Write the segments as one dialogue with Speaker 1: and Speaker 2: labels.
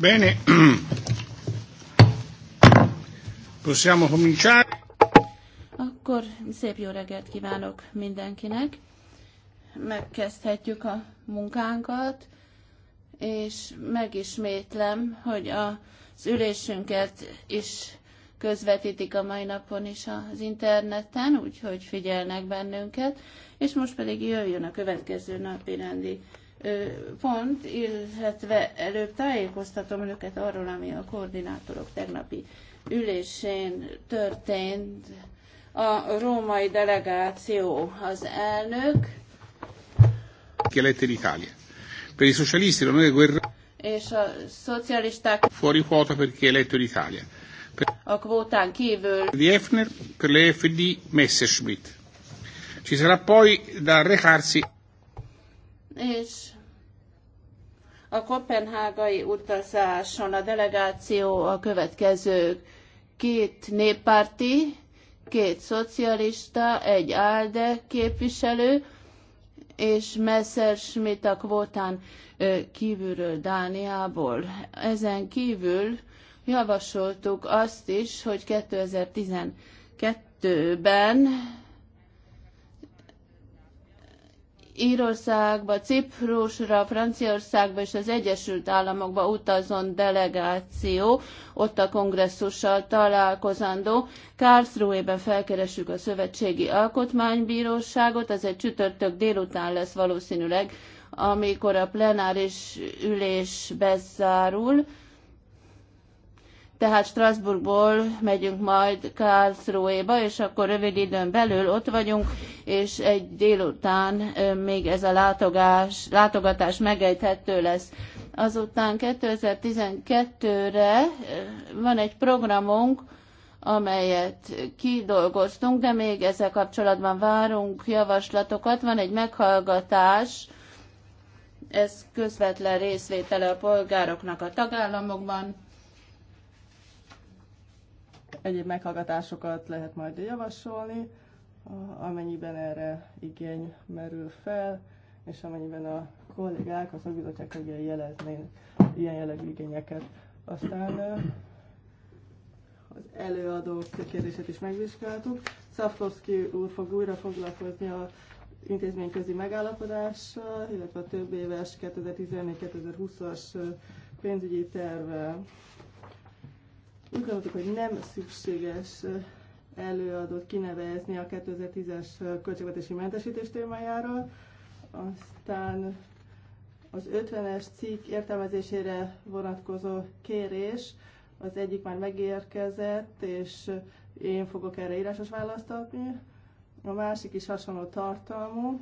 Speaker 1: Bene. Possiamo cominciare.
Speaker 2: Akkor szép jó reggelt kívánok mindenkinek. Megkezdhetjük a munkánkat, és megismétlem, hogy az ülésünket is közvetítik a mai napon is az interneten, úgyhogy figyelnek bennünket, és most pedig jöjjön a következő napi rendi pont, illetve előbb tájékoztatom önöket arról, ami a koordinátorok tegnapi ülésén történt. A római delegáció az elnök.
Speaker 1: l'Italia. Per i socialisti l'onore guerra
Speaker 2: és a szocialisták
Speaker 1: fuori quota è eletto Italia. Per...
Speaker 2: A kvótán kívül.
Speaker 1: Di Efner per le FD Messerschmitt. Ci sarà poi da recarsi
Speaker 2: és a kopenhágai utazáson a delegáció a következő Két néppárti, két szocialista, egy ALDE képviselő, és Messerschmitt a kvótán kívülről Dániából. Ezen kívül javasoltuk azt is, hogy 2012-ben Írországba, Ciprusra, Franciaországba és az Egyesült Államokba utazon delegáció, ott a kongresszussal találkozandó. karlsruhe felkeressük a Szövetségi Alkotmánybíróságot, ez egy csütörtök délután lesz valószínűleg, amikor a plenáris ülés bezárul tehát Strasbourgból megyünk majd Karlsruhe-ba, és akkor rövid időn belül ott vagyunk, és egy délután még ez a látogás, látogatás megejthető lesz. Azután 2012-re van egy programunk, amelyet kidolgoztunk, de még ezzel kapcsolatban várunk javaslatokat. Van egy meghallgatás, ez közvetlen részvétele a polgároknak a tagállamokban
Speaker 3: Egyéb meghallgatásokat lehet majd javasolni, amennyiben erre igény merül fel, és amennyiben a kollégák, a szakbizottság tagjai jeleznének ilyen jellegű igényeket. Aztán az előadók kérdését is megvizsgáltuk. Szafkovszki úr fog újra foglalkozni a intézményközi megállapodással, illetve a több éves 2014-2020-as pénzügyi tervvel. Úgy gondoltuk, hogy nem szükséges előadót kinevezni a 2010-es költségvetési mentesítés témájáról. Aztán az 50-es cikk értelmezésére vonatkozó kérés, az egyik már megérkezett, és én fogok erre írásos választ adni. A másik is hasonló tartalmú,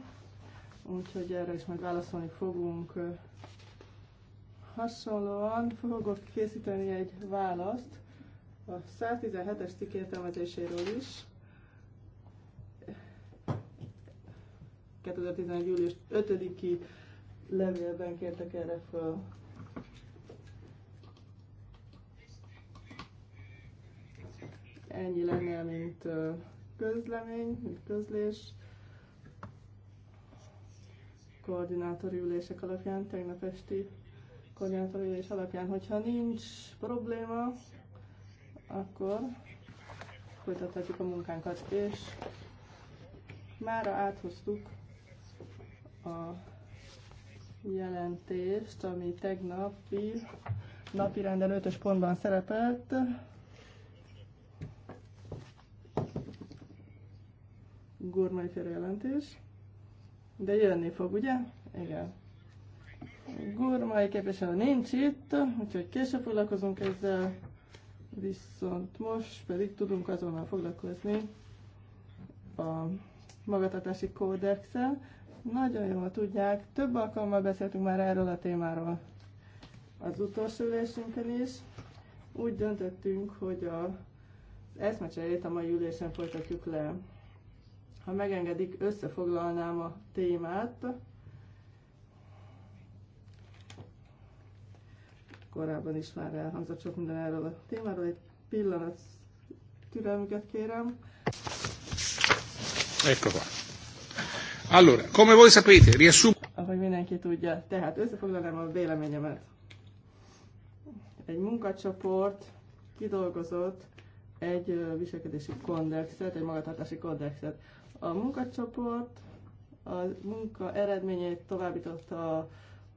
Speaker 3: úgyhogy erre is majd válaszolni fogunk. Hasonlóan fogok készíteni egy választ a 117-es cikk értelmezéséről is. 2011. július 5-i levélben kértek erre föl. Ennyi lenne, mint közlemény, mint közlés koordinátori ülések alapján, tegnap esti koordinátori ülés alapján, hogyha nincs probléma, akkor folytathatjuk a munkánkat, és mára áthoztuk a jelentést, ami tegnapi napi renden 5 pontban szerepelt. Gormai jelentés. De jönni fog, ugye? Igen. Gormai képviselő nincs itt, úgyhogy később foglalkozunk ezzel. Viszont most pedig tudunk azonnal foglalkozni a magatartási kódexel. Nagyon jól tudják, több alkalommal beszéltünk már erről a témáról az utolsó ülésünkön is. Úgy döntöttünk, hogy a eszmecserét a mai ülésen folytatjuk le. Ha megengedik, összefoglalnám a témát, korábban is már elhangzott sok minden erről a témáról. Egy pillanat türelmüket kérem.
Speaker 1: Ecco qua. Allora, come voi sapete, riassum...
Speaker 3: Ahogy mindenki tudja, tehát összefoglalom a véleményemet. Egy munkacsoport kidolgozott egy viselkedési kondexet, egy magatartási kondexet. A munkacsoport a munka eredményeit továbbította a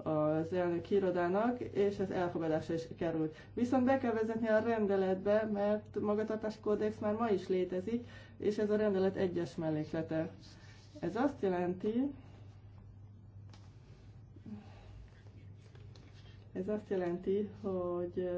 Speaker 3: az elnök irodának, és ez elfogadásra is került. Viszont be kell vezetni a rendeletbe, mert magatartás kódex már ma is létezik, és ez a rendelet egyes melléklete. Ez azt jelenti, ez azt jelenti, hogy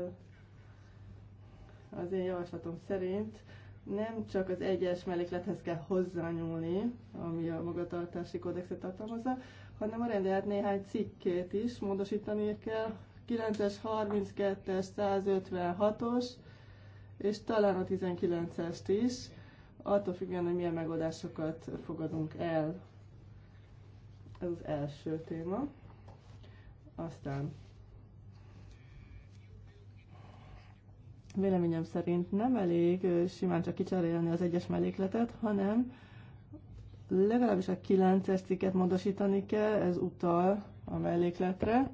Speaker 3: az én javaslatom szerint nem csak az egyes melléklethez kell hozzányúlni, ami a magatartási kódexet tartalmazza, hanem a rendelet néhány cikkét is módosítani kell, 9-es, 32-es, 156-os, és talán a 19-est is, attól függően, hogy milyen megoldásokat fogadunk el. Ez az első téma. Aztán véleményem szerint nem elég simán csak kicserélni az egyes mellékletet, hanem legalábbis a 9-es cikket módosítani kell, ez utal a mellékletre,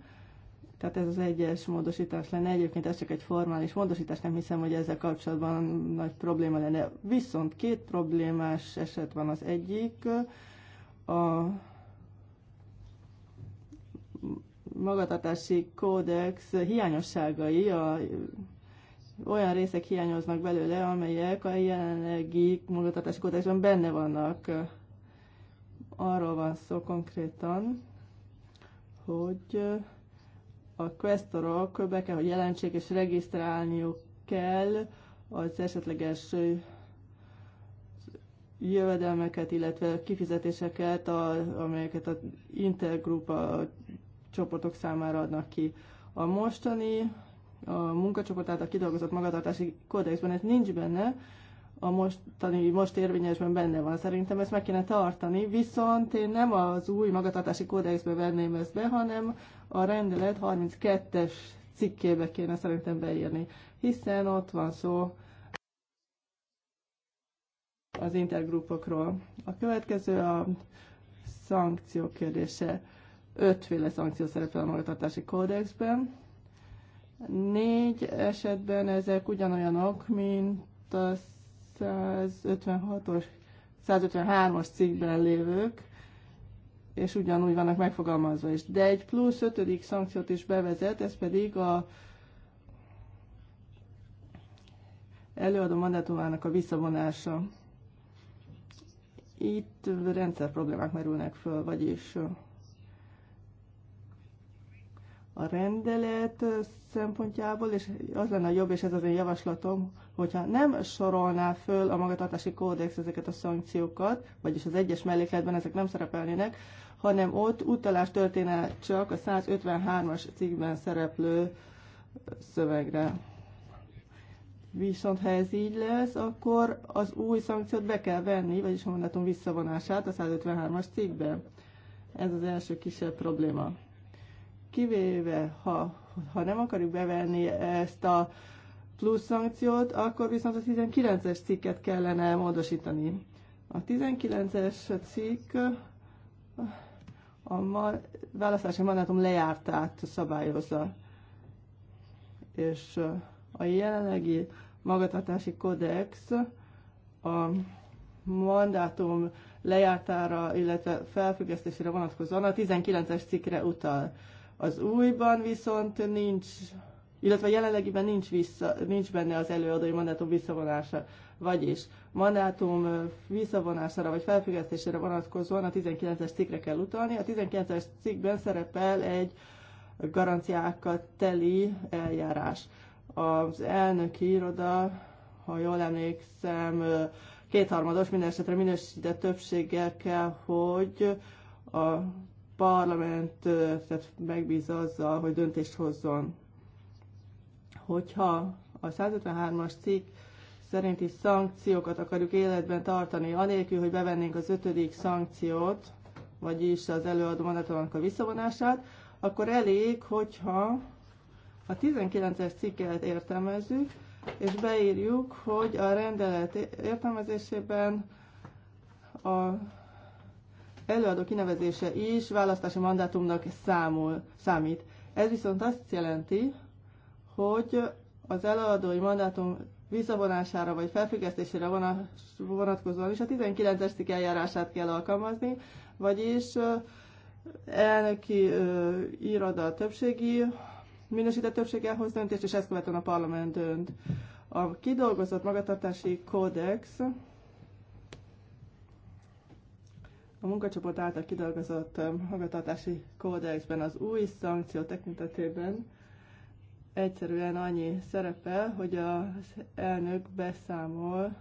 Speaker 3: tehát ez az egyes módosítás lenne. Egyébként ez csak egy formális módosítás, nem hiszem, hogy ezzel kapcsolatban nagy probléma lenne. Viszont két problémás eset van az egyik, a magatartási kódex hiányosságai, a, olyan részek hiányoznak belőle, amelyek a jelenlegi magatartási kódexben benne vannak arról van szó konkrétan, hogy uh, a questorok be kell, hogy jelentsék és regisztrálniuk kell az esetleges uh, jövedelmeket, illetve kifizetéseket, a, amelyeket az intergrupa csoportok számára adnak ki. A mostani a munkacsoport a kidolgozott magatartási kódexben ez nincs benne, a mostani, most érvényesben benne van. Szerintem ezt meg kéne tartani, viszont én nem az új magatartási kódexbe venném ezt be, hanem a rendelet 32-es cikkébe kéne szerintem beírni, hiszen ott van szó az intergrupokról. A következő a szankció kérdése. Ötféle szankció szerepel a magatartási kódexben. Négy esetben ezek ugyanolyanok, mint az 156-os, 153-os cikkben lévők, és ugyanúgy vannak megfogalmazva is. De egy plusz ötödik szankciót is bevezet, ez pedig a előadó mandátumának a visszavonása. Itt rendszer problémák merülnek föl, vagyis a rendelet szempontjából, és az lenne a jobb, és ez az én javaslatom, hogyha nem sorolná föl a magatartási kódex ezeket a szankciókat, vagyis az egyes mellékletben ezek nem szerepelnének, hanem ott utalás történne csak a 153-as cikkben szereplő szövegre. Viszont ha ez így lesz, akkor az új szankciót be kell venni, vagyis a mondatom visszavonását a 153-as cikkbe. Ez az első kisebb probléma kivéve, ha, ha nem akarjuk bevenni ezt a plusz szankciót, akkor viszont a 19-es cikket kellene módosítani. A 19-es cikk a ma, választási mandátum lejártát szabályozza, és a jelenlegi magatartási kodex a mandátum lejártára, illetve felfüggesztésére vonatkozóan a 19-es cikkre utal. Az újban viszont nincs, illetve jelenlegiben nincs, vissza, nincs benne az előadói mandátum visszavonása. Vagyis mandátum visszavonására vagy felfüggesztésére vonatkozóan a 19-es cikkre kell utalni. A 19-es cikkben szerepel egy garanciákat teli eljárás. Az elnöki iroda, ha jól emlékszem, kétharmados, minden esetre minősített többséggel kell, hogy a parlamentet megbízza azzal, hogy döntést hozzon. Hogyha a 153-as cikk szerinti szankciókat akarjuk életben tartani, anélkül, hogy bevennénk az ötödik szankciót, vagyis az előadó mondatának a visszavonását, akkor elég, hogyha a 19-es cikket értelmezzük, és beírjuk, hogy a rendelet értelmezésében a előadó kinevezése is választási mandátumnak számol, számít. Ez viszont azt jelenti, hogy az előadói mandátum visszavonására vagy felfüggesztésére vonatkozóan is a 19-es cikk eljárását kell alkalmazni, vagyis elnöki ö, iroda többségi minősített többséggel hoz döntést, és ezt követően a parlament dönt. A kidolgozott magatartási kódex A munkacsoport által kidolgozott magatartási um, kódexben az új szankció tekintetében egyszerűen annyi szerepel, hogy az elnök beszámol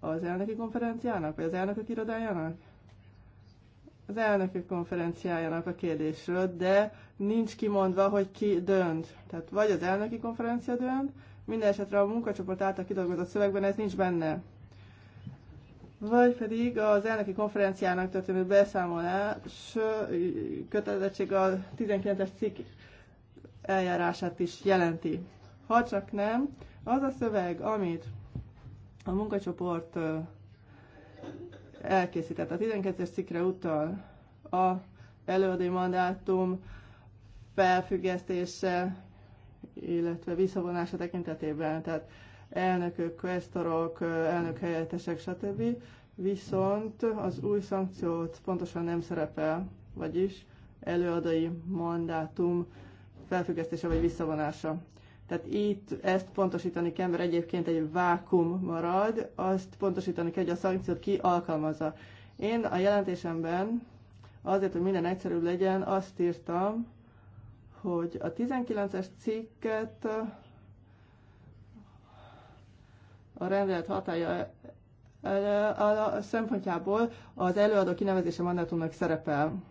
Speaker 3: az elnöki konferenciának, vagy az elnökök irodájának? Az elnökök konferenciájának a kérdésről, de nincs kimondva, hogy ki dönt. Tehát vagy az elnöki konferencia dönt, minden esetre a munkacsoport által kidolgozott szövegben ez nincs benne vagy pedig az elnöki konferenciának történő beszámolás kötelezettség a 19-es cikk eljárását is jelenti. Ha csak nem, az a szöveg, amit a munkacsoport elkészített, a 19-es cikkre utal a előadói mandátum felfüggesztése, illetve visszavonása tekintetében. Tehát elnökök, kvesztorok, elnök helyettesek, stb. Viszont az új szankciót pontosan nem szerepel, vagyis előadai mandátum felfüggesztése vagy visszavonása. Tehát itt ezt pontosítani kell, mert egyébként egy vákum marad, azt pontosítani kell, hogy a szankciót ki alkalmazza. Én a jelentésemben azért, hogy minden egyszerűbb legyen, azt írtam, hogy a 19-es cikket a rendelet hatája a szempontjából az előadó kinevezése mandátumnak szerepel.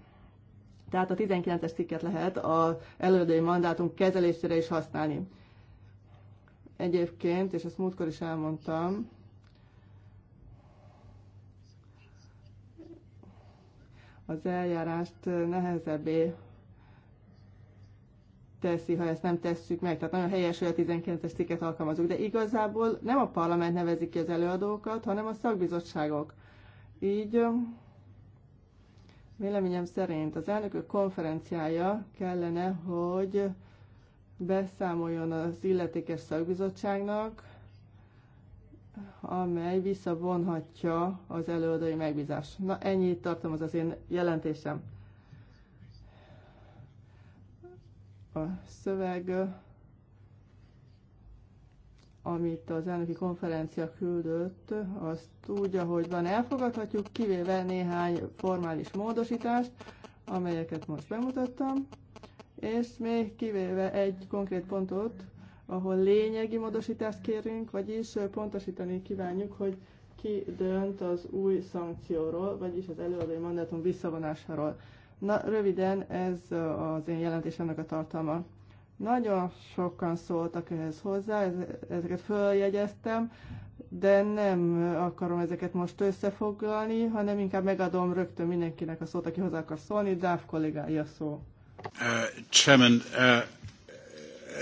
Speaker 3: Tehát a 19-es cikket lehet az előadói mandátum kezelésére is használni. Egyébként, és ezt múltkor is elmondtam, az eljárást nehezebbé teszi, ha ezt nem tesszük meg. Tehát nagyon helyes, hogy a 19-es cikket alkalmazunk. De igazából nem a parlament nevezik ki az előadókat, hanem a szakbizottságok. Így véleményem szerint az elnökök konferenciája kellene, hogy beszámoljon az illetékes szakbizottságnak, amely visszavonhatja az előadói megbízást. Na, ennyit tartom az az én jelentésem. a szöveg, amit az elnöki konferencia küldött, azt úgy, ahogy van, elfogadhatjuk, kivéve néhány formális módosítást, amelyeket most bemutattam, és még kivéve egy konkrét pontot, ahol lényegi módosítást kérünk, vagyis pontosítani kívánjuk, hogy ki dönt az új szankcióról, vagyis az előadói mandátum visszavonásáról. Na, röviden ez az én jelentésemnek a tartalma. Nagyon sokan szóltak ehhez hozzá, ezeket följegyeztem, de nem akarom ezeket most összefoglalni, hanem inkább megadom rögtön mindenkinek a szót, aki hozzá akar szólni. Dáv kollégája szó.
Speaker 2: Uh, chairman, uh,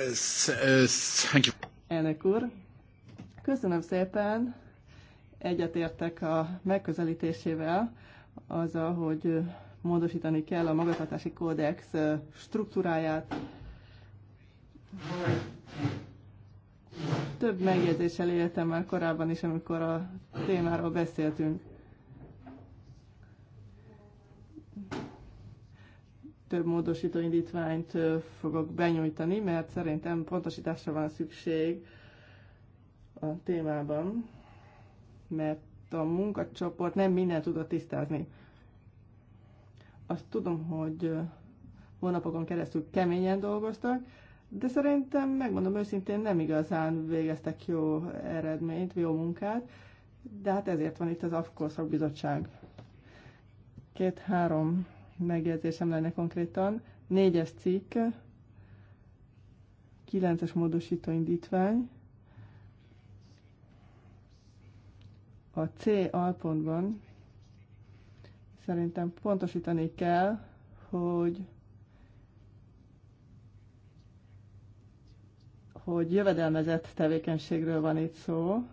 Speaker 2: uh, thank you.
Speaker 3: Elnök úr, köszönöm szépen. Egyetértek a megközelítésével, azzal, hogy módosítani kell a magatartási kódex struktúráját. Több megjegyzéssel éltem már korábban is, amikor a témáról beszéltünk. Több módosító indítványt fogok benyújtani, mert szerintem pontosításra van szükség a témában, mert a munkacsoport nem minden tudott tisztázni. Azt tudom, hogy hónapokon keresztül keményen dolgoztak, de szerintem, megmondom őszintén, nem igazán végeztek jó eredményt, jó munkát, de hát ezért van itt az AFKO szakbizottság. Két-három megjegyzésem lenne konkrétan. Négyes cikk, kilences módosító indítvány, a C alpontban Szerintem pontosítani kell, hogy hogy jövedelmezett tevékenységről van itt szó,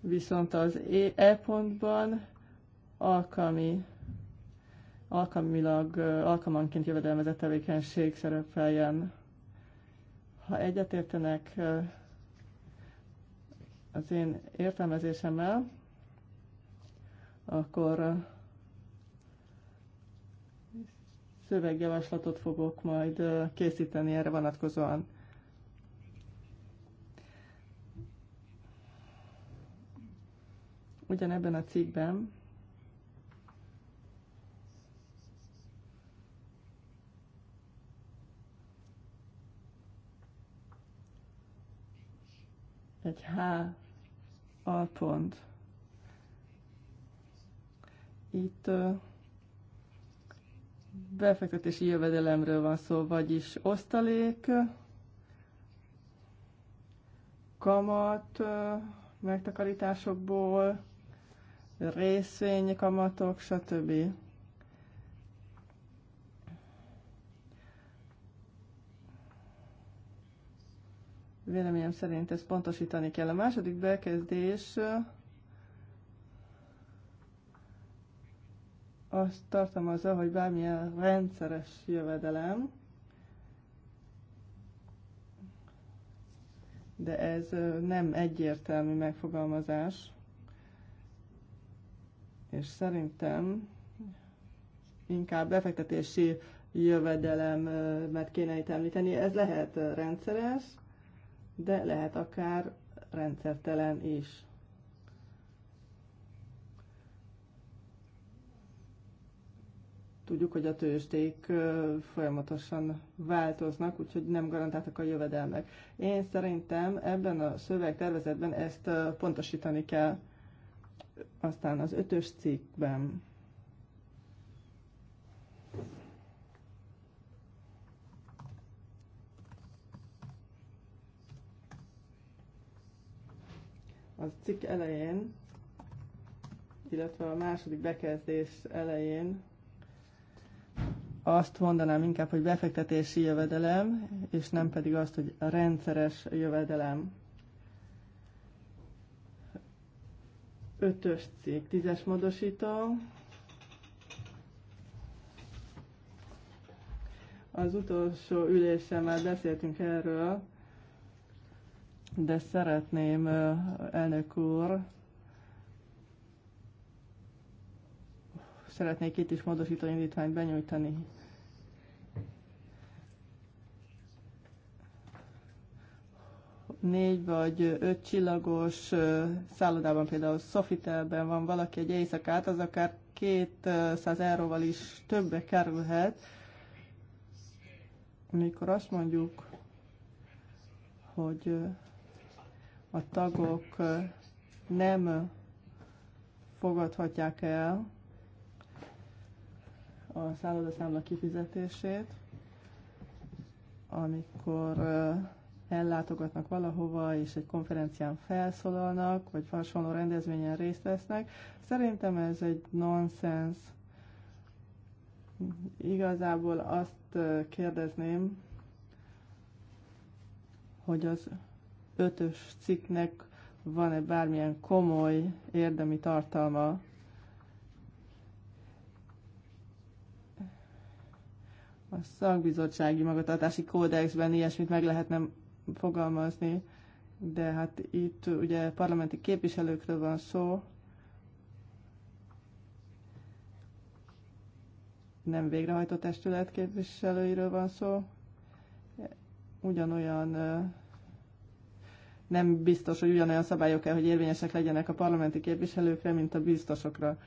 Speaker 3: viszont az E pontban alkalmi, alkalmilag, alkalmanként jövedelmezett tevékenység szerepeljen. Ha egyetértenek az én értelmezésemmel, akkor szövegjavaslatot fogok majd készíteni erre vonatkozóan. Ugyanebben a cikkben egy H alpont. Itt befektetési jövedelemről van szó, vagyis osztalék, kamat megtakarításokból, részvénykamatok, stb. Véleményem szerint ezt pontosítani kell. A második bekezdés eh, azt tartalmazza, hogy bármilyen rendszeres jövedelem, de ez eh, nem egyértelmű megfogalmazás, és szerintem inkább befektetési jövedelemet kéne itt említeni. Ez lehet eh, rendszeres, de lehet akár rendszertelen is. Tudjuk, hogy a tőzsdék folyamatosan változnak, úgyhogy nem garantáltak a jövedelmek. Én szerintem ebben a szövegtervezetben ezt pontosítani kell. Aztán az ötös cikkben a cikk elején, illetve a második bekezdés elején azt mondanám inkább, hogy befektetési jövedelem, és nem pedig azt, hogy a rendszeres jövedelem. Ötös cikk, tízes módosító. Az utolsó ülésen már beszéltünk erről, de szeretném, elnök úr, szeretnék itt is módosító indítványt benyújtani. Négy vagy öt csillagos szállodában, például Sofitelben van valaki egy éjszakát, az akár 200 euróval is többe kerülhet. Mikor azt mondjuk, hogy a tagok nem fogadhatják el a szállodaszámla kifizetését, amikor ellátogatnak valahova, és egy konferencián felszólalnak, vagy hasonló rendezvényen részt vesznek. Szerintem ez egy nonsens. Igazából azt kérdezném, hogy az ötös cikknek van-e bármilyen komoly érdemi tartalma. A szakbizottsági magatartási kódexben ilyesmit meg lehetne fogalmazni, de hát itt ugye parlamenti képviselőkről van szó, nem végrehajtó testület képviselőiről van szó, ugyanolyan nem biztos, hogy ugyanolyan szabályok kell, hogy érvényesek legyenek a parlamenti képviselőkre, mint a biztosokra.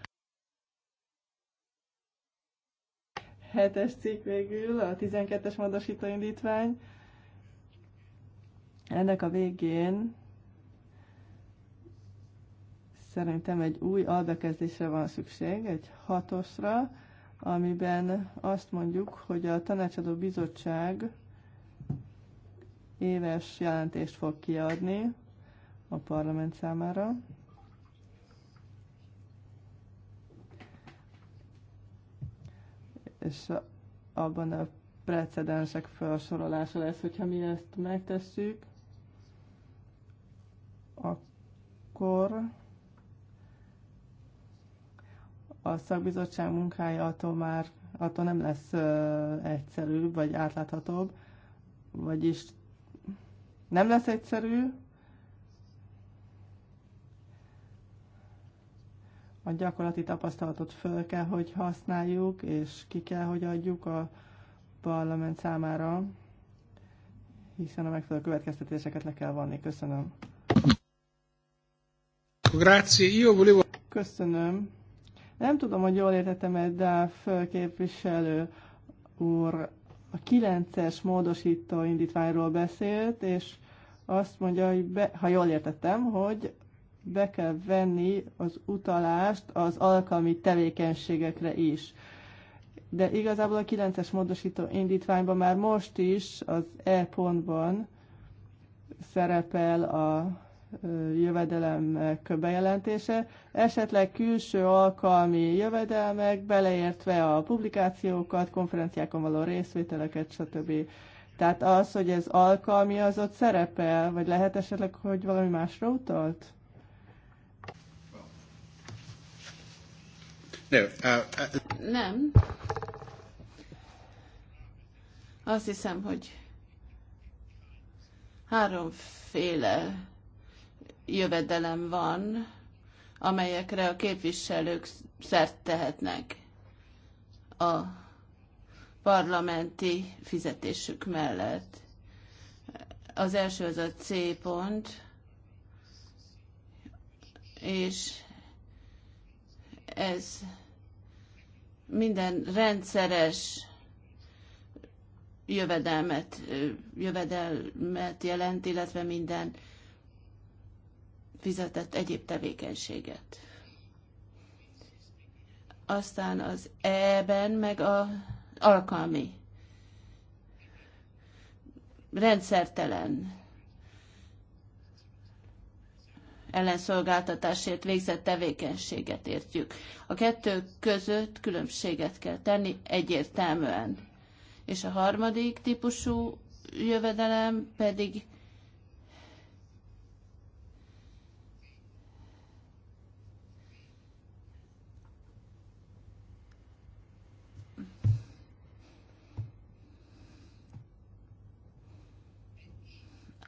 Speaker 3: Hetes cikk végül, a 12-es módosítóindítvány. Ennek a végén szerintem egy új albekezdésre van szükség, egy hatosra, amiben azt mondjuk, hogy a tanácsadó bizottság éves jelentést fog kiadni a parlament számára. És abban a precedensek felsorolása lesz, hogyha mi ezt megtesszük, akkor a szakbizottság munkája attól már attól nem lesz egyszerűbb vagy átláthatóbb, vagyis nem lesz egyszerű. A gyakorlati tapasztalatot föl kell, hogy használjuk, és ki kell, hogy adjuk a parlament számára, hiszen a megfelelő következtetéseket le kell vanni. Köszönöm.
Speaker 1: Grazie, io volevo...
Speaker 3: Köszönöm. Nem tudom, hogy jól értettem -e, de képviselő úr a 9-es módosító indítványról beszélt, és azt mondja, hogy be, ha jól értettem, hogy be kell venni az utalást az alkalmi tevékenységekre is. De igazából a 9-es módosító indítványban már most is az E pontban szerepel a jövedelemek bejelentése, esetleg külső alkalmi jövedelmek, beleértve a publikációkat, konferenciákon való részvételeket, stb. Tehát az, hogy ez alkalmi, az ott szerepel, vagy lehet esetleg, hogy valami másra utalt?
Speaker 2: Uh, uh, Nem. Azt hiszem, hogy háromféle jövedelem van, amelyekre a képviselők szert tehetnek. A parlamenti fizetésük mellett. Az első az a C pont, és ez minden rendszeres jövedelmet, jövedelmet jelent, illetve minden fizetett egyéb tevékenységet. Aztán az E-ben meg a alkalmi, rendszertelen ellenszolgáltatásért végzett tevékenységet értjük. A kettő között különbséget kell tenni egyértelműen. És a harmadik típusú jövedelem pedig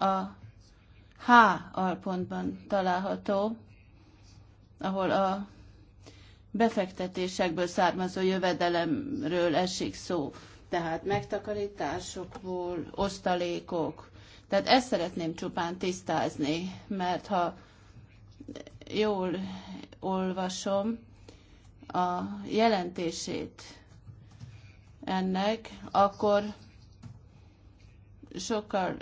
Speaker 2: a H alpontban található, ahol a befektetésekből származó jövedelemről esik szó, tehát megtakarításokból, osztalékok. Tehát ezt szeretném csupán tisztázni, mert ha jól olvasom a jelentését ennek, akkor sokkal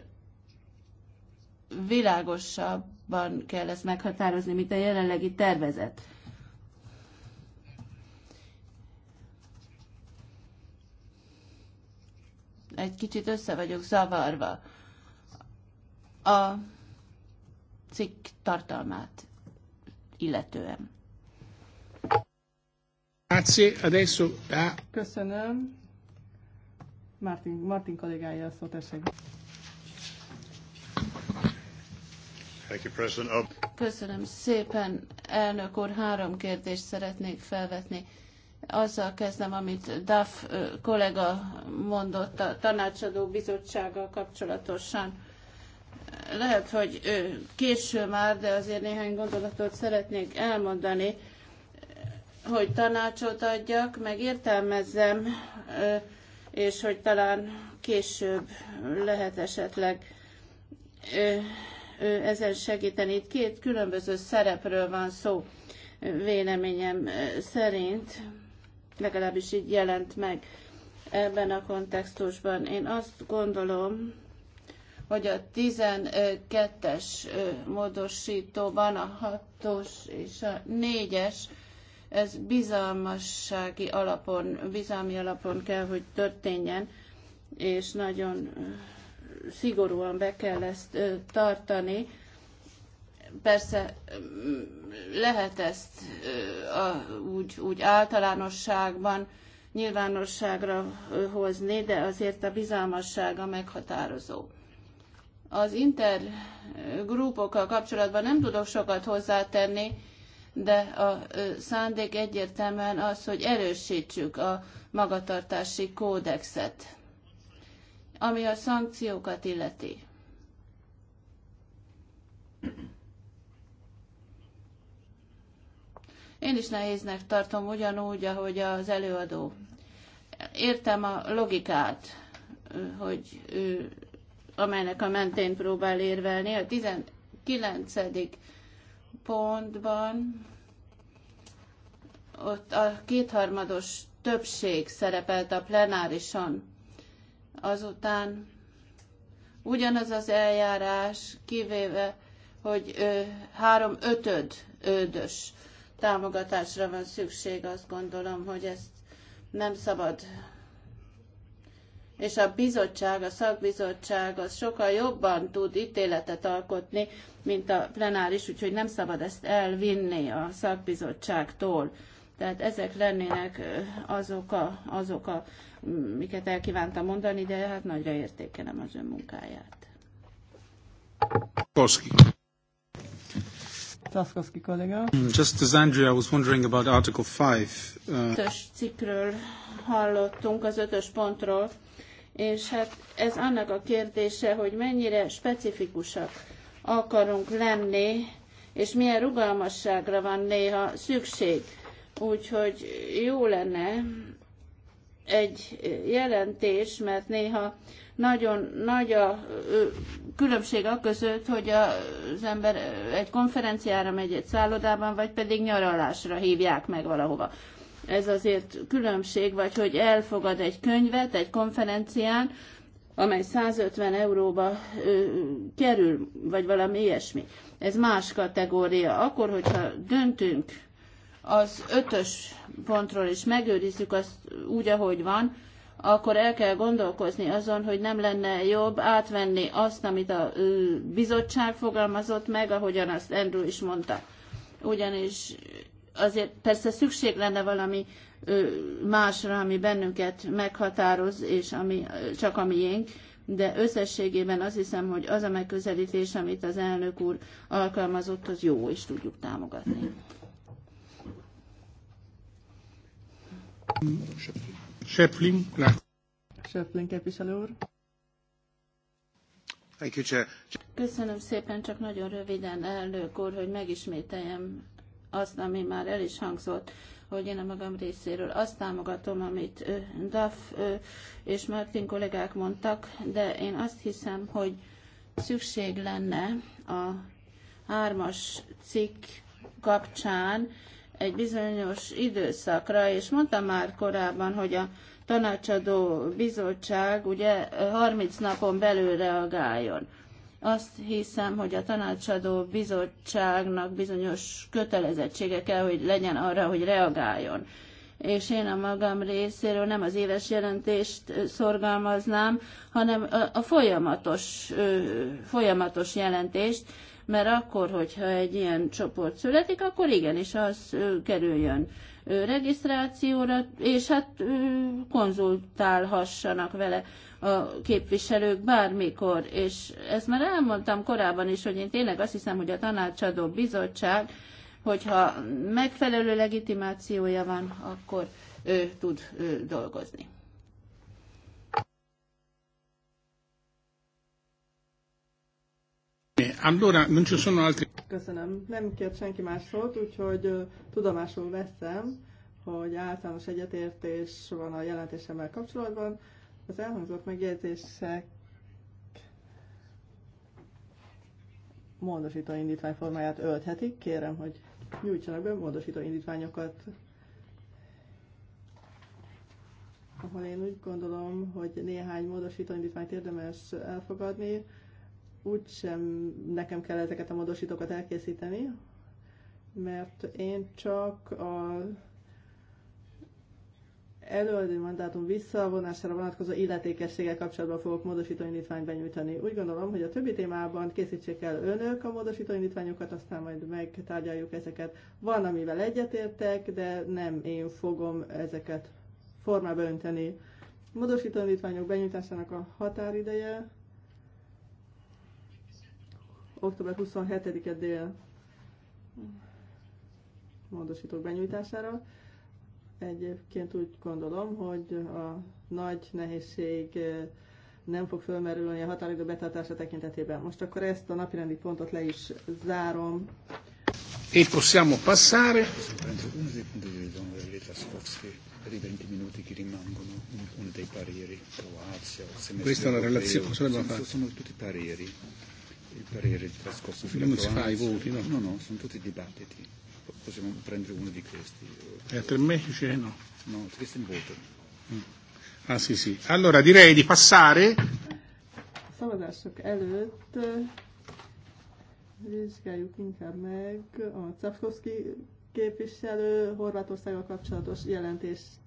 Speaker 2: világosabban kell ezt meghatározni, mint a jelenlegi tervezet. Egy kicsit össze vagyok zavarva a cikk tartalmát illetően. Köszönöm. Martin, Martin kollégája a szó, tessék. Oh. Köszönöm szépen, elnök úr. Három kérdést szeretnék felvetni. Azzal kezdem, amit Duff kollega mondott a tanácsadó bizottsággal kapcsolatosan. Lehet, hogy késő már, de azért néhány gondolatot szeretnék elmondani, hogy tanácsot adjak, meg értelmezzem, és hogy talán később lehet esetleg ezen segíteni. Itt két különböző szerepről van szó véleményem szerint, legalábbis így jelent meg ebben a kontextusban. Én azt gondolom, hogy a 12-es módosítóban a 6-os és a 4-es, ez bizalmassági alapon, bizalmi alapon kell, hogy történjen, és nagyon szigorúan be kell ezt tartani. Persze mm, lehet ezt a, úgy, úgy általánosságban nyilvánosságra hozni, de azért a bizalmassága meghatározó. Az intergrupokkal kapcsolatban nem tudok sokat hozzátenni, de a szándék egyértelműen az, hogy erősítsük a magatartási kódexet ami a szankciókat illeti. Én is nehéznek tartom ugyanúgy, ahogy az előadó. Értem a logikát, hogy ő, amelynek a mentén próbál érvelni. A 19. pontban ott a kétharmados többség szerepelt a plenárison. Azután ugyanaz az eljárás, kivéve, hogy három ötöd ödös támogatásra van szükség, azt gondolom, hogy ezt nem szabad. És a bizottság, a szakbizottság az sokkal jobban tud ítéletet alkotni, mint a plenáris, úgyhogy nem szabad ezt elvinni a szakbizottságtól. Tehát ezek lennének azok, a, azok a, miket elkívántam mondani, de hát nagyra értékelem az ön munkáját. Koszki. Taszkoszki kollega. Hmm, just as Andrea was wondering about Article 5. Uh... Ötös cikkről hallottunk, az ötös pontról, és hát ez annak a kérdése, hogy mennyire specifikusak akarunk lenni, és milyen rugalmasságra van néha szükség Úgyhogy jó lenne egy jelentés, mert néha nagyon nagy a különbség a között, hogy az ember egy konferenciára megy egy szállodában, vagy pedig nyaralásra hívják meg valahova. Ez azért különbség, vagy hogy elfogad egy könyvet egy konferencián, amely 150 euróba ö, kerül, vagy valami ilyesmi. Ez más kategória. Akkor, hogyha döntünk az ötös pontról is megőrizzük azt úgy, ahogy van, akkor el kell gondolkozni azon, hogy nem lenne jobb átvenni azt, amit a bizottság fogalmazott meg, ahogyan azt Andrew is mondta. Ugyanis azért persze szükség lenne valami másra, ami bennünket meghatároz, és ami csak a miénk, de összességében azt hiszem, hogy az a megközelítés, amit az elnök úr alkalmazott, az jó, és tudjuk támogatni. Schöpflin.
Speaker 3: Schöpflin képviselő úr.
Speaker 2: Köszönöm szépen, csak nagyon röviden, elnök úr, hogy megismételjem azt, ami már el is hangzott, hogy én a magam részéről azt támogatom, amit Duff és Martin kollégák mondtak, de én azt hiszem, hogy szükség lenne a hármas cikk kapcsán egy bizonyos időszakra, és mondtam már korábban, hogy a tanácsadó bizottság ugye 30 napon belül reagáljon. Azt hiszem, hogy a tanácsadó bizottságnak bizonyos kötelezettsége kell, hogy legyen arra, hogy reagáljon. És én a magam részéről nem az éves jelentést szorgalmaznám, hanem a folyamatos, folyamatos jelentést, mert akkor, hogyha egy ilyen csoport születik, akkor igenis az kerüljön regisztrációra, és hát konzultálhassanak vele a képviselők bármikor, és ezt már elmondtam korábban is, hogy én tényleg azt hiszem, hogy a tanácsadó bizottság, hogyha megfelelő legitimációja van, akkor ő tud ő dolgozni.
Speaker 1: Allora, non ci sono altri...
Speaker 3: Köszönöm. Nem kért senki más szót, úgyhogy tudomásul veszem, hogy általános egyetértés van a jelentésemmel kapcsolatban. Az elhangzott megjegyzések módosító indítvány formáját ölthetik. Kérem, hogy nyújtsanak be módosító indítványokat, ahol én úgy gondolom, hogy néhány módosító indítványt érdemes elfogadni úgysem nekem kell ezeket a módosítókat elkészíteni, mert én csak a előadó mandátum visszavonására vonatkozó illetékességgel kapcsolatban fogok módosító indítványt benyújtani. Úgy gondolom, hogy a többi témában készítsék el önök a módosító indítványokat, aztán majd megtárgyaljuk ezeket. Van, amivel egyetértek, de nem én fogom ezeket formába önteni. Módosító indítványok benyújtásának a határideje október 27-e dél módosítók benyújtására. Egyébként úgy gondolom, hogy a nagy nehézség eh, nem fog fölmerülni a határidő betartása tekintetében. Most akkor ezt a napirendi pontot le is zárom.
Speaker 1: E possiamo passare. Questa è la relazione, sono tutti pareri i pareri della scorsa fila. Non si fa i voti, no? No, no, sono tutti dibattiti. Possiamo prendere uno di questi. E eh, a tre mesi c'è no? No, questo è in voto. Mm. Ah sì sì. Allora direi di passare. A
Speaker 3: szavazások előtt vizsgáljuk inkább meg a Czafkowski képviselő Horvátországgal kapcsolatos jelentést.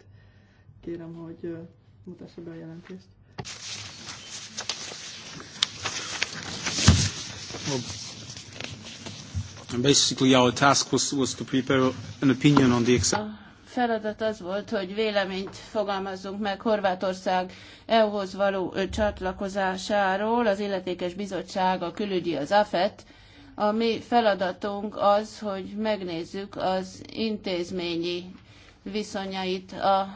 Speaker 3: Kérem, hogy mutassa be a jelentést.
Speaker 1: Well, basically our task was, was to prepare an opinion on the
Speaker 2: feladat az volt, hogy véleményt fogalmazzunk meg Horvátország EU-hoz való csatlakozásáról, az illetékes bizottság, a külügyi, az AFET. A mi feladatunk az, hogy megnézzük az intézményi viszonyait a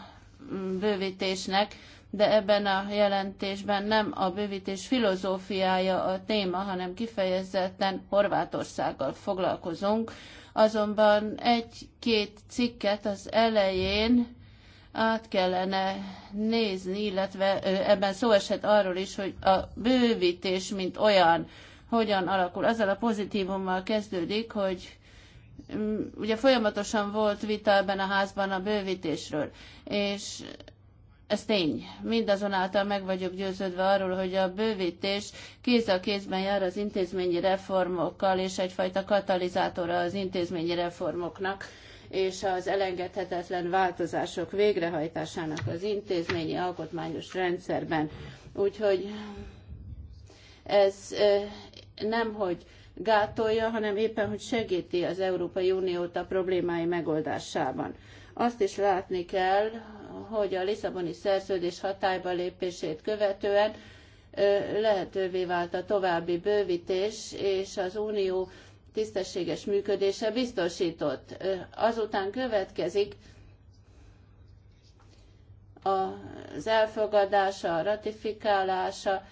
Speaker 2: mm, bővítésnek, de ebben a jelentésben nem a bővítés filozófiája a téma, hanem kifejezetten Horvátországgal foglalkozunk. Azonban egy-két cikket az elején át kellene nézni, illetve ebben szó esett arról is, hogy a bővítés, mint olyan, hogyan alakul. Azzal a pozitívummal kezdődik, hogy mm, ugye folyamatosan volt vita ebben a házban a bővítésről, és ez tény. Mindazonáltal meg vagyok győződve arról, hogy a bővítés kéz a kézben jár az intézményi reformokkal, és egyfajta katalizátora az intézményi reformoknak és az elengedhetetlen változások végrehajtásának az intézményi alkotmányos rendszerben. Úgyhogy ez nem, hogy gátolja, hanem éppen, hogy segíti az Európai Uniót a problémái megoldásában. Azt is látni kell, hogy a Lisszaboni szerződés hatályba lépését követően lehetővé vált a további bővítés, és az Unió tisztességes működése biztosított. Azután következik az elfogadása, a ratifikálása,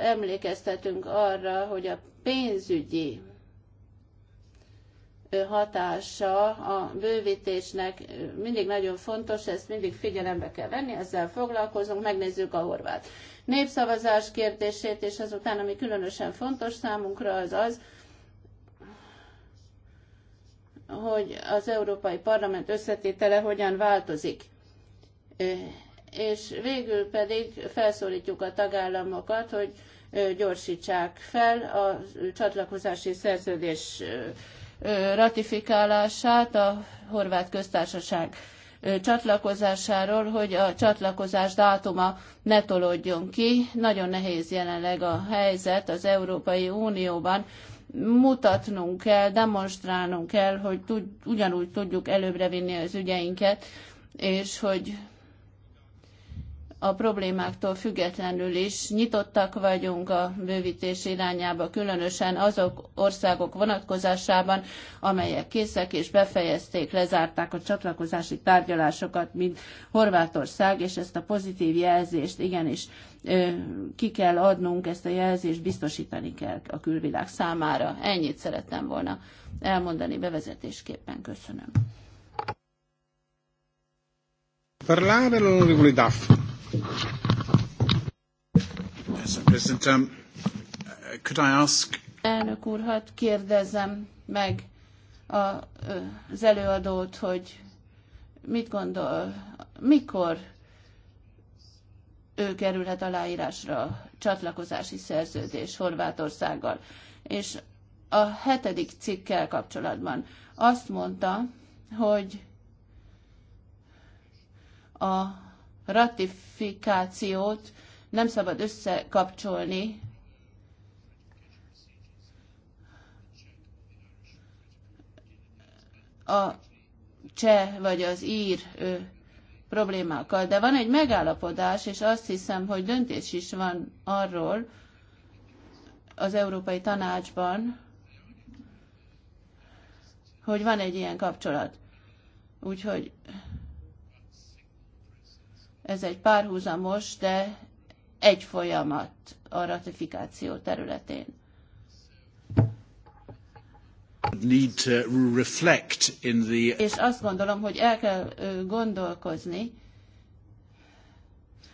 Speaker 2: emlékeztetünk arra, hogy a pénzügyi hatása a bővítésnek mindig nagyon fontos, ezt mindig figyelembe kell venni, ezzel foglalkozunk, megnézzük a horvát népszavazás kérdését, és azután, ami különösen fontos számunkra, az az, hogy az Európai Parlament összetétele hogyan változik. És végül pedig felszólítjuk a tagállamokat, hogy gyorsítsák fel a csatlakozási szerződés ratifikálását a horvát köztársaság csatlakozásáról, hogy a csatlakozás dátuma ne tolódjon ki. Nagyon nehéz jelenleg a helyzet az Európai Unióban. Mutatnunk kell, demonstrálnunk kell, hogy tud, ugyanúgy tudjuk előbbre vinni az ügyeinket, és hogy a problémáktól függetlenül is nyitottak vagyunk a bővítés irányába, különösen azok országok vonatkozásában, amelyek készek és befejezték, lezárták a csatlakozási tárgyalásokat, mint Horvátország, és ezt a pozitív jelzést igenis ki kell adnunk, ezt a jelzést biztosítani kell a külvilág számára. Ennyit szerettem volna elmondani bevezetésképpen. Köszönöm.
Speaker 1: Parlare l'onorevole Duff.
Speaker 2: Um, Elnök úr, hát kérdezem meg a, az előadót, hogy mit gondol, mikor ő kerülhet aláírásra csatlakozási szerződés Horvátországgal. És a hetedik cikkkel kapcsolatban azt mondta, hogy a ratifikációt nem szabad összekapcsolni a cseh vagy az ír problémákkal. De van egy megállapodás, és azt hiszem, hogy döntés is van arról az Európai Tanácsban, hogy van egy ilyen kapcsolat. Úgyhogy ez egy párhuzamos, de egy folyamat a ratifikáció területén. Need to reflect in the... És azt gondolom, hogy el kell gondolkozni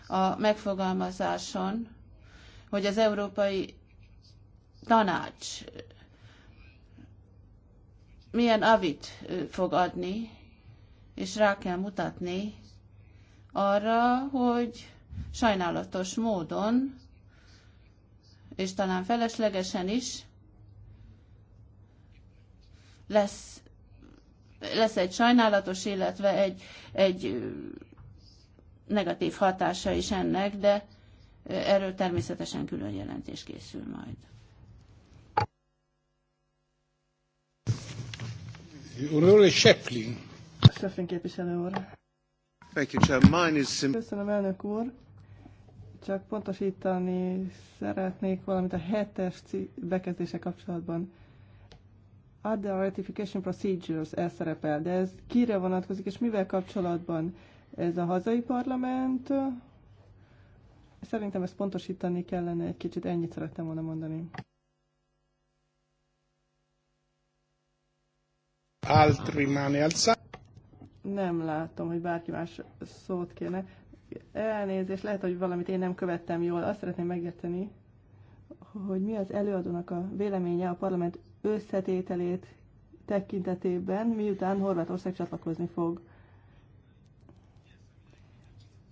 Speaker 2: a megfogalmazáson, hogy az Európai Tanács milyen avit fog adni, és rá kell mutatni arra, hogy sajnálatos módon, és talán feleslegesen is, lesz, lesz egy sajnálatos, illetve egy, egy negatív hatása is ennek, de erről természetesen külön jelentés készül majd. Honorable Shefflin.
Speaker 3: Shefflin képviselő úr.
Speaker 2: Köszönöm,
Speaker 3: elnök úr. Csak pontosítani szeretnék valamit a hetes bekezdése kapcsolatban. Other ratification procedures ez szerepel, de ez kire vonatkozik, és mivel kapcsolatban? Ez a hazai parlament? Szerintem ezt pontosítani kellene egy kicsit, ennyit szerettem volna mondani.
Speaker 1: Altri mani alzati
Speaker 3: nem látom, hogy bárki más szót kérne. Elnézést, lehet, hogy valamit én nem követtem jól. Azt szeretném megérteni, hogy mi az előadónak a véleménye a parlament összetételét tekintetében, miután Horvátország csatlakozni fog.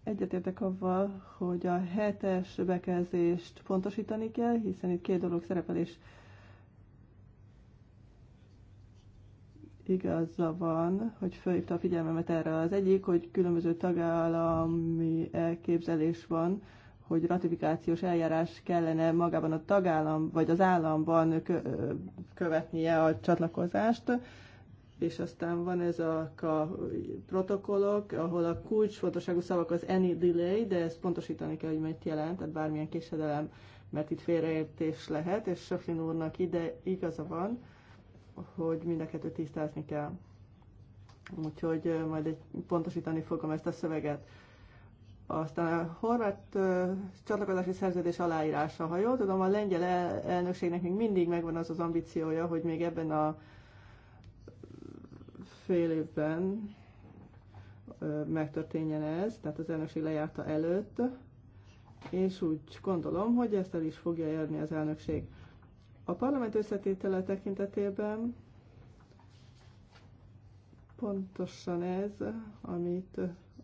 Speaker 3: Egyetértek avval, hogy a hetes bekezdést pontosítani kell, hiszen itt két dolog szerepel, és igaza van, hogy felhívta a figyelmemet erre. Az egyik, hogy különböző tagállami elképzelés van, hogy ratifikációs eljárás kellene magában a tagállam vagy az államban követnie a csatlakozást, és aztán van ez a, a protokollok, ahol a kulcsfontosságú szavak az any delay, de ezt pontosítani kell, hogy mit jelent, tehát bármilyen késedelem, mert itt félreértés lehet, és Söflin úrnak ide igaza van, hogy mind a kettőt tisztázni kell. Úgyhogy majd egy, pontosítani fogom ezt a szöveget. Aztán a horvát csatlakozási szerződés aláírása. Ha jól tudom, a lengyel elnökségnek még mindig megvan az az ambíciója, hogy még ebben a fél évben megtörténjen ez, tehát az elnökség lejárta előtt, és úgy gondolom, hogy ezt el is fogja érni az elnökség. A parlament összetétele tekintetében pontosan ez, amit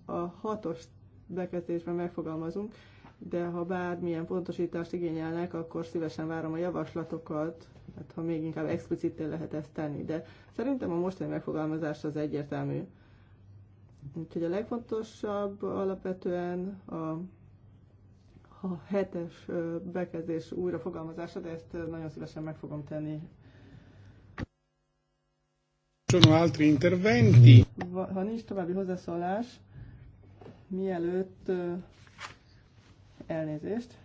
Speaker 3: a hatos bekezdésben megfogalmazunk, de ha bármilyen pontosítást igényelnek, akkor szívesen várom a javaslatokat, hát ha még inkább explicitén lehet ezt tenni, de szerintem a mostani megfogalmazás az egyértelmű. Úgyhogy a legfontosabb alapvetően a a hetes bekezdés újra de ezt nagyon szívesen meg fogom tenni.
Speaker 1: Sono altri interventi.
Speaker 3: Ha nincs további hozzászólás, mielőtt elnézést,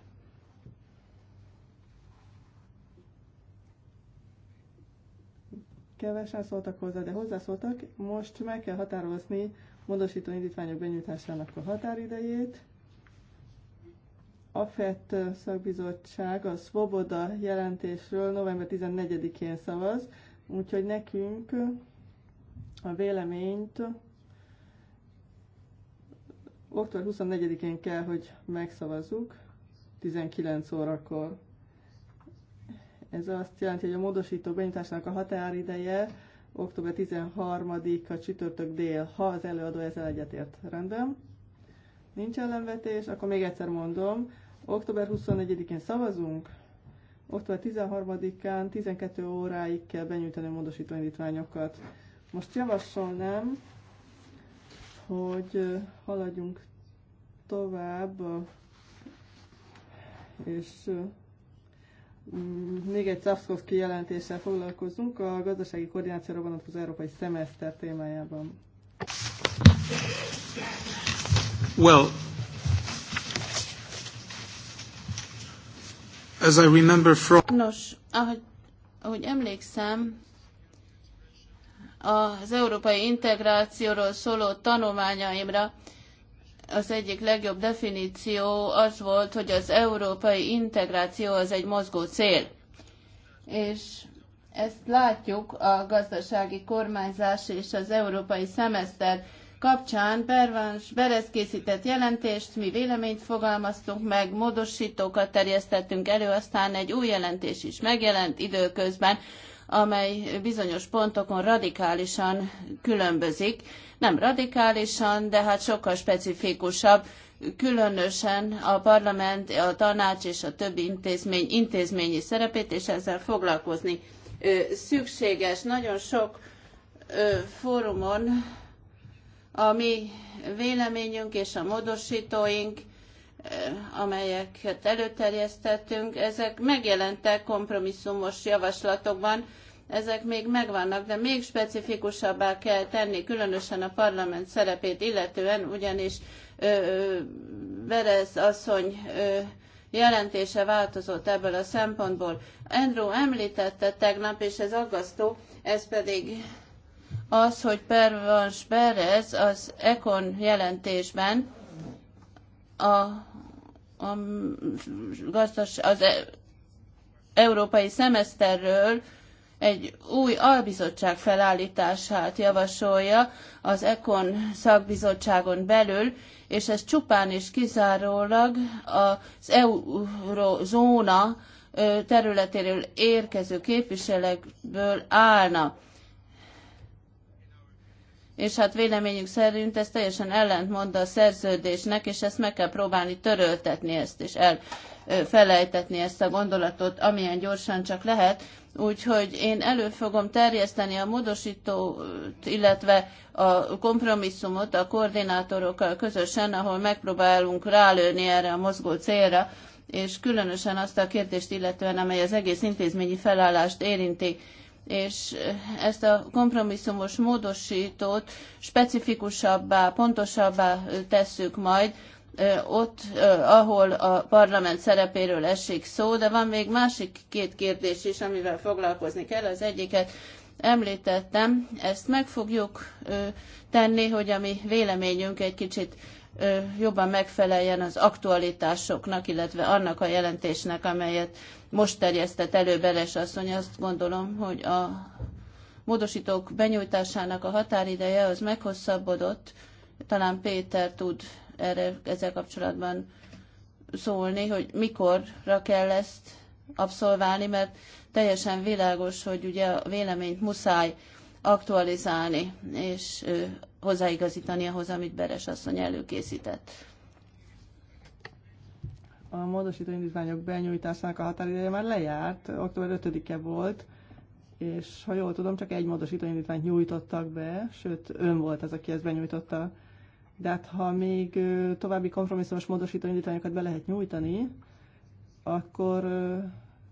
Speaker 3: kevesen szóltak hozzá, de hozzászóltak. Most meg kell határozni módosító indítványok benyújtásának a határidejét. AFET szakbizottság a Svoboda jelentésről november 14-én szavaz, úgyhogy nekünk a véleményt október 24-én kell, hogy megszavazzuk, 19 órakor. Ez azt jelenti, hogy a módosító benyújtásnak a határideje október 13-a csütörtök dél, ha az előadó ezzel egyetért. Rendben. Nincs ellenvetés, akkor még egyszer mondom, október 24-én szavazunk, október 13-án 12 óráig kell benyújtani a módosító indítványokat. Most javasolnám, hogy haladjunk tovább, és még egy Czapszkowski kijelentéssel foglalkozunk a gazdasági koordinációra vonatkozó európai szemeszter témájában.
Speaker 1: Well,
Speaker 2: as I remember from... Nos, ahogy, ahogy emlékszem, az európai integrációról szóló tanulmányaimra az egyik legjobb definíció az volt, hogy az európai integráció az egy mozgó cél. És ezt látjuk a gazdasági kormányzás és az európai szemeszter kapcsán Bervans Berez készített jelentést, mi véleményt fogalmaztunk meg, módosítókat terjesztettünk elő, aztán egy új jelentés is megjelent időközben, amely bizonyos pontokon radikálisan különbözik. Nem radikálisan, de hát sokkal specifikusabb, különösen a parlament, a tanács és a többi intézmény intézményi szerepét, és ezzel foglalkozni szükséges. Nagyon sok fórumon a mi véleményünk és a módosítóink, eh, amelyeket előterjesztettünk, ezek megjelentek kompromisszumos javaslatokban, ezek még megvannak, de még specifikusabbá kell tenni, különösen a parlament szerepét illetően, ugyanis Berez asszony ö, jelentése változott ebből a szempontból. Andrew említette tegnap, és ez aggasztó, ez pedig az, hogy Pervas Berez az Econ jelentésben a, a gazdas, az e, európai szemeszterről egy új albizottság felállítását javasolja az ECON szakbizottságon belül, és ez csupán és kizárólag az eurozóna területéről érkező képviselekből állna és hát véleményünk szerint ez teljesen ellentmond a szerződésnek, és ezt meg kell próbálni töröltetni ezt, és elfelejtetni ezt a gondolatot, amilyen gyorsan csak lehet. Úgyhogy én elő fogom terjeszteni a módosítót, illetve a kompromisszumot a koordinátorokkal közösen, ahol megpróbálunk rálőni erre a mozgó célra, és különösen azt a kérdést illetően, amely az egész intézményi felállást érinti és ezt a kompromisszumos módosítót specifikusabbá, pontosabbá tesszük majd, ott, ahol a parlament szerepéről esik szó, de van még másik két kérdés is, amivel foglalkozni kell. Az egyiket említettem, ezt meg fogjuk tenni, hogy a mi véleményünk egy kicsit jobban megfeleljen az aktualitásoknak, illetve annak a jelentésnek, amelyet most terjesztett elő Beres asszony, azt gondolom, hogy a módosítók benyújtásának a határideje az meghosszabbodott, talán Péter tud erre ezzel kapcsolatban szólni, hogy mikorra kell ezt abszolválni, mert teljesen világos, hogy ugye a véleményt muszáj aktualizálni és hozzáigazítani ahhoz, amit Beres asszony előkészített
Speaker 3: a módosító indítványok benyújtásának a határideje már lejárt, október 5-e volt, és ha jól tudom, csak egy módosító indítványt nyújtottak be, sőt, ön volt az, aki ezt benyújtotta. De hát, ha még további kompromisszumos módosító indítványokat be lehet nyújtani, akkor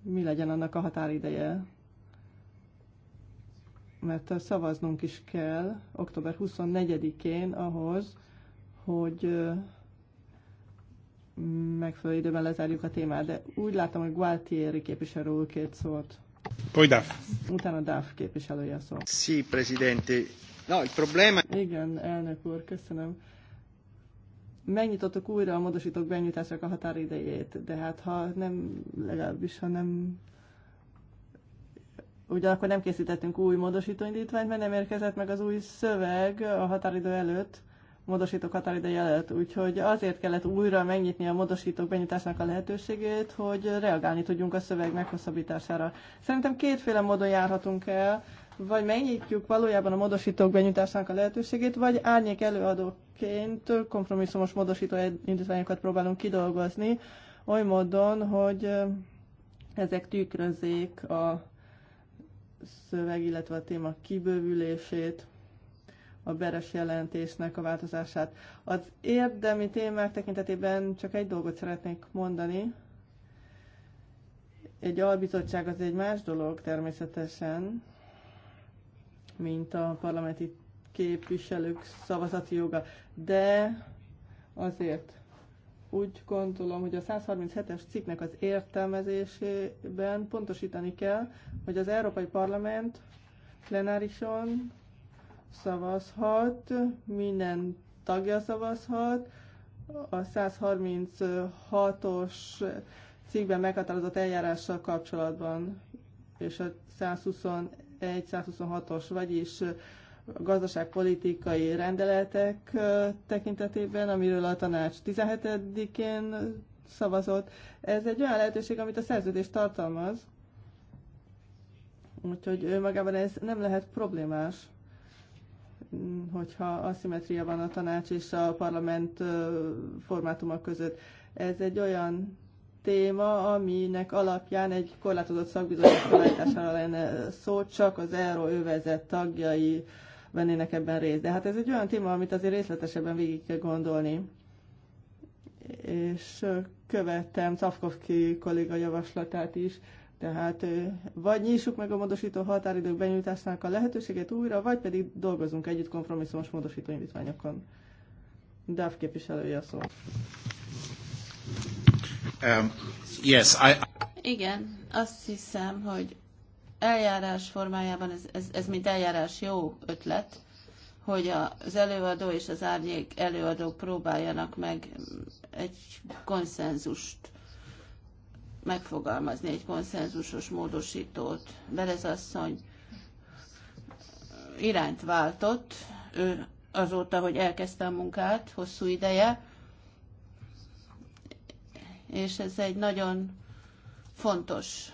Speaker 3: mi legyen annak a határideje? Mert szavaznunk is kell október 24-én ahhoz, hogy megfelelő időben lezárjuk a témát, de úgy látom, hogy Gualtieri képviselő úr két szót. Poi DAF. Utána DAF képviselője a szó. Sí, presidente. No, il problema... Igen, elnök úr, köszönöm. Megnyitottuk újra a módosítók benyújtásának a határidejét, de hát ha nem, legalábbis ha nem ugyanakkor nem készítettünk új módosítóindítványt, mert nem érkezett meg az új szöveg a határidő előtt, módosítók határideje előtt. Úgyhogy azért kellett újra megnyitni a módosítók benyújtásának a lehetőségét, hogy reagálni tudjunk a szöveg meghosszabbítására. Szerintem kétféle módon járhatunk el, vagy megnyitjuk valójában a módosítók benyújtásának a lehetőségét, vagy árnyék előadóként kompromisszumos módosító indítványokat próbálunk kidolgozni, oly módon, hogy ezek tükrözzék a szöveg, illetve a téma kibővülését a beres jelentésnek a változását. Az érdemi témák tekintetében csak egy dolgot szeretnék mondani. Egy albizottság az egy más dolog természetesen, mint a parlamenti képviselők szavazati joga, de azért úgy gondolom, hogy a 137-es cikknek az értelmezésében pontosítani kell, hogy az Európai Parlament plenárison szavazhat, minden tagja szavazhat, a 136-os cikkben meghatározott eljárással kapcsolatban, és a 121-126-os, vagyis gazdaságpolitikai rendeletek tekintetében, amiről a tanács 17-én szavazott. Ez egy olyan lehetőség, amit a szerződés tartalmaz, úgyhogy önmagában ez nem lehet problémás hogyha aszimetria van a tanács és a parlament formátuma között. Ez egy olyan téma, aminek alapján egy korlátozott szakbizottság felállítására lenne szó, csak az e övezett tagjai vennének ebben részt. De hát ez egy olyan téma, amit azért részletesebben végig kell gondolni. És követtem Cafkovki kolléga javaslatát is, tehát vagy nyissuk meg a módosító határidők benyújtásának a lehetőséget újra, vagy pedig dolgozunk együtt kompromisszumos módosító indítványokon. DAF képviselője a szó.
Speaker 1: Um, yes, I...
Speaker 2: Igen, azt hiszem, hogy eljárás formájában ez, ez, ez mint eljárás jó ötlet, hogy az előadó és az árnyék előadók próbáljanak meg egy konszenzust megfogalmazni egy konszenzusos módosítót. Belez asszony irányt váltott, ő azóta, hogy elkezdte a munkát, hosszú ideje, és ez egy nagyon fontos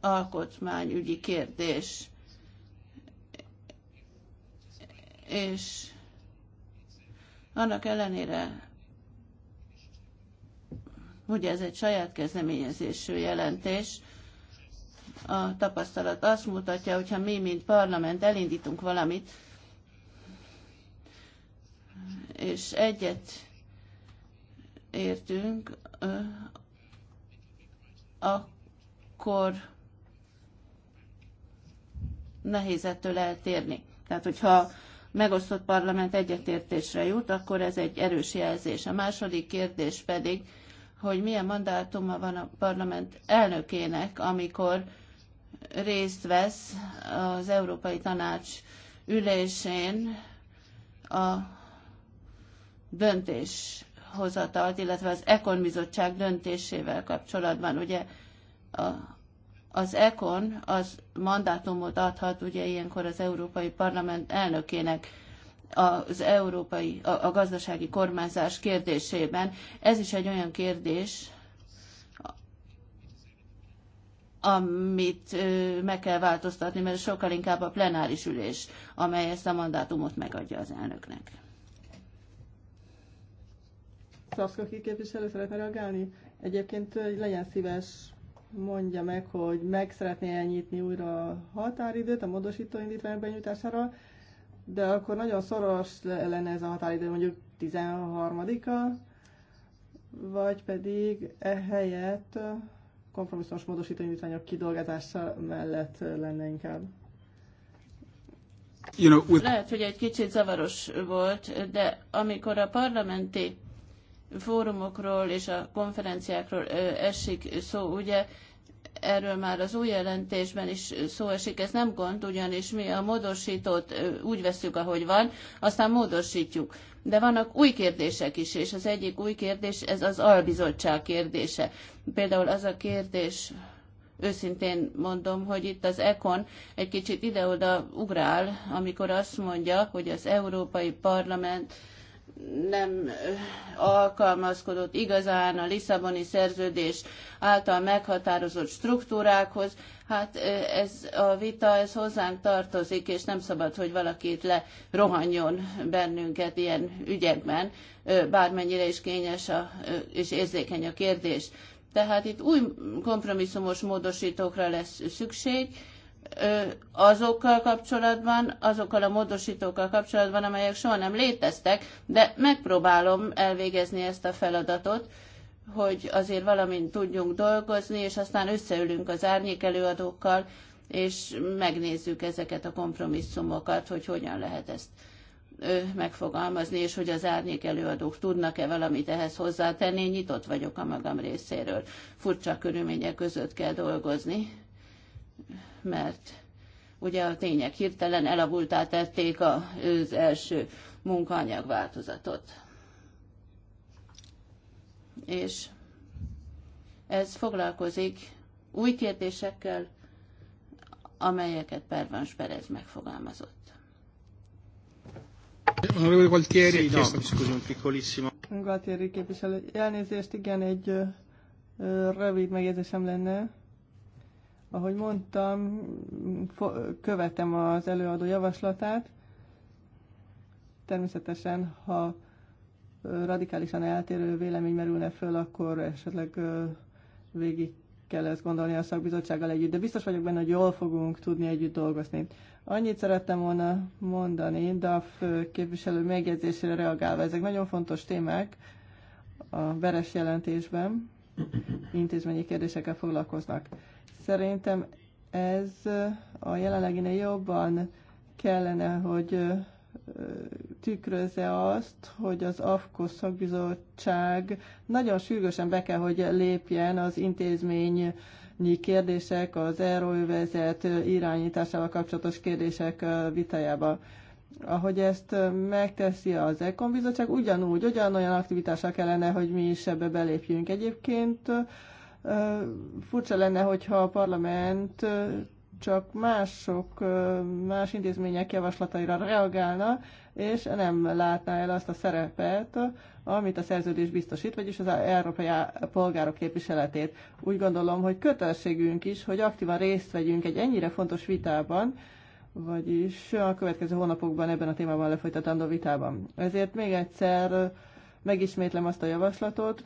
Speaker 2: alkotmányügyi kérdés. És annak ellenére, Ugye ez egy saját kezdeményezésű jelentés. A tapasztalat azt mutatja, hogyha mi, mint parlament elindítunk valamit, és egyet értünk, akkor nehéz ettől eltérni. Tehát, hogyha megosztott parlament egyetértésre jut, akkor ez egy erős jelzés. A második kérdés pedig hogy milyen mandátuma van a parlament elnökének, amikor részt vesz az Európai Tanács ülésén a döntéshozatalt, illetve az Ekon bizottság döntésével kapcsolatban. Ugye a, az Ekon az mandátumot adhat ugye ilyenkor az Európai Parlament elnökének az európai, a, a gazdasági kormányzás kérdésében. Ez is egy olyan kérdés, amit meg kell változtatni, mert sokkal inkább a plenáris ülés, amely ezt a mandátumot megadja az elnöknek.
Speaker 3: Szavszkoki képviselő szeretne reagálni? Egyébként legyen szíves, mondja meg, hogy meg szeretné elnyitni újra a határidőt a módosító indítvány benyújtására, de akkor nagyon szoros lenne ez a határidő, mondjuk 13-a, vagy pedig e helyett kompromisszumos módosítani indítványok kidolgozása mellett lenne inkább.
Speaker 2: You know, with... Lehet, hogy egy kicsit zavaros volt, de amikor a parlamenti fórumokról és a konferenciákról esik szó, ugye erről már az új jelentésben is szó esik, ez nem gond, ugyanis mi a módosítót úgy veszük, ahogy van, aztán módosítjuk. De vannak új kérdések is, és az egyik új kérdés, ez az albizottság kérdése. Például az a kérdés, őszintén mondom, hogy itt az ECON egy kicsit ide-oda ugrál, amikor azt mondja, hogy az Európai Parlament nem alkalmazkodott igazán a Lisszaboni szerződés által meghatározott struktúrákhoz. Hát ez a vita, ez hozzánk tartozik, és nem szabad, hogy valakit le rohanjon bennünket ilyen ügyekben, bármennyire is kényes a, és érzékeny a kérdés. Tehát itt új kompromisszumos módosítókra lesz szükség, azokkal kapcsolatban, azokkal a módosítókkal kapcsolatban, amelyek soha nem léteztek, de megpróbálom elvégezni ezt a feladatot, hogy azért valamint tudjunk dolgozni, és aztán összeülünk az árnyék előadókkal, és megnézzük ezeket a kompromisszumokat, hogy hogyan lehet ezt megfogalmazni, és hogy az árnyék előadók tudnak-e valamit ehhez hozzátenni. Nyitott vagyok a magam részéről. Furcsa körülmények között kell dolgozni mert ugye a tények hirtelen elavultá tették az első munkaanyag változatot. És ez foglalkozik új kérdésekkel, amelyeket Pervans Perez megfogalmazott.
Speaker 1: Onorevole
Speaker 3: képviselő, elnézést, igen, egy rövid megjegyzésem lenne. Ahogy mondtam, követem az előadó javaslatát. Természetesen, ha radikálisan eltérő vélemény merülne föl, akkor esetleg végig kell ezt gondolni a szakbizottsággal együtt, de biztos vagyok benne, hogy jól fogunk tudni együtt dolgozni. Annyit szerettem volna mondani, de a fő képviselő megjegyzésére reagálva, ezek nagyon fontos témák a veres jelentésben, intézményi kérdésekkel foglalkoznak. Szerintem ez a jelenleginél jobban kellene, hogy tükrözze azt, hogy az AFKO szakbizottság nagyon sürgősen be kell, hogy lépjen az intézmény kérdések, az euróvezet irányításával kapcsolatos kérdések vitájába. Ahogy ezt megteszi az Ekon bizottság, ugyanúgy, ugyanolyan aktivitással kellene, hogy mi is ebbe belépjünk. Egyébként Furcsa lenne, hogyha a parlament csak mások, más intézmények javaslataira reagálna, és nem látná el azt a szerepet, amit a szerződés biztosít, vagyis az európai polgárok képviseletét. Úgy gondolom, hogy kötelességünk is, hogy aktívan részt vegyünk egy ennyire fontos vitában, vagyis a következő hónapokban ebben a témában lefolytatandó vitában. Ezért még egyszer megismétlem azt a javaslatot,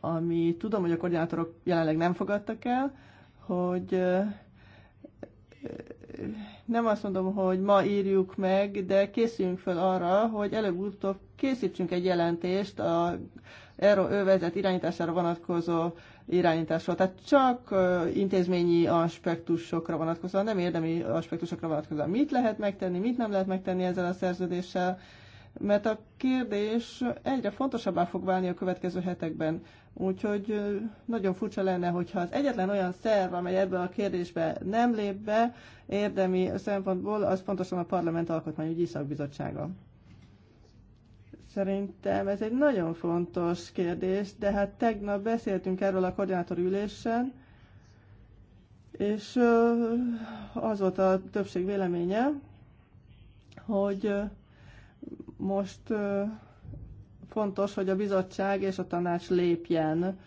Speaker 3: ami tudom, hogy a koordinátorok jelenleg nem fogadtak el, hogy nem azt mondom, hogy ma írjuk meg, de készüljünk fel arra, hogy előbb-utóbb készítsünk egy jelentést a erő övezet irányítására vonatkozó irányításról. Tehát csak intézményi aspektusokra vonatkozóan, nem érdemi aspektusokra vonatkozóan. Mit lehet megtenni, mit nem lehet megtenni ezzel a szerződéssel, mert a kérdés egyre fontosabbá fog válni a következő hetekben. Úgyhogy nagyon furcsa lenne, hogyha az egyetlen olyan szerv, amely ebben a kérdésbe nem lép be érdemi szempontból, az pontosan a Parlament Alkotmányügyi Szakbizottsága. Szerintem ez egy nagyon fontos kérdés, de hát tegnap beszéltünk erről a koordinátor ülésen, és az volt a többség véleménye, hogy most fontos, hogy a bizottság és a tanács lépjen.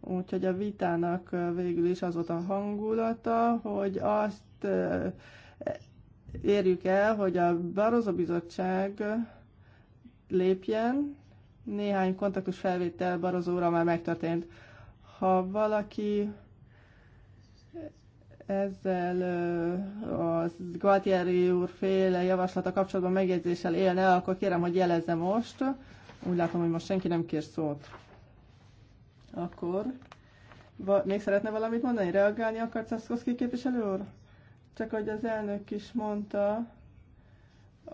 Speaker 3: Úgyhogy a vitának végül is az volt a hangulata, hogy azt érjük el, hogy a Barozó bizottság lépjen. Néhány kontaktus felvétel Barozóra már megtörtént. Ha valaki ezzel a Gualtieri úr féle javaslata kapcsolatban megjegyzéssel élne, akkor kérem, hogy jelezze most. Úgy látom, hogy most senki nem kér szót. Akkor Va, még szeretne valamit mondani? Reagálni akar Czaszkowski képviselő úr? Csak hogy az elnök is mondta,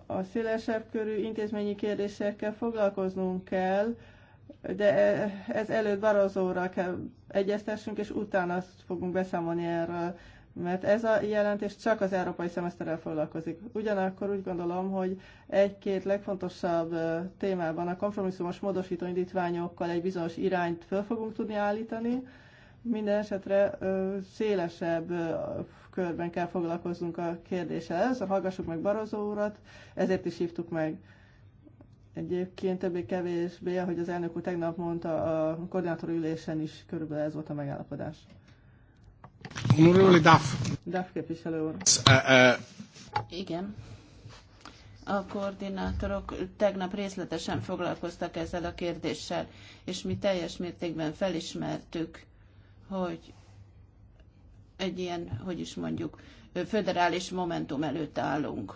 Speaker 3: a szélesebb körű intézményi kérdésekkel foglalkoznunk kell, de e- ez előtt Barozóra kell egyeztessünk, és utána azt fogunk beszámolni erről mert ez a jelentés csak az európai szemeszterrel foglalkozik. Ugyanakkor úgy gondolom, hogy egy-két legfontosabb témában a kompromisszumos módosító indítványokkal egy bizonyos irányt föl fogunk tudni állítani, minden esetre szélesebb körben kell foglalkoznunk a kérdéssel. a hallgassuk meg Barozó urat, ezért is hívtuk meg. Egyébként többé-kevésbé, ahogy az elnök úr tegnap mondta, a koordinátor ülésen is körülbelül ez volt a megállapodás.
Speaker 1: Honorable Duff.
Speaker 3: Duff képviselő úr. Uh,
Speaker 1: uh,
Speaker 2: Igen. A koordinátorok tegnap részletesen foglalkoztak ezzel a kérdéssel, és mi teljes mértékben felismertük, hogy egy ilyen, hogy is mondjuk, föderális momentum előtt állunk.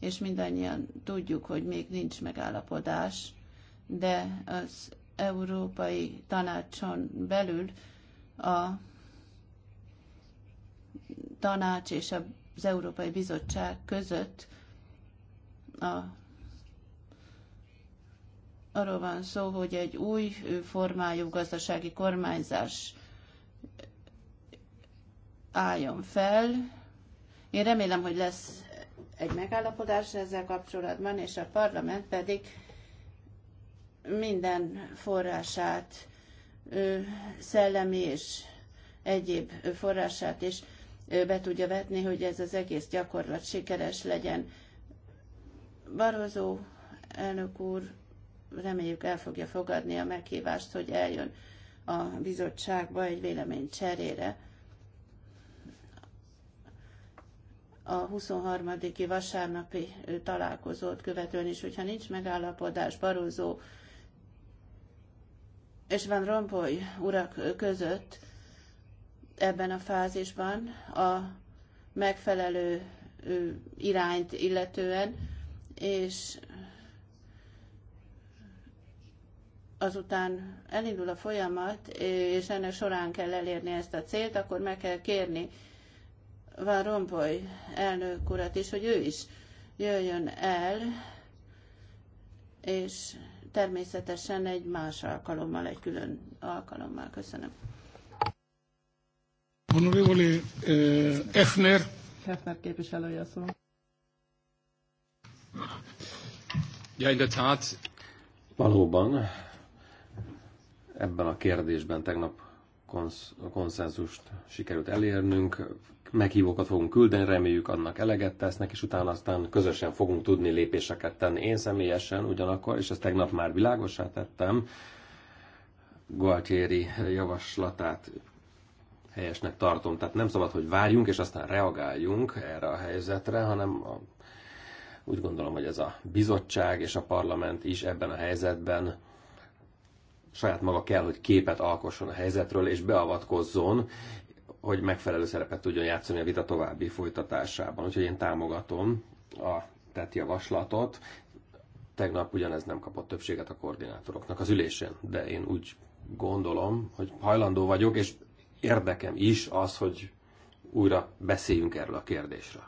Speaker 2: És mindannyian tudjuk, hogy még nincs megállapodás, de az Európai Tanácson belül a tanács és az Európai Bizottság között a, arról van szó, hogy egy új formájú gazdasági kormányzás álljon fel. Én remélem, hogy lesz egy megállapodás ezzel kapcsolatban, és a parlament pedig minden forrását, szellemi és egyéb forrását is be tudja vetni, hogy ez az egész gyakorlat sikeres legyen. Barozó elnök úr reméljük el fogja fogadni a meghívást, hogy eljön a bizottságba egy vélemény cserére. a 23. vasárnapi találkozót követően is, hogyha nincs megállapodás Barózó és Van Rompuy urak között, ebben a fázisban a megfelelő irányt illetően, és azután elindul a folyamat, és ennek során kell elérni ezt a célt, akkor meg kell kérni Van Rompoy elnök urat is, hogy ő is jöjjön el, és természetesen egy más alkalommal, egy külön alkalommal. Köszönöm.
Speaker 1: Honorevole Efner.
Speaker 2: Efner képviselője szó.
Speaker 1: Ja, in der Valóban ebben a kérdésben tegnap konsz, konszenzust sikerült elérnünk, meghívókat fogunk küldeni, reméljük annak eleget tesznek, és utána aztán közösen fogunk tudni lépéseket tenni. Én személyesen ugyanakkor, és ezt tegnap már világosá tettem, Gualtieri javaslatát helyesnek tartom. Tehát nem szabad, hogy várjunk, és aztán reagáljunk erre a helyzetre, hanem a, úgy gondolom, hogy ez a bizottság és a parlament is ebben a helyzetben saját maga kell, hogy képet alkosson a helyzetről, és beavatkozzon, hogy megfelelő szerepet tudjon játszani a vita további folytatásában. Úgyhogy én támogatom a tett javaslatot. Tegnap ugyanez nem kapott többséget a koordinátoroknak az ülésén, de én úgy gondolom, hogy hajlandó vagyok, és érdekem is az, hogy újra beszéljünk erről a kérdésről.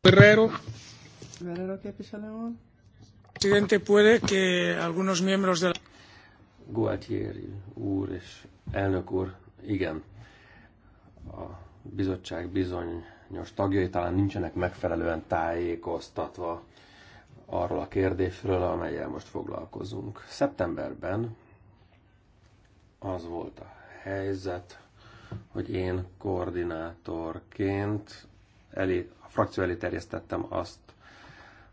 Speaker 1: Guerrero.
Speaker 3: Guerrero képviselő úr.
Speaker 1: Presidente, puede que algunos miembros de la... Gualtier úr és elnök úr, igen, a bizottság bizonyos tagjai talán nincsenek megfelelően tájékoztatva arról a kérdésről, amelyel most foglalkozunk. Szeptemberben az volt a helyzet, hogy én koordinátorként elé, a frakció elé terjesztettem azt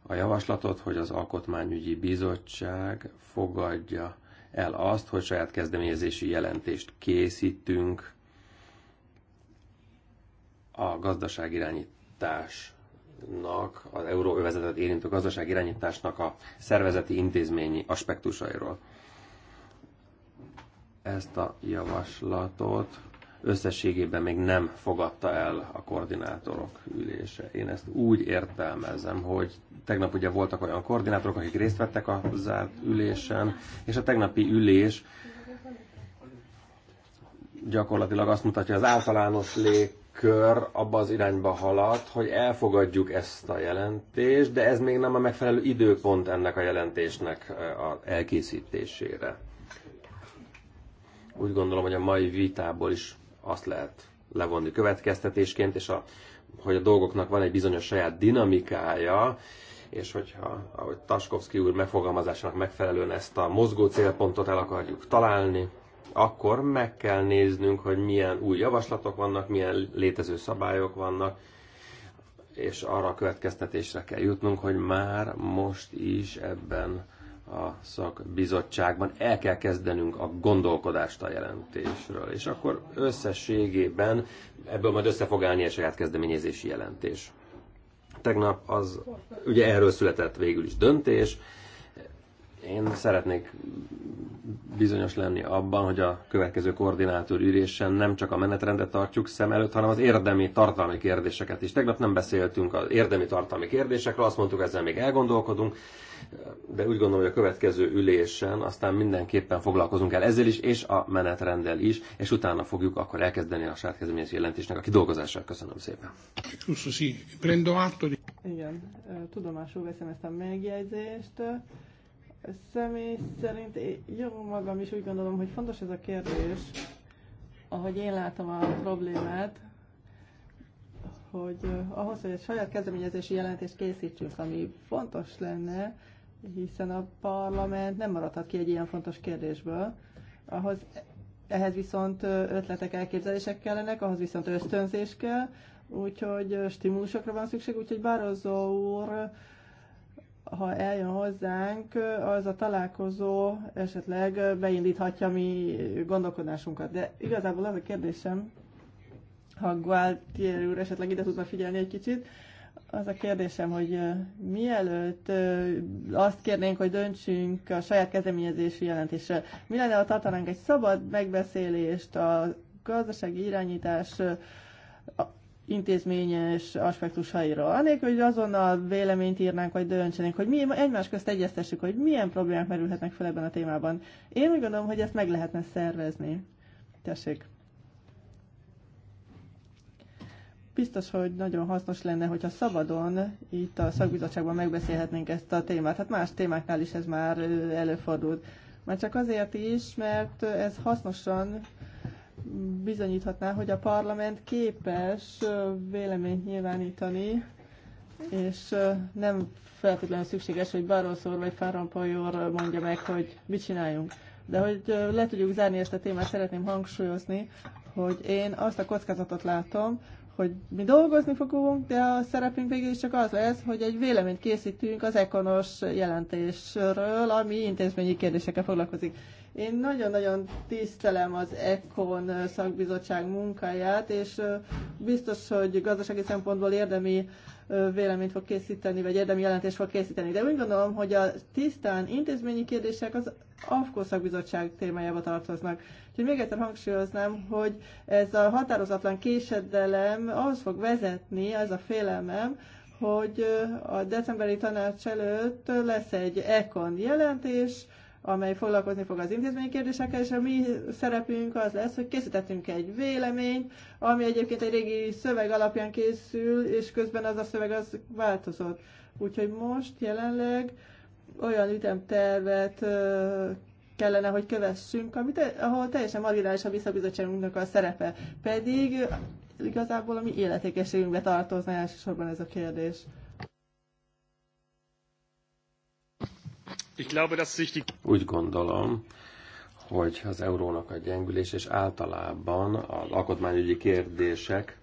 Speaker 1: a javaslatot, hogy az Alkotmányügyi Bizottság fogadja el azt, hogy saját kezdeményezési jelentést készítünk a gazdaságirányítás gazdaságnak, az euróövezetet érintő gazdaság irányításnak a szervezeti intézményi aspektusairól. Ezt a javaslatot összességében még nem fogadta el a koordinátorok ülése. Én ezt úgy értelmezem, hogy tegnap ugye voltak olyan koordinátorok, akik részt vettek a zárt ülésen, és a tegnapi ülés gyakorlatilag azt mutatja, az általános lé kör abba az irányba halad, hogy elfogadjuk ezt a jelentést, de ez még nem a megfelelő időpont ennek a jelentésnek a elkészítésére. Úgy gondolom, hogy a mai vitából is azt lehet levonni következtetésként, és a, hogy a dolgoknak van egy bizonyos saját dinamikája, és hogyha, ahogy Taskovszki úr megfogalmazásának megfelelően ezt a mozgó célpontot el akarjuk találni, akkor meg kell néznünk, hogy milyen új javaslatok vannak, milyen létező szabályok vannak, és arra a következtetésre kell jutnunk, hogy már most is ebben a szakbizottságban el kell kezdenünk a gondolkodást a jelentésről, és akkor összességében ebből majd össze fog állni a saját kezdeményezési jelentés. Tegnap az, ugye erről született végül is döntés, én szeretnék bizonyos lenni abban, hogy a következő koordinátor ülésen nem csak a menetrendet tartjuk szem előtt, hanem az érdemi tartalmi kérdéseket is. Tegnap nem beszéltünk az érdemi tartalmi kérdésekről, azt mondtuk, ezzel még elgondolkodunk, de úgy gondolom, hogy a következő ülésen aztán mindenképpen foglalkozunk el ezzel is, és a menetrenddel is, és utána fogjuk akkor elkezdeni a sárkezményes jelentésnek a kidolgozását. Köszönöm szépen.
Speaker 3: Igen, tudomásul veszem ezt a megjegyzést. Személy szerint jó magam is úgy gondolom, hogy fontos ez a kérdés, ahogy én látom a problémát, hogy eh, ahhoz, hogy egy saját kezdeményezési jelentést készítsünk, ami fontos lenne, hiszen a parlament nem maradhat ki egy ilyen fontos kérdésből, ahhoz ehhez viszont eh, ötletek, elképzelések kellenek, ahhoz viszont ösztönzés kell, úgyhogy eh, stimulusokra van szükség, úgyhogy Bározó úr ha eljön hozzánk, az a találkozó esetleg beindíthatja mi gondolkodásunkat. De igazából az a kérdésem, ha Gualtier úr esetleg ide tudna figyelni egy kicsit, az a kérdésem, hogy mielőtt azt kérnénk, hogy döntsünk a saját kezdeményezésű jelentéssel, mi lenne, ha tartanánk egy szabad megbeszélést a gazdasági irányítás intézményes aspektusaira, anélkül, hogy azonnal véleményt írnánk, vagy döntsenénk, hogy mi egymás közt egyeztessük, hogy milyen problémák merülhetnek fel ebben a témában. Én úgy gondolom, hogy ezt meg lehetne szervezni. Tessék! Biztos, hogy nagyon hasznos lenne, hogyha szabadon itt a szakbizottságban megbeszélhetnénk ezt a témát. Hát más témáknál is ez már előfordult. Már csak azért is, mert ez hasznosan bizonyíthatná, hogy a parlament képes véleményt nyilvánítani, és nem feltétlenül szükséges, hogy Barroso vagy Farrampajor mondja meg, hogy mit csináljunk. De hogy le tudjuk zárni ezt a témát, szeretném hangsúlyozni, hogy én azt a kockázatot látom, hogy mi dolgozni fogunk, de a szerepünk végül is csak az lesz, hogy egy véleményt készítünk az ekonos jelentésről, ami intézményi kérdésekkel foglalkozik. Én nagyon-nagyon tisztelem az ECON szakbizottság munkáját, és biztos, hogy gazdasági szempontból érdemi véleményt fog készíteni, vagy érdemi jelentést fog készíteni. De úgy gondolom, hogy a tisztán intézményi kérdések az AFKO szakbizottság témájába tartoznak. Úgyhogy még egyszer hangsúlyoznám, hogy ez a határozatlan késedelem ahhoz fog vezetni, ez a félelmem, hogy a decemberi tanács előtt lesz egy ECON jelentés, amely foglalkozni fog az intézményi kérdésekkel, és a mi szerepünk az lesz, hogy készítettünk egy véleményt, ami egyébként egy régi szöveg alapján készül, és közben az a szöveg az változott. Úgyhogy most jelenleg olyan ütemtervet kellene, hogy kövessünk, amit, ahol teljesen marginális a visszabizottságunknak a szerepe. Pedig igazából a mi életékességünkbe tartozna elsősorban ez a kérdés.
Speaker 1: Úgy gondolom, hogy az eurónak a gyengülés, és általában az alkotmányügyi kérdések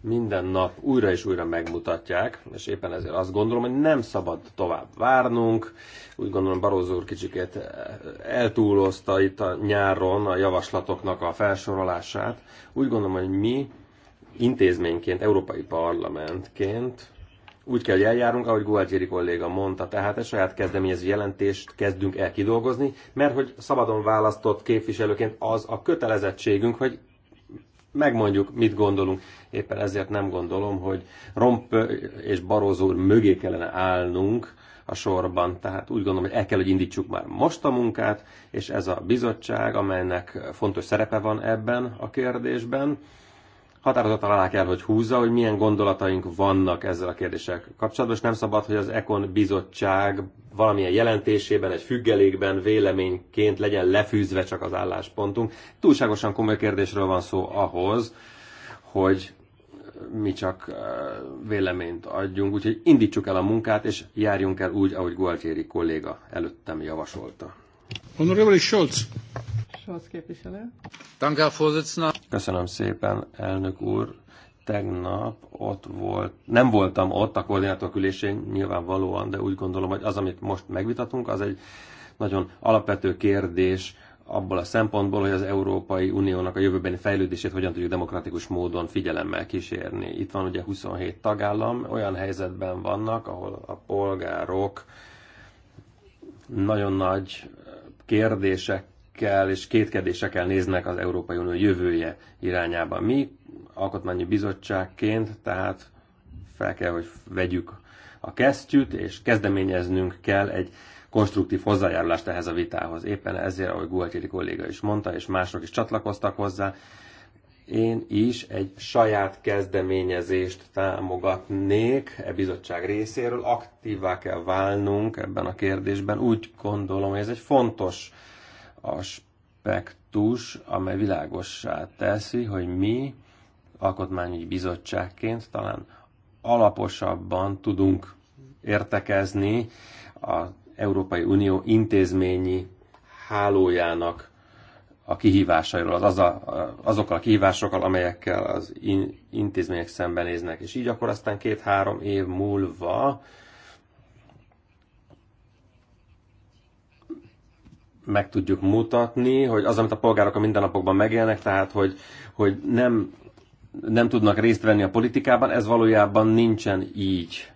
Speaker 1: minden nap újra és újra megmutatják, és éppen ezért azt gondolom, hogy nem szabad tovább várnunk. Úgy gondolom Barózó úr kicsikét eh, eltúlozta itt a nyáron a javaslatoknak a felsorolását. Úgy gondolom, hogy mi intézményként, Európai Parlamentként úgy kell eljárunk, ahogy Gualtieri kolléga mondta, tehát egy saját kezdeményező jelentést kezdünk el kidolgozni, mert hogy szabadon választott képviselőként az a kötelezettségünk, hogy megmondjuk, mit gondolunk. Éppen ezért nem gondolom, hogy Romp és Barózó mögé kellene állnunk a sorban. Tehát úgy gondolom, hogy el kell, hogy indítsuk már most a munkát, és ez a bizottság, amelynek fontos szerepe van ebben a kérdésben, határozottan alá kell, hogy húzza, hogy milyen gondolataink vannak ezzel a kérdéssel kapcsolatban, és nem szabad, hogy az Ekon bizottság valamilyen jelentésében, egy függelékben, véleményként legyen lefűzve csak az álláspontunk. Túlságosan komoly kérdésről van szó ahhoz, hogy mi csak véleményt adjunk, úgyhogy indítsuk el a munkát, és járjunk el úgy, ahogy Gualtieri kolléga előttem javasolta. Honorable Scholz.
Speaker 3: Scholz képviselő.
Speaker 1: Köszönöm szépen, elnök úr. Tegnap ott volt, nem voltam ott a koordinátorkülésén nyilvánvalóan, de úgy gondolom, hogy az, amit most megvitatunk, az egy nagyon alapvető kérdés abból a szempontból, hogy az Európai Uniónak a jövőbeni fejlődését hogyan tudjuk demokratikus módon figyelemmel kísérni. Itt van ugye 27 tagállam, olyan helyzetben vannak, ahol a polgárok nagyon nagy kérdések kétségekkel és kétkedésekkel néznek az Európai Unió jövője irányába. Mi alkotmányi bizottságként tehát fel kell, hogy vegyük a kesztyűt, és kezdeményeznünk kell egy konstruktív hozzájárulást ehhez a vitához. Éppen ezért, ahogy Gualtieri kolléga is mondta, és mások is csatlakoztak hozzá, én is egy saját kezdeményezést támogatnék e bizottság részéről. Aktívvá kell válnunk ebben a kérdésben. Úgy gondolom, hogy ez egy fontos aspektus, amely világossá teszi, hogy mi alkotmányügyi bizottságként talán alaposabban tudunk értekezni az Európai Unió intézményi hálójának a kihívásairól, az, az a, azokkal a kihívásokkal, amelyekkel az in, intézmények szembenéznek. És így akkor aztán két-három év múlva meg tudjuk mutatni, hogy az, amit a polgárok a mindennapokban megélnek, tehát hogy, hogy nem, nem tudnak részt venni a politikában, ez valójában nincsen így.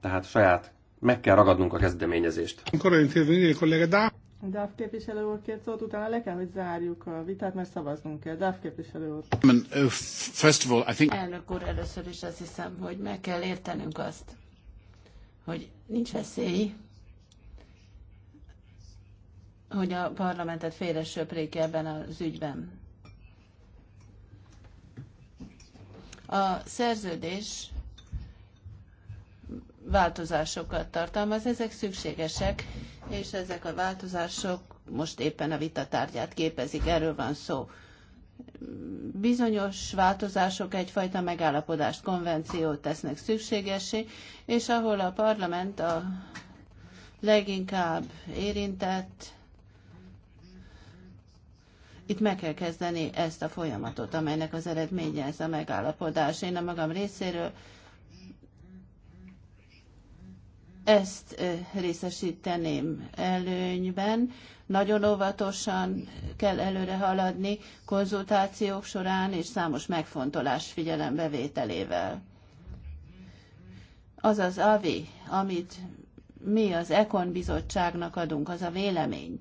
Speaker 1: Tehát saját, meg kell ragadnunk a kezdeményezést.
Speaker 3: Dáv képviselő úr két szót, utána le kell, hogy zárjuk a vitát, mert
Speaker 2: szavaznunk kell. Dáv képviselő úr.
Speaker 1: First of all, I think...
Speaker 2: Elnök úr, először is azt hiszem, hogy meg kell értenünk azt, hogy nincs veszély hogy a parlamentet félre söprik ebben az ügyben. A szerződés változásokat tartalmaz, ezek szükségesek, és ezek a változások most éppen a vitatárgyát képezik, erről van szó. Bizonyos változások egyfajta megállapodást, konvenciót tesznek szükségesé, és ahol a parlament a leginkább érintett, itt meg kell kezdeni ezt a folyamatot, amelynek az eredménye ez a megállapodás. Én a magam részéről ezt részesíteném előnyben. Nagyon óvatosan kell előre haladni konzultációk során és számos megfontolás figyelembevételével. Az az AVI, amit mi az Ekon bizottságnak adunk, az a vélemény.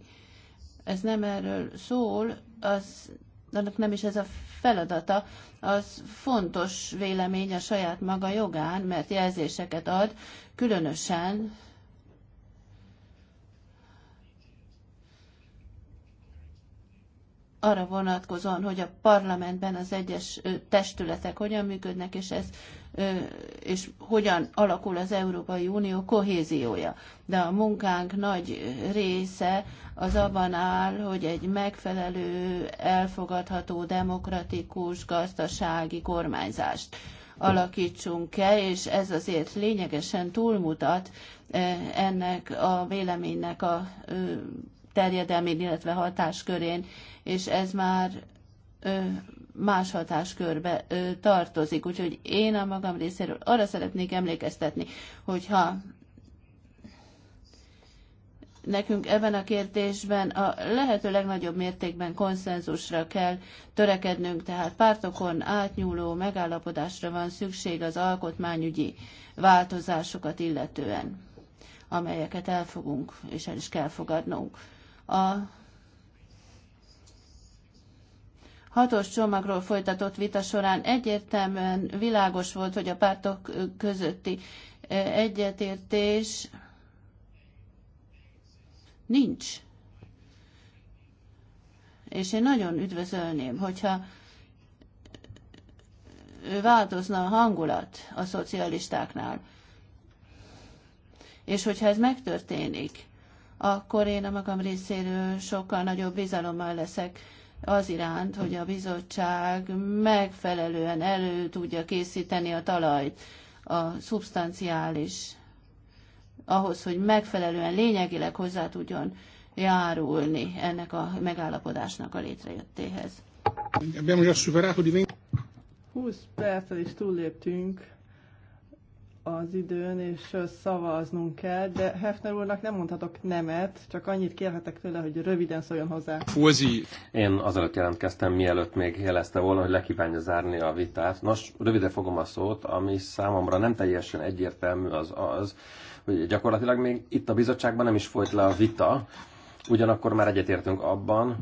Speaker 2: Ez nem erről szól, az annak nem is ez a feladata, az fontos vélemény a saját maga jogán, mert jelzéseket ad, különösen arra vonatkozóan, hogy a parlamentben az egyes testületek hogyan működnek, és ez és hogyan alakul az Európai Unió kohéziója. De a munkánk nagy része az abban áll, hogy egy megfelelő, elfogadható, demokratikus, gazdasági kormányzást alakítsunk ki, és ez azért lényegesen túlmutat ennek a véleménynek a terjedelmén, illetve hatáskörén, és ez már más hatáskörbe tartozik. Úgyhogy én a magam részéről arra szeretnék emlékeztetni, hogyha nekünk ebben a kérdésben a lehető legnagyobb mértékben konszenzusra kell törekednünk, tehát pártokon átnyúló megállapodásra van szükség az alkotmányügyi változásokat illetően, amelyeket elfogunk és el is kell fogadnunk. A hatos csomagról folytatott vita során egyértelműen világos volt, hogy a pártok közötti e, egyetértés nincs. És én nagyon üdvözölném, hogyha változna a hangulat a szocialistáknál. És hogyha ez megtörténik, akkor én a magam részéről sokkal nagyobb bizalommal leszek az iránt, hogy a bizottság megfelelően elő tudja készíteni a talajt a szubstanciális, ahhoz, hogy megfelelően lényegileg hozzá tudjon járulni ennek a megállapodásnak a létrejöttéhez.
Speaker 3: 20 percet is túlléptünk az időn, és szavaznunk kell, de Hefner úrnak nem mondhatok nemet, csak annyit kérhetek tőle, hogy röviden szóljon hozzá.
Speaker 1: Fúzi! Én azelőtt jelentkeztem, mielőtt még jelezte volna, hogy lekívánja zárni a vitát. Nos, röviden fogom a szót, ami számomra nem teljesen egyértelmű az az, hogy gyakorlatilag még itt a bizottságban nem is folyt le a vita, ugyanakkor már egyetértünk abban,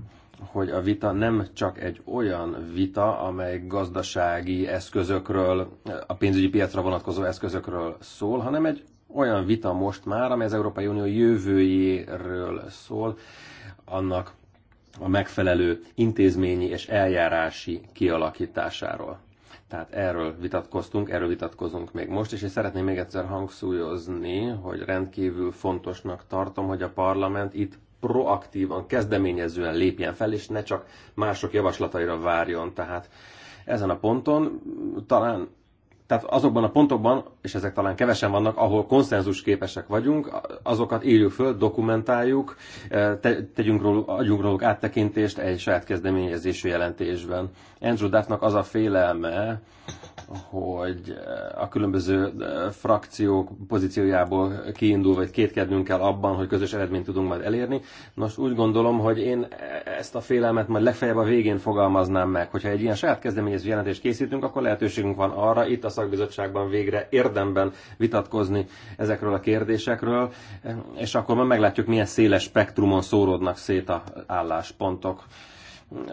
Speaker 1: hogy a vita nem csak egy olyan vita, amely gazdasági eszközökről, a pénzügyi piacra vonatkozó eszközökről szól, hanem egy olyan vita most már, amely az Európai Unió jövőjéről szól, annak a megfelelő intézményi és eljárási kialakításáról. Tehát erről vitatkoztunk, erről vitatkozunk még most, és én szeretném még egyszer hangsúlyozni, hogy rendkívül fontosnak tartom, hogy a parlament itt proaktívan, kezdeményezően lépjen fel, és ne csak mások javaslataira várjon. Tehát ezen a ponton talán tehát azokban a pontokban, és ezek talán kevesen vannak, ahol konszenzus képesek vagyunk, azokat írjuk föl, dokumentáljuk, tegyünk róluk, adjunk róluk áttekintést egy saját kezdeményezésű jelentésben. Andrew Duffnak az a félelme, hogy eh, a különböző eh, frakciók pozíciójából kiindul, vagy kétkednünk kell abban, hogy közös eredményt tudunk majd elérni. Nos, úgy gondolom, hogy én ezt a félelmet majd legfeljebb a végén fogalmaznám meg. Hogyha egy ilyen saját kezdeményező jelentést készítünk, akkor lehetőségünk van arra itt a szakbizottságban végre érdemben vitatkozni ezekről a kérdésekről, eh, és akkor már meglátjuk, milyen széles spektrumon szóródnak szét a álláspontok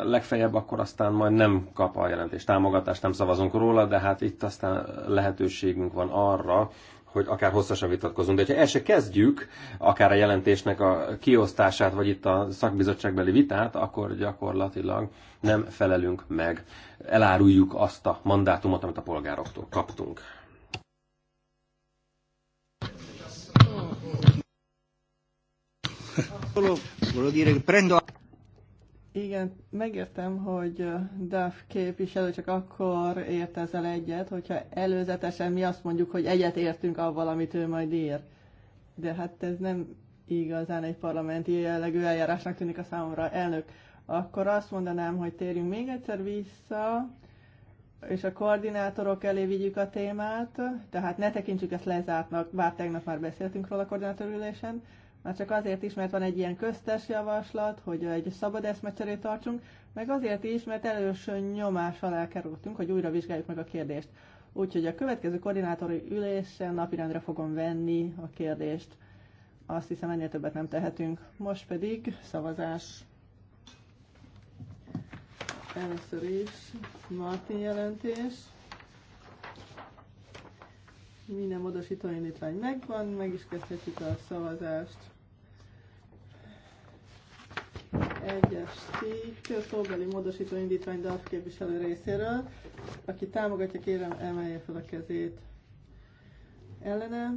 Speaker 1: legfeljebb akkor aztán majd nem kap a jelentés támogatást, nem szavazunk róla, de hát itt aztán lehetőségünk van arra, hogy akár hosszasan vitatkozunk. De ha el se kezdjük, akár a jelentésnek a kiosztását, vagy itt a szakbizottságbeli vitát, akkor gyakorlatilag nem felelünk meg. Eláruljuk azt a mandátumot, amit a polgároktól kaptunk. prendo
Speaker 3: igen, megértem, hogy DAF képviselő csak akkor ért ezzel egyet, hogyha előzetesen mi azt mondjuk, hogy egyet értünk avval, amit ő majd ír. De hát ez nem igazán egy parlamenti jellegű eljárásnak tűnik a számomra elnök. Akkor azt mondanám, hogy térjünk még egyszer vissza, és a koordinátorok elé vigyük a témát, tehát ne tekintsük ezt lezártnak, bár tegnap már beszéltünk róla a koordinátorülésen, már csak azért is, mert van egy ilyen köztes javaslat, hogy egy szabad eszmecserét tartsunk, meg azért is, mert elős nyomás alá kerültünk, hogy újra vizsgáljuk meg a kérdést. Úgyhogy a következő koordinátori ülésen napirendre fogom venni a kérdést. Azt hiszem, ennél többet nem tehetünk. Most pedig szavazás. Először is Martin jelentés. Minden módosító indítvány megvan, meg is kezdhetjük a szavazást. Egyes cikk, szóbeli módosító indítvány DAF képviselő részéről. Aki támogatja, kérem emelje fel a kezét. Ellene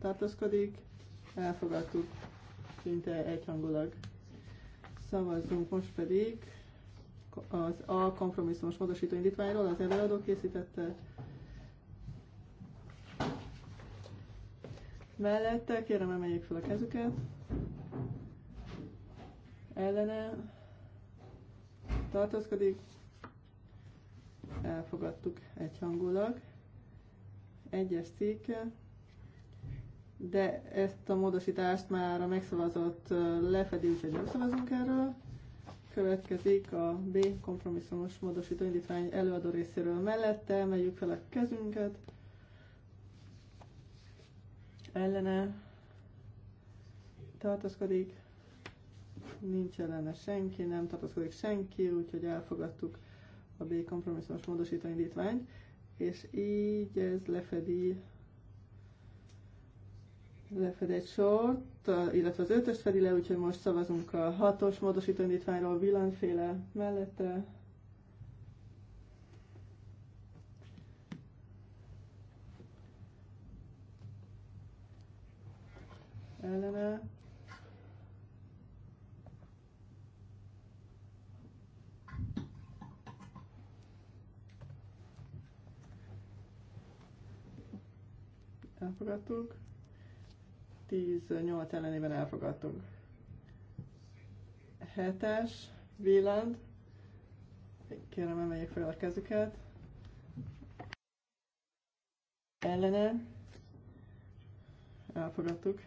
Speaker 3: tartózkodik, elfogadtuk szinte egyhangulag. Szavazzunk most pedig az A kompromisszumos módosító indítványról, az előadó készítette. Mellette kérem emeljék fel a kezüket ellene tartózkodik. Elfogadtuk egyhangulag. Egyes cikk. De ezt a módosítást már a megszavazott lefedi, úgyhogy nem szavazunk erről. Következik a B kompromisszumos módosító indítvány előadó részéről mellette, emeljük fel a kezünket. Ellene tartozkodik, nincs ellene senki, nem tartozkodik senki, úgyhogy elfogadtuk a B kompromisszumos módosító indítványt, és így ez lefedi lefed egy sort, illetve az ötös fedi le, úgyhogy most szavazunk a hatos módosító indítványról villanyféle mellette. Ellene elfogadtuk. 18 ellenében elfogadtunk. 7-es, Wieland. Kérem, emeljék fel a kezüket. Ellene. Elfogadtuk.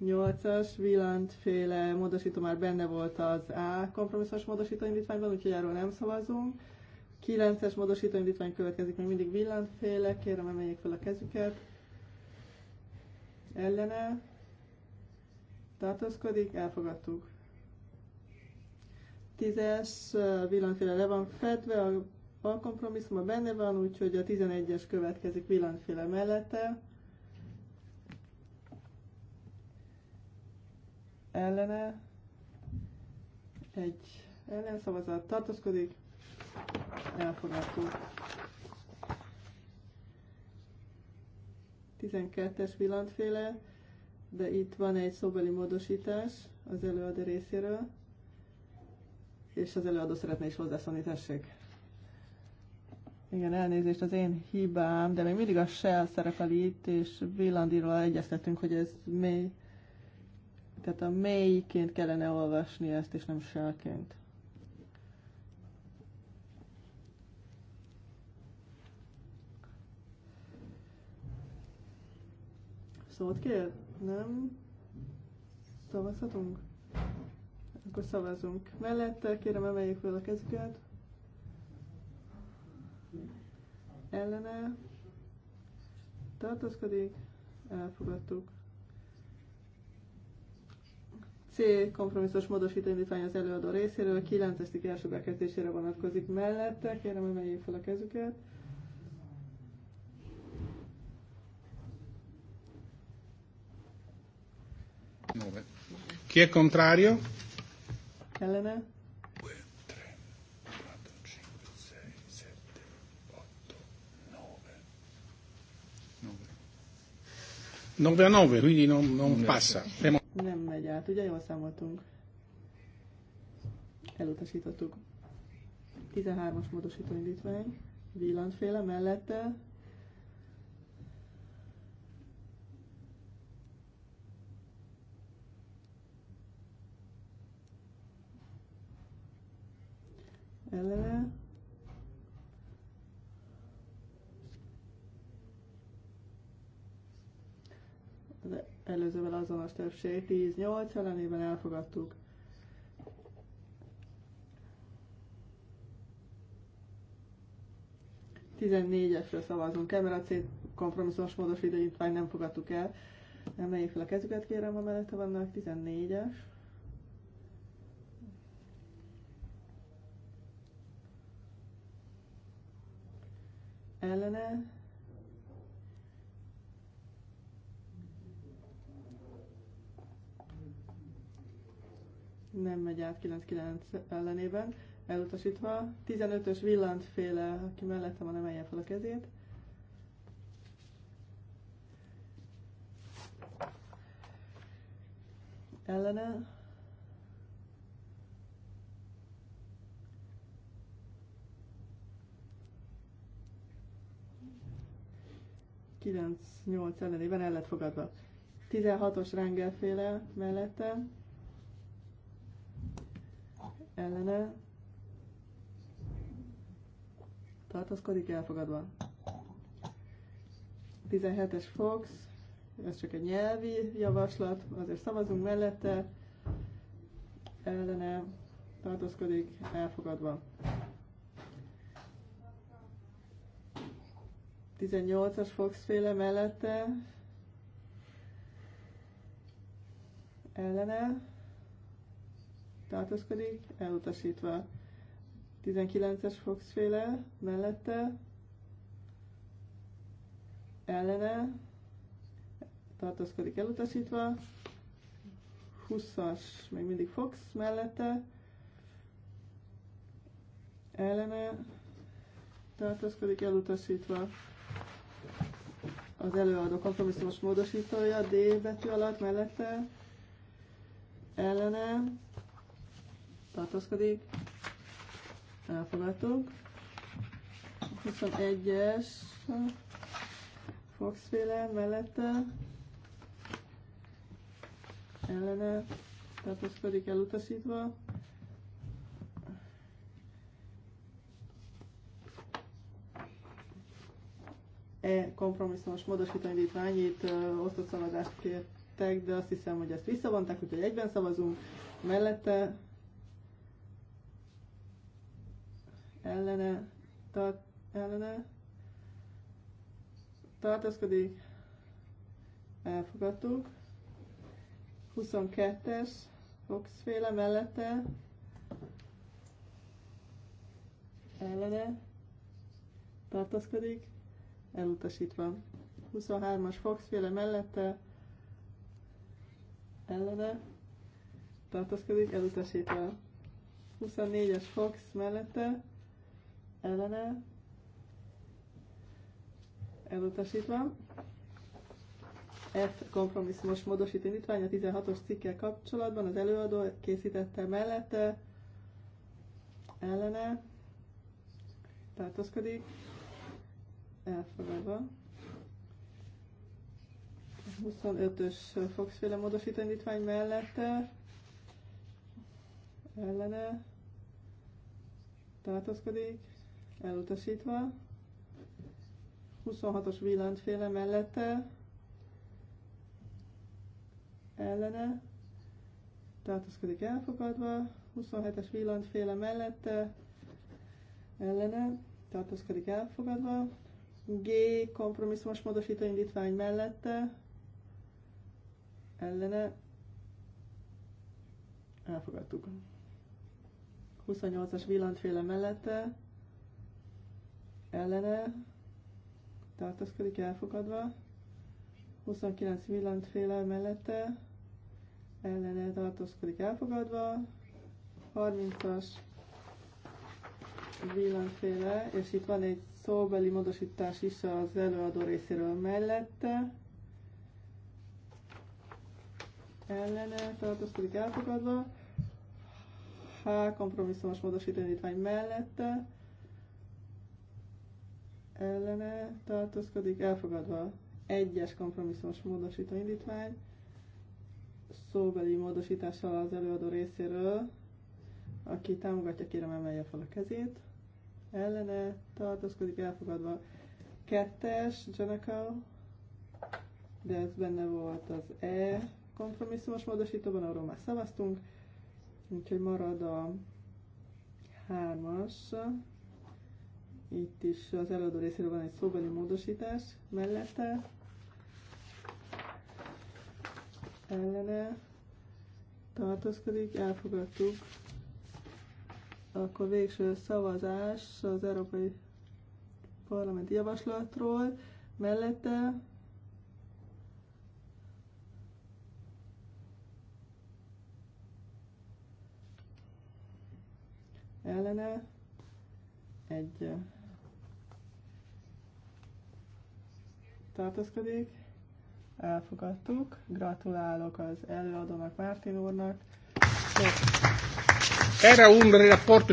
Speaker 3: 8-as Wieland féle módosító már benne volt az A kompromisszos módosító indítványban, úgyhogy erről nem szavazunk. 9-es módosító indítvány következik, még mindig villantféle, kérem emeljék fel a kezüket. Ellene tartózkodik, elfogadtuk. 10-es villantféle le van fedve, a a benne van, úgyhogy a 11-es következik villantféle mellette. Ellene egy ellenszavazat tartózkodik, elfogadtuk. 12-es villantféle, de itt van egy szóbeli módosítás az előadó részéről, és az előadó szeretne is hozzászólni, tessék. Igen, elnézést az én hibám, de még mindig a Shell szerepel itt, és Villandiról egyeztettünk, hogy ez mély, tehát a mélyként kellene olvasni ezt, és nem shellként. szót kér? Nem? Szavazhatunk? Akkor szavazunk. Mellette kérem emeljék fel a kezüket. Ellene. Tartózkodik. Elfogadtuk. C. Kompromisszos módosító indítvány az előadó részéről. 9. első bekezdésére vonatkozik mellette. Kérem emeljék fel a kezüket. 9. Chi è contrario? Elena. 2, 3, 4, 5, 6, 7,
Speaker 1: 8, 9. 9. 9 a 9, quindi non, non passa.
Speaker 3: Nem megy át, ugye jól számoltunk. Elutasítottuk. 13-as módosító indítvány, villantféle mellette, ellene. De előzővel azonos többség 10-8 ellenében elfogadtuk. Tizennégyesre szavazunk. el, Kamera C kompromisszumos módos idejítvány nem fogadtuk el. Emeljék fel a kezüket, kérem, amellette vannak. 14-es. ellene. Nem megy át 99 ellenében, elutasítva. 15-ös villantféle, aki mellette van, emelje fel a kezét. Ellene. 98 ellenében el lett fogadva. 16-os rengelféle mellette ellene tartózkodik elfogadva. 17-es Fox, ez csak egy nyelvi javaslat, azért szavazunk mellette, ellene tartózkodik elfogadva. 18-as Fox-féle mellette ellene tartózkodik, elutasítva. 19-es Fox-féle mellette ellene tartózkodik, elutasítva. 20-as még mindig Fox mellette ellene tartózkodik, elutasítva az előadó kompromisszumos módosítója D betű alatt mellette ellene tartózkodik. Elfogadtuk. 21-es Foxféle mellette ellene tartózkodik elutasítva. E kompromisszumos módosítóindítvány, itt e, osztott szavazást kértek, de azt hiszem, hogy ezt visszavonták, úgyhogy egyben szavazunk. Mellette ellene, tart, ellene tartózkodik, elfogadtuk. 22-es Foxféle mellette ellene tartózkodik, elutasítva. 23-as Foxféle mellette ellene tartózkodik, elutasítva. 24-es Fox mellette ellene elutasítva. F kompromisszumos módosító indítvány a 16-os cikkel kapcsolatban az előadó készítette mellette ellene tartózkodik, elfogadva. 25-ös Foxféle módosítanítvány mellette ellene tartózkodik, elutasítva. 26-os villantféle mellette ellene tartózkodik elfogadva, 27-es villantféle mellette ellene tartózkodik elfogadva, G kompromisszumos módosító indítvány mellette ellene elfogadtuk. 28-as villantféle mellette ellene tartózkodik elfogadva. 29 villantféle mellette ellene tartózkodik elfogadva. 30-as villantféle, és itt van egy szóbeli módosítás is az előadó részéről mellette. Ellene tartozkodik elfogadva. H kompromisszumos módosítanítvány mellette. Ellene tartozkodik elfogadva. Egyes kompromisszumos módosító indítvány szóbeli módosítással az előadó részéről. Aki támogatja, kérem emelje fel a kezét ellene tartózkodik elfogadva. Kettes, Janaka, de ez benne volt az E kompromisszumos módosítóban, arról már szavaztunk, úgyhogy marad a hármas. Itt is az előadó részéről van egy szóbeli módosítás mellette. Ellene tartózkodik, elfogadtuk. Akkor végső szavazás az Európai Parlamenti Javaslatról. Mellette ellene egy tartózkodik. Elfogadtuk. Gratulálok az előadónak, Mártin úrnak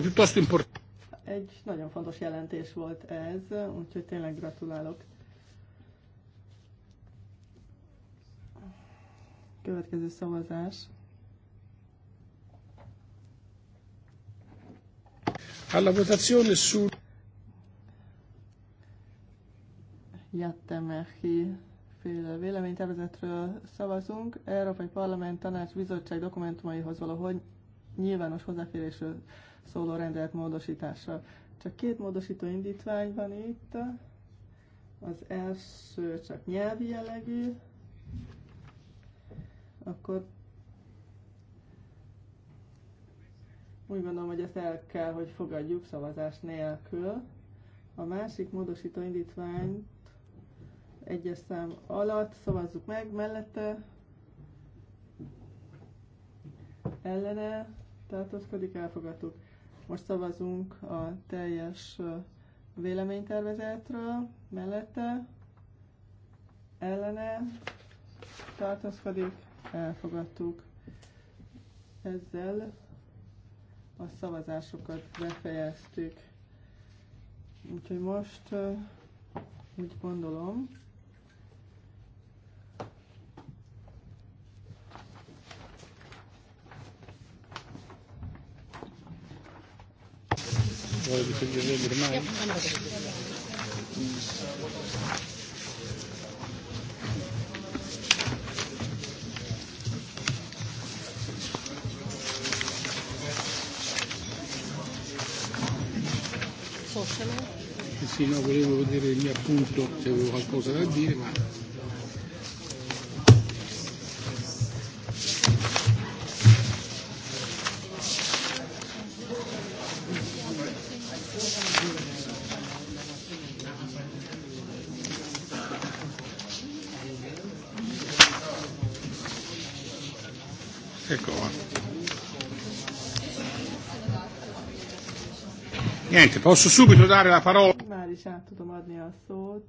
Speaker 1: piuttosto importante.
Speaker 3: Egy nagyon fontos jelentés volt ez, úgyhogy tényleg gratulálok. Következő szavazás.
Speaker 1: Alla votazione su
Speaker 3: Jattemechi féle véleménytervezetről szavazunk. Európai Parlament Tanács Bizottság dokumentumaihoz való nyilvános hozzáférésről szóló rendelet módosítása. Csak két módosító indítvány van itt. Az első csak nyelvi jellegű, akkor úgy gondolom, hogy ezt el kell, hogy fogadjuk szavazás nélkül. A másik módosító indítványt egyes szám alatt szavazzuk meg, mellette ellene tartózkodik, elfogadtuk. Most szavazunk a teljes véleménytervezetről, mellette, ellene, tartózkodik, elfogadtuk. Ezzel a szavazásokat befejeztük. Úgyhogy most úgy gondolom,
Speaker 1: Sì, no, volevo vedere il mio appunto, se avevo qualcosa da dire, ma Posso subito dare la parola?
Speaker 3: Már is át tudom adni a szót.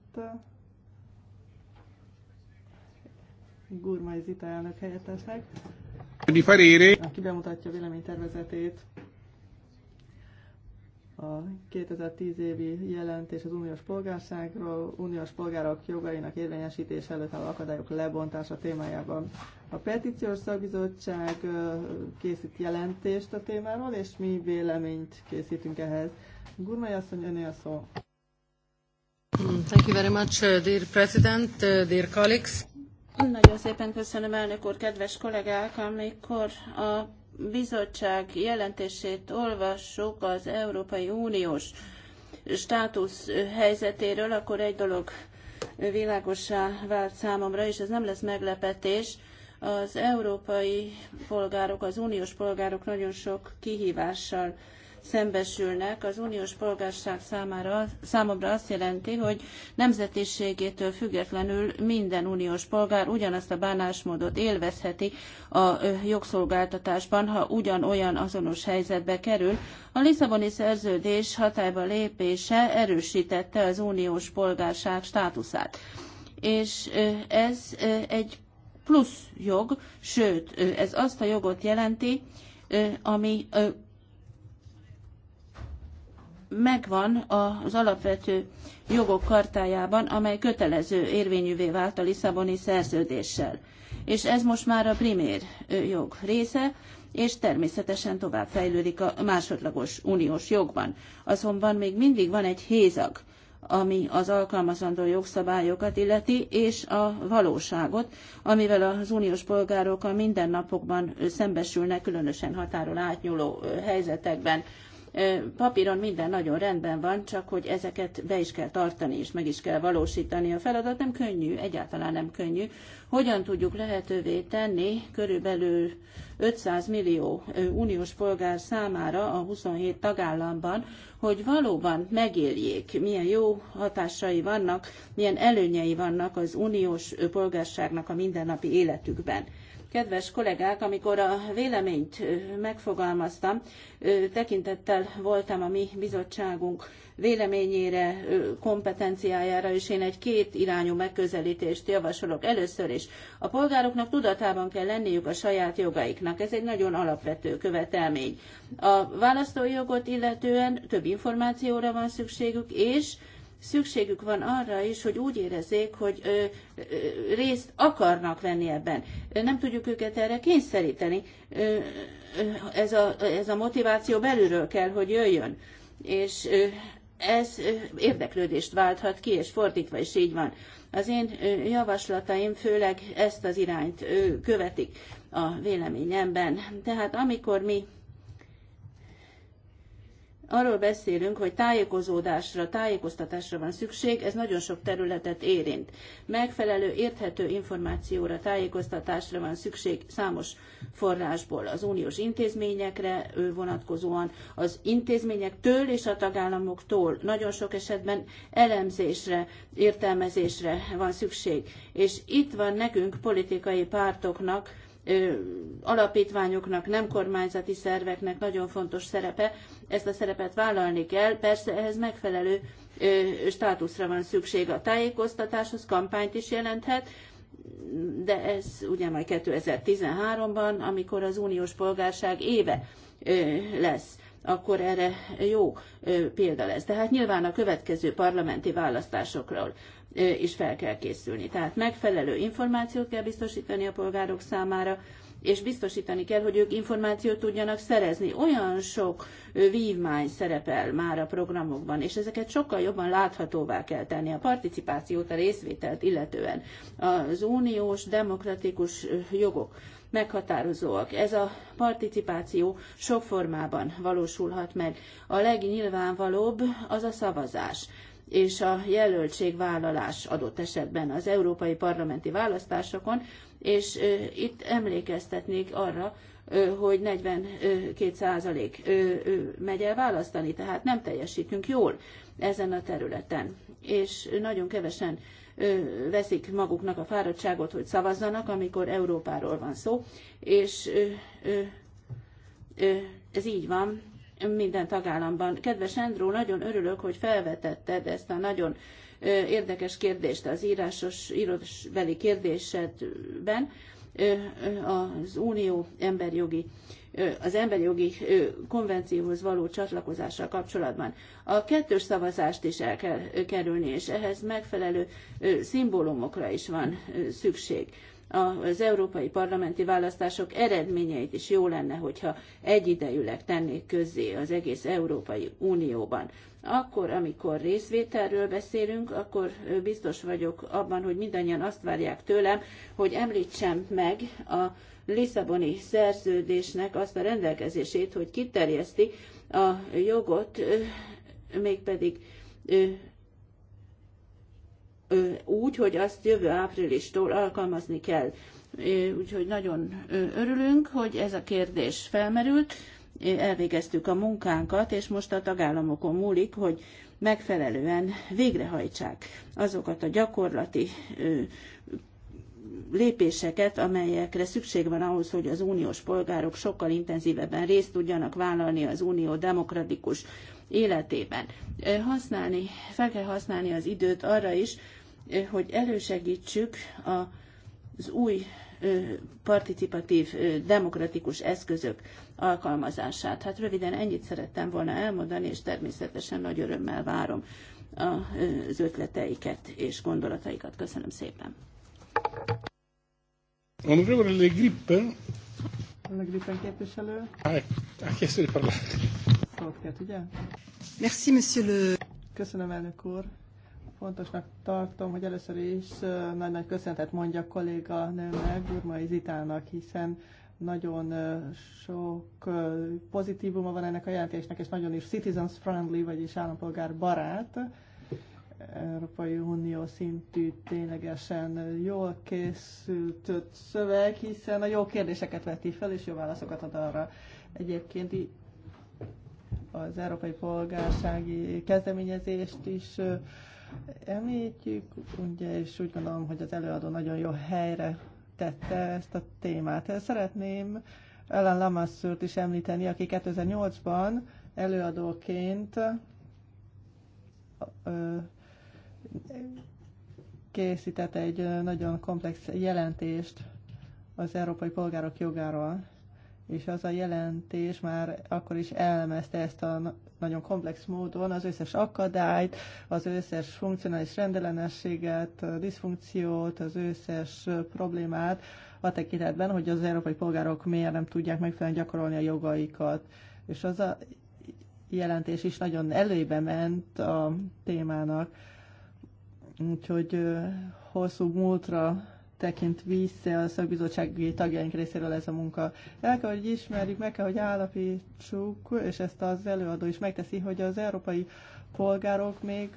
Speaker 3: Gurmai Zita elnök helyettesnek.
Speaker 1: Di parere.
Speaker 3: Aki bemutatja véleménytervezetét. A 2010 évi jelentés az uniós polgárságról, uniós polgárok jogainak érvényesítése előtt álló akadályok lebontása témájában. A petíciós szakbizottság készít jelentést a témáról, és mi véleményt készítünk ehhez. Gurmai asszony, önél hmm, Thank you very
Speaker 2: much, uh, dear President, uh, dear colleagues. Nagyon szépen köszönöm, elnök úr, kedves kollégák, amikor a bizottság jelentését olvassuk az Európai Uniós státusz helyzetéről, akkor egy dolog világossá vált számomra, és ez nem lesz meglepetés. Az európai polgárok, az uniós polgárok nagyon sok kihívással szembesülnek, az uniós polgárság számára, számomra azt jelenti, hogy nemzetiségétől függetlenül minden uniós polgár ugyanazt a bánásmódot élvezheti a jogszolgáltatásban, ha ugyanolyan azonos helyzetbe kerül. A Lisszaboni szerződés hatályba lépése erősítette az uniós polgárság státuszát. És ez egy plusz jog, sőt, ez azt a jogot jelenti, ami megvan az alapvető jogok kartájában, amely kötelező érvényűvé vált a Lisszaboni szerződéssel. És ez most már a primér jog része, és természetesen tovább fejlődik a másodlagos uniós jogban. Azonban még mindig van egy hézag, ami az alkalmazandó jogszabályokat illeti, és a valóságot, amivel az uniós polgárok a mindennapokban szembesülnek, különösen határon átnyúló helyzetekben. Papíron minden nagyon rendben van, csak hogy ezeket be is kell tartani, és meg is kell valósítani. A feladat nem könnyű, egyáltalán nem könnyű. Hogyan tudjuk lehetővé tenni körülbelül 500 millió uniós polgár számára a 27 tagállamban, hogy valóban megéljék, milyen jó hatásai vannak, milyen előnyei vannak az uniós polgárságnak a mindennapi életükben. Kedves kollégák, amikor a véleményt megfogalmaztam, tekintettel voltam a mi bizottságunk véleményére, kompetenciájára, és én egy két irányú megközelítést javasolok. Először is a polgároknak tudatában kell lenniük a saját jogaiknak. Ez egy nagyon alapvető követelmény. A választói jogot illetően több információra van szükségük, és szükségük van arra is, hogy úgy érezzék, hogy ö, ö, részt akarnak venni ebben. Nem tudjuk őket erre kényszeríteni. Ö, ez, a, ez a motiváció belülről kell, hogy jöjjön. És ö, ez érdeklődést válthat ki, és fordítva is így van. Az én javaslataim főleg ezt az irányt követik a véleményemben. Tehát amikor mi arról beszélünk, hogy tájékozódásra, tájékoztatásra van szükség, ez nagyon sok területet érint. Megfelelő, érthető információra, tájékoztatásra van szükség számos forrásból, az uniós intézményekre vonatkozóan, az intézményektől és a tagállamoktól nagyon sok esetben elemzésre, értelmezésre van szükség. És itt van nekünk politikai pártoknak, alapítványoknak, nem kormányzati szerveknek nagyon fontos szerepe, ezt a szerepet vállalni kell, persze ehhez megfelelő státuszra van szükség. A az kampányt is jelenthet, de ez ugye majd 2013-ban, amikor az uniós polgárság éve lesz akkor erre jó példa lesz. De hát nyilván a következő parlamenti választásokról is fel kell készülni. Tehát megfelelő információt kell biztosítani a polgárok számára, és biztosítani kell, hogy ők információt tudjanak szerezni. Olyan sok vívmány szerepel már a programokban, és ezeket sokkal jobban láthatóvá kell tenni a participációt, a részvételt illetően. Az uniós demokratikus jogok meghatározóak. Ez a participáció sok formában valósulhat meg. A legnyilvánvalóbb az a szavazás és a jelöltségvállalás adott esetben az európai parlamenti választásokon, és itt emlékeztetnék arra, hogy 42% megy el választani, tehát nem teljesítünk jól ezen a területen. És nagyon kevesen veszik maguknak a fáradtságot, hogy szavazzanak, amikor Európáról van szó, és ez így van minden tagállamban. Kedves Endró, nagyon örülök, hogy felvetetted ezt a nagyon érdekes kérdést az írásos, írósbeli kérdésedben az Unió emberjogi az emberi jogi konvencióhoz való csatlakozással kapcsolatban. A kettős szavazást is el kell kerülni, és ehhez megfelelő szimbólumokra is van szükség az európai parlamenti választások eredményeit is jó lenne, hogyha egyidejűleg tennék közzé az egész Európai Unióban. Akkor, amikor részvételről beszélünk, akkor biztos vagyok abban, hogy mindannyian azt várják tőlem, hogy említsem meg a Lisszaboni szerződésnek azt a rendelkezését, hogy kiterjeszti a jogot, mégpedig úgy, hogy azt jövő áprilistól alkalmazni kell. Úgyhogy nagyon örülünk, hogy ez a kérdés felmerült, elvégeztük a munkánkat, és most a tagállamokon múlik, hogy megfelelően végrehajtsák azokat a gyakorlati lépéseket, amelyekre szükség van ahhoz, hogy az uniós polgárok sokkal intenzívebben részt tudjanak vállalni az unió demokratikus életében. Használni, fel kell használni az időt arra is, hogy elősegítsük az új participatív demokratikus eszközök alkalmazását. Hát röviden ennyit szerettem volna elmondani, és természetesen nagy örömmel várom az ötleteiket és gondolataikat. Köszönöm szépen!
Speaker 1: Onorevole Le Grip. Le
Speaker 3: Grippen képviselő.
Speaker 1: Ha chiesto di parlare.
Speaker 3: Szót ugye? Merci, monsieur le... Köszönöm, elnök úr. Fontosnak tartom, hogy először is nagy-nagy köszönetet mondja a kolléga nőmnek, Gurmai Zitának, hiszen nagyon sok pozitívuma van ennek a jelentésnek, és nagyon is citizens friendly, vagyis állampolgár barát Európai Unió szintű ténylegesen jól készült szöveg, hiszen a jó kérdéseket veti fel, és jó válaszokat ad arra. Egyébként az Európai Polgársági Kezdeményezést is említjük, ugye, és úgy gondolom, hogy az előadó nagyon jó helyre tette ezt a témát. Szeretném Ellen Lamassurt is említeni, aki 2008-ban előadóként készített egy nagyon komplex jelentést az európai polgárok jogáról, és az a jelentés már akkor is elemezte ezt a nagyon komplex módon az összes akadályt, az összes funkcionális rendellenességet, diszfunkciót, az összes problémát a tekintetben, hogy az európai polgárok miért nem tudják megfelelően gyakorolni a jogaikat. És az a jelentés is nagyon előbe ment a témának Úgyhogy hosszú múltra tekint vissza a szakbizottsági tagjaink részéről ez a munka. El kell, hogy ismerjük, meg kell, hogy állapítsuk, és ezt az előadó is megteszi, hogy az európai polgárok még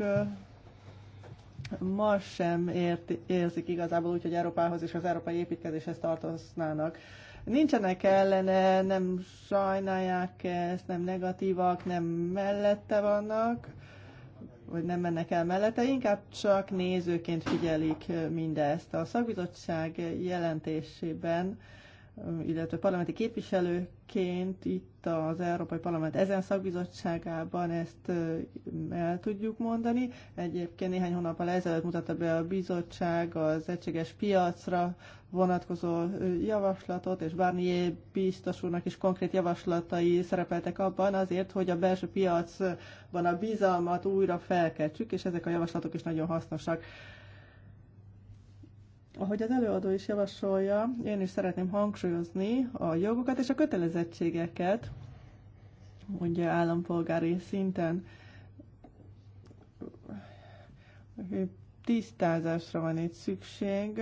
Speaker 3: ma sem ért, érzik igazából úgy, hogy Európához és az európai építkezéshez tartoznának. Nincsenek ellene, nem sajnálják ezt, nem negatívak, nem mellette vannak, vagy nem mennek el mellette, inkább csak nézőként figyelik mindezt. A szakbizottság jelentésében illetve parlamenti képviselőként itt az Európai Parlament ezen szakbizottságában ezt el tudjuk mondani. Egyébként néhány hónappal ezelőtt mutatta be a bizottság az egységes piacra vonatkozó javaslatot, és Barnier biztos úrnak is konkrét javaslatai szerepeltek abban azért, hogy a belső piacban a bizalmat újra felkeltsük, és ezek a javaslatok is nagyon hasznosak. Ahogy az előadó is javasolja, én is szeretném hangsúlyozni a jogokat és a kötelezettségeket, mondja állampolgári szinten tisztázásra van itt szükség.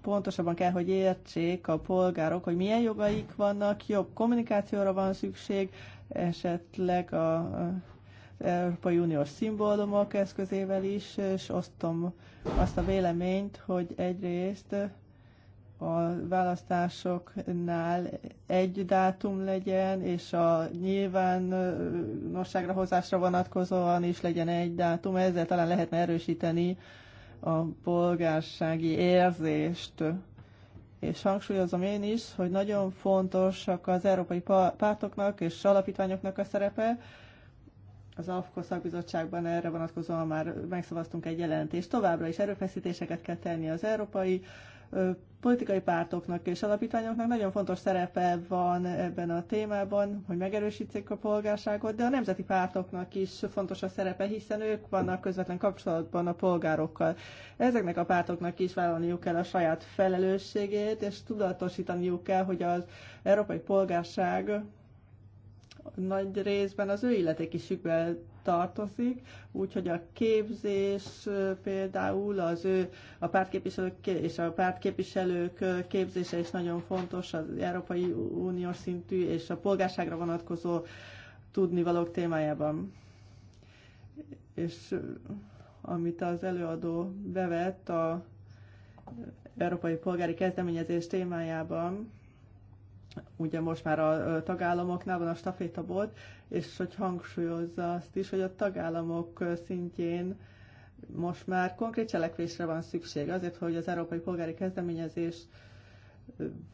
Speaker 3: Pontosabban kell, hogy értsék a polgárok, hogy milyen jogaik vannak, jobb kommunikációra van szükség, esetleg a Európai Uniós szimbólumok eszközével is, és osztom azt a véleményt, hogy egyrészt a választásoknál egy dátum legyen, és a nyilvánosságra hozásra vonatkozóan is legyen egy dátum. Ezzel talán lehetne erősíteni a polgársági érzést. És hangsúlyozom én is, hogy nagyon fontosak az európai pártoknak és alapítványoknak a szerepe, az AFKO szakbizottságban erre vonatkozóan már megszavaztunk egy jelentést. Továbbra is erőfeszítéseket kell tenni az európai politikai pártoknak és alapítványoknak nagyon fontos szerepe van ebben a témában, hogy megerősítsék a polgárságot, de a nemzeti pártoknak is fontos a szerepe, hiszen ők vannak közvetlen kapcsolatban a polgárokkal. Ezeknek a pártoknak is vállalniuk kell a saját felelősségét, és tudatosítaniuk kell, hogy az európai polgárság nagy részben az ő illetékisükbe tartozik, úgyhogy a képzés például az ő, a pártképviselők és a pártképviselők képzése is nagyon fontos, az Európai Uniós szintű és a polgárságra vonatkozó tudnivalók témájában. És amit az előadó bevett a európai polgári kezdeményezés témájában, ugye most már a tagállamoknál van a stafétabot, és hogy hangsúlyozza azt is, hogy a tagállamok szintjén most már konkrét cselekvésre van szükség azért, hogy az európai polgári kezdeményezés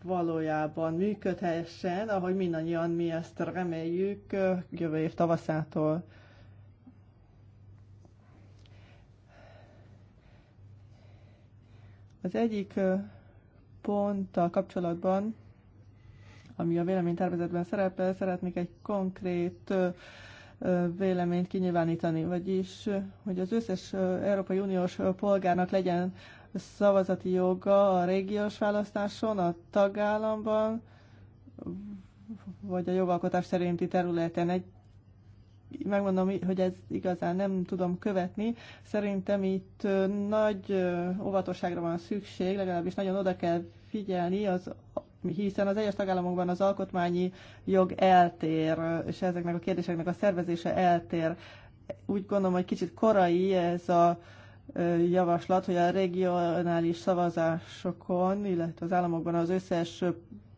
Speaker 3: valójában működhessen, ahogy mindannyian mi ezt reméljük jövő év tavaszától. Az egyik ponttal kapcsolatban ami a véleménytervezetben szerepel, szeretnék egy konkrét véleményt kinyilvánítani, vagyis, hogy az összes Európai Uniós polgárnak legyen szavazati joga a régiós választáson, a tagállamban, vagy a jogalkotás szerinti területen. Egy, megmondom, hogy ez igazán nem tudom követni. Szerintem itt nagy óvatosságra van szükség, legalábbis nagyon oda kell figyelni az hiszen az egyes tagállamokban az alkotmányi jog eltér, és ezeknek a kérdéseknek a szervezése eltér. Úgy gondolom, hogy kicsit korai ez a javaslat, hogy a regionális szavazásokon, illetve az államokban az összes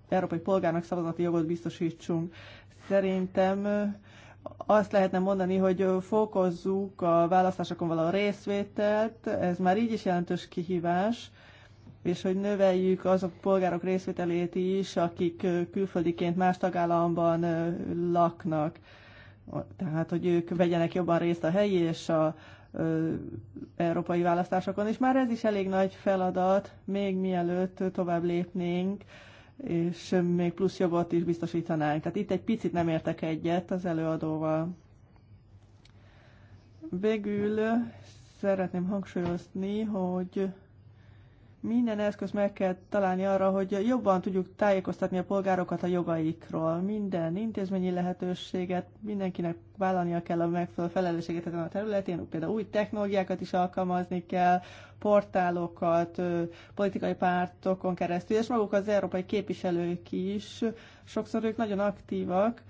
Speaker 3: európai polgárnak szavazati jogot biztosítsunk. Szerintem azt lehetne mondani, hogy fokozzuk a választásokon való részvételt, ez már így is jelentős kihívás, és hogy növeljük azok polgárok részvételét is, akik külföldiként más tagállamban laknak. Tehát, hogy ők vegyenek jobban részt a helyi és a európai választásokon, és már ez is elég nagy feladat, még mielőtt tovább lépnénk, és még plusz jogot is biztosítanánk. Tehát itt egy picit nem értek egyet az előadóval. Végül szeretném hangsúlyozni, hogy minden eszköz meg kell találni arra, hogy jobban tudjuk tájékoztatni a polgárokat a jogaikról. Minden intézményi lehetőséget mindenkinek vállalnia kell a megfelelő felelősséget ezen a területén, például új technológiákat is alkalmazni kell, portálokat, politikai pártokon keresztül, és maguk az európai képviselők is, sokszor ők nagyon aktívak,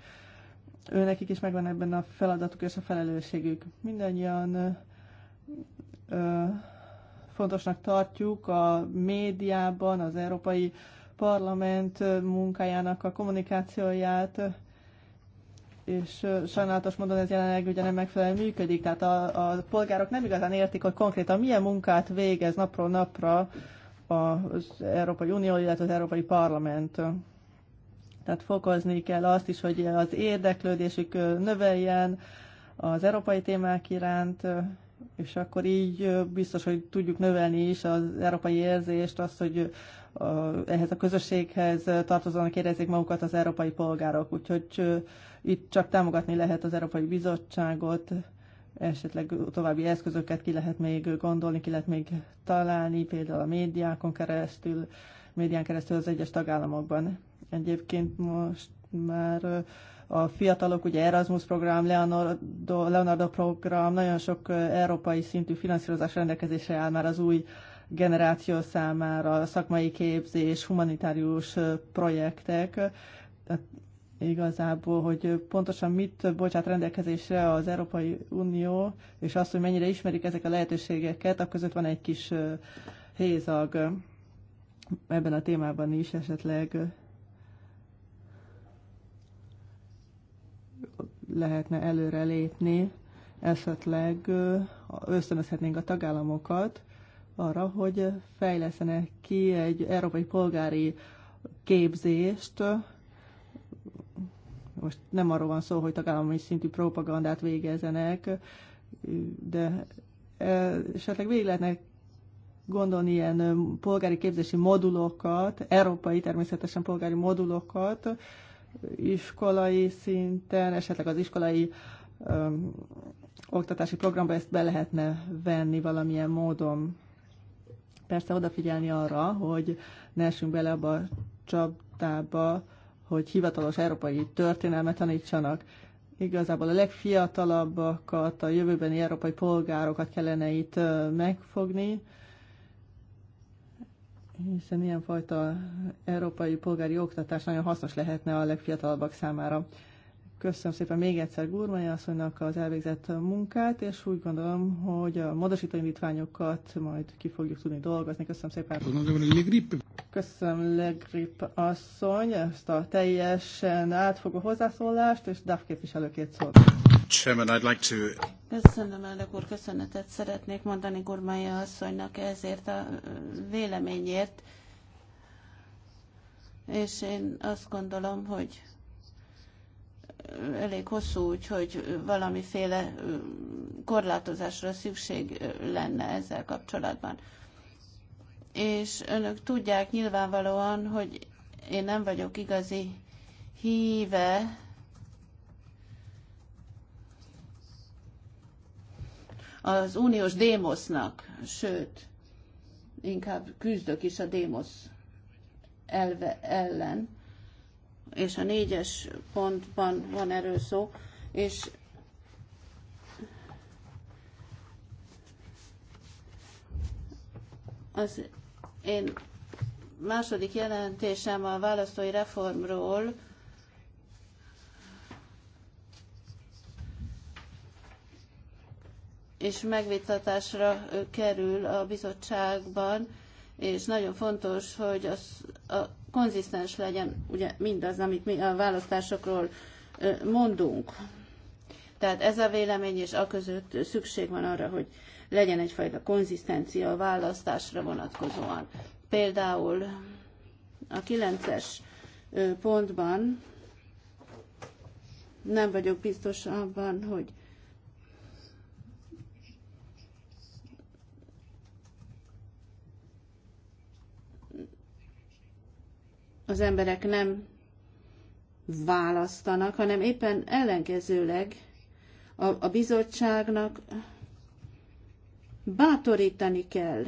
Speaker 3: őnekik is megvan ebben a feladatuk és a felelősségük. Mindannyian ö, Fontosnak tartjuk a médiában, az Európai Parlament munkájának a kommunikációját, és sajnálatos módon ez jelenleg ugye nem megfelelően működik, tehát a, a polgárok nem igazán értik, hogy konkrétan milyen munkát végez napról napra az Európai Unió, illetve az Európai Parlament. Tehát fokozni kell azt is, hogy az érdeklődésük növeljen az európai témák iránt, és akkor így biztos, hogy tudjuk növelni is az európai érzést, azt, hogy ehhez a közösséghez tartozónak érezzék magukat az európai polgárok. Úgyhogy itt csak támogatni lehet az Európai Bizottságot, esetleg további eszközöket ki lehet még gondolni, ki lehet még találni, például a médiákon keresztül, médián keresztül az egyes tagállamokban. Egyébként most már a fiatalok, ugye Erasmus program, Leonardo, Leonardo program, nagyon sok európai szintű finanszírozás rendelkezésre áll már az új generáció számára, szakmai képzés, humanitárius projektek. Tehát igazából, hogy pontosan mit bocsát rendelkezésre az Európai Unió, és azt, hogy mennyire ismerik ezek a lehetőségeket, a között van egy kis hézag ebben a témában is esetleg lehetne előrelépni, esetleg ösztönözhetnénk a tagállamokat arra, hogy fejlesztenek ki egy európai polgári képzést, most nem arról van szó, hogy tagállami szintű propagandát végezenek, de esetleg végig lehetne gondolni ilyen polgári képzési modulokat, európai természetesen polgári modulokat, iskolai szinten, esetleg az iskolai öm, oktatási programba ezt be lehetne venni valamilyen módon. Persze odafigyelni arra, hogy ne essünk bele abba a csapdába, hogy hivatalos európai történelmet tanítsanak. Igazából a legfiatalabbakat, a jövőbeni európai polgárokat kellene itt megfogni, hiszen ilyen fajta európai polgári oktatás nagyon hasznos lehetne a legfiatalabbak számára. Köszönöm szépen még egyszer Gurmai asszonynak az elvégzett munkát, és úgy gondolom, hogy a módosító indítványokat majd ki fogjuk tudni dolgozni. Köszönöm szépen. Köszönöm Legrip asszony ezt a teljesen átfogó hozzászólást, és DAF képviselőkét szólt.
Speaker 2: Chairman, I'd like to... Köszönöm, elnök úr, köszönetet szeretnék mondani Gurmája asszonynak ezért a véleményért, és én azt gondolom, hogy elég hosszú, úgyhogy valamiféle korlátozásra szükség lenne ezzel kapcsolatban. És önök tudják nyilvánvalóan, hogy én nem vagyok igazi híve az uniós démosznak, sőt, inkább küzdök is a démosz elve ellen, és a négyes pontban van erről szó, és az én második jelentésem a választói reformról és megvitatásra kerül a bizottságban, és nagyon fontos, hogy az a konzisztens legyen ugye mindaz, amit mi a választásokról mondunk. Tehát ez a vélemény, és a között szükség van arra, hogy legyen egyfajta konzisztencia a választásra vonatkozóan. Például a 9-es pontban nem vagyok biztos abban, hogy az emberek nem választanak, hanem éppen ellenkezőleg a, a bizottságnak bátorítani kell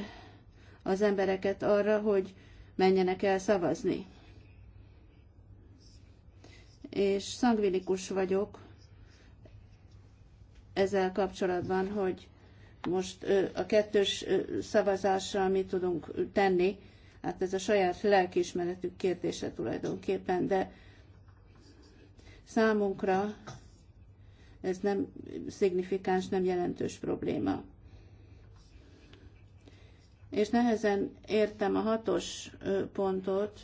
Speaker 2: az embereket arra, hogy menjenek el szavazni. És szangvinikus vagyok ezzel kapcsolatban, hogy most a kettős szavazással mit tudunk tenni, Hát ez a saját lelkiismeretük kérdése tulajdonképpen, de számunkra ez nem szignifikáns, nem jelentős probléma. És nehezen értem a hatos pontot,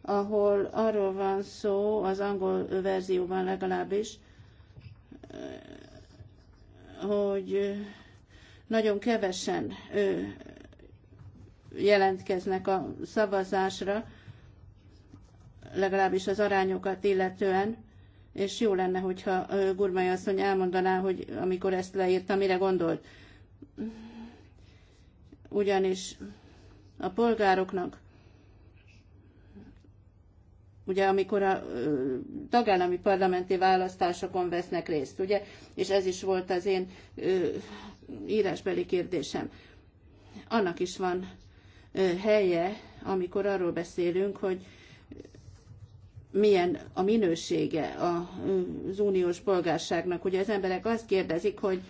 Speaker 2: ahol arról van szó, az angol verzióban legalábbis, hogy nagyon kevesen jelentkeznek a szavazásra, legalábbis az arányokat illetően, és jó lenne, hogyha Gurmai asszony elmondaná, hogy amikor ezt leírta, mire gondolt. Ugyanis a polgároknak, ugye amikor a tagállami parlamenti választásokon vesznek részt, ugye, és ez is volt az én írásbeli kérdésem, annak is van helye, amikor arról beszélünk, hogy milyen a minősége az uniós polgárságnak. Ugye az emberek azt kérdezik, hogy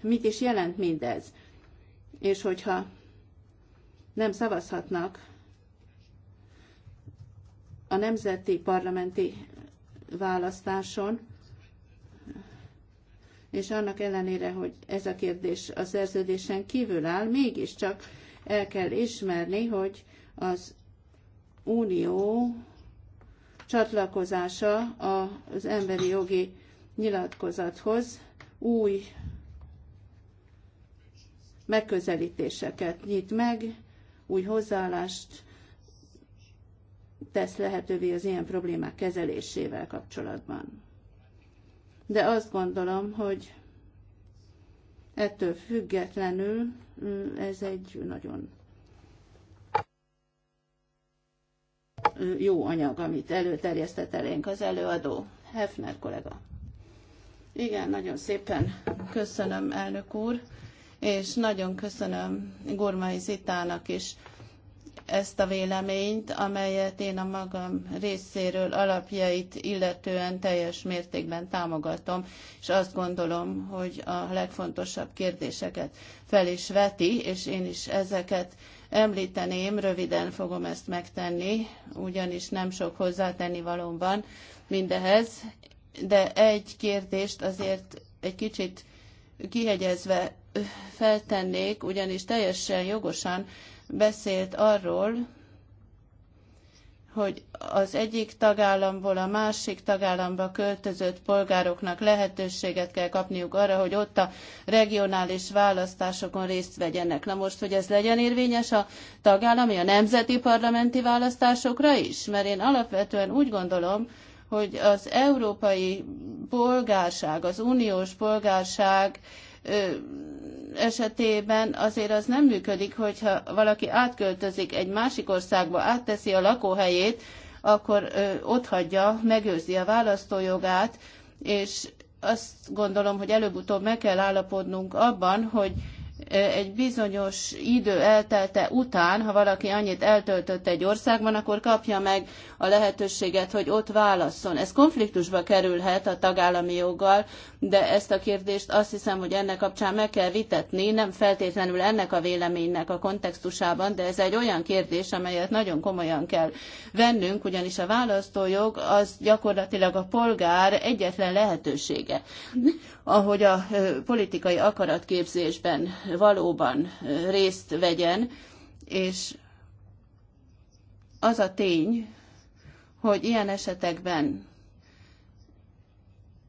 Speaker 2: mit is jelent mindez. És hogyha nem szavazhatnak a nemzeti parlamenti választáson, és annak ellenére, hogy ez a kérdés a szerződésen kívül áll, mégiscsak el kell ismerni, hogy az unió csatlakozása az emberi jogi nyilatkozathoz új megközelítéseket nyit meg, új hozzáállást tesz lehetővé az ilyen problémák kezelésével kapcsolatban. De azt gondolom, hogy Ettől függetlenül mm, ez egy nagyon mm, jó anyag, amit előterjesztett elénk az előadó, Hefner kollega. Igen, nagyon szépen köszönöm, elnök úr, és nagyon köszönöm Gormai Zitának is ezt a véleményt, amelyet én a magam részéről alapjait illetően teljes mértékben támogatom, és azt gondolom, hogy a legfontosabb kérdéseket fel is veti, és én is ezeket említeném, röviden fogom ezt megtenni, ugyanis nem sok hozzátenni valóban mindehez, de egy kérdést azért egy kicsit kihegyezve feltennék, ugyanis teljesen jogosan beszélt arról, hogy az egyik tagállamból a másik tagállamba költözött polgároknak lehetőséget kell kapniuk arra, hogy ott a regionális választásokon részt vegyenek. Na most, hogy ez legyen érvényes a tagállami, a nemzeti parlamenti választásokra is? Mert én alapvetően úgy gondolom, hogy az európai polgárság, az uniós polgárság esetében azért az nem működik, hogyha valaki átköltözik egy másik országba, átteszi a lakóhelyét, akkor ott hagyja, megőrzi a választójogát, és azt gondolom, hogy előbb-utóbb meg kell állapodnunk abban, hogy egy bizonyos idő eltelte után, ha valaki annyit eltöltött egy országban, akkor kapja meg a lehetőséget, hogy ott válasszon. Ez konfliktusba kerülhet a tagállami joggal, de ezt a kérdést azt hiszem, hogy ennek kapcsán meg kell vitetni, nem feltétlenül ennek a véleménynek a kontextusában, de ez egy olyan kérdés, amelyet nagyon komolyan kell vennünk, ugyanis a választójog az gyakorlatilag a polgár egyetlen lehetősége, ahogy a politikai akaratképzésben valóban részt vegyen, és az a tény, hogy ilyen esetekben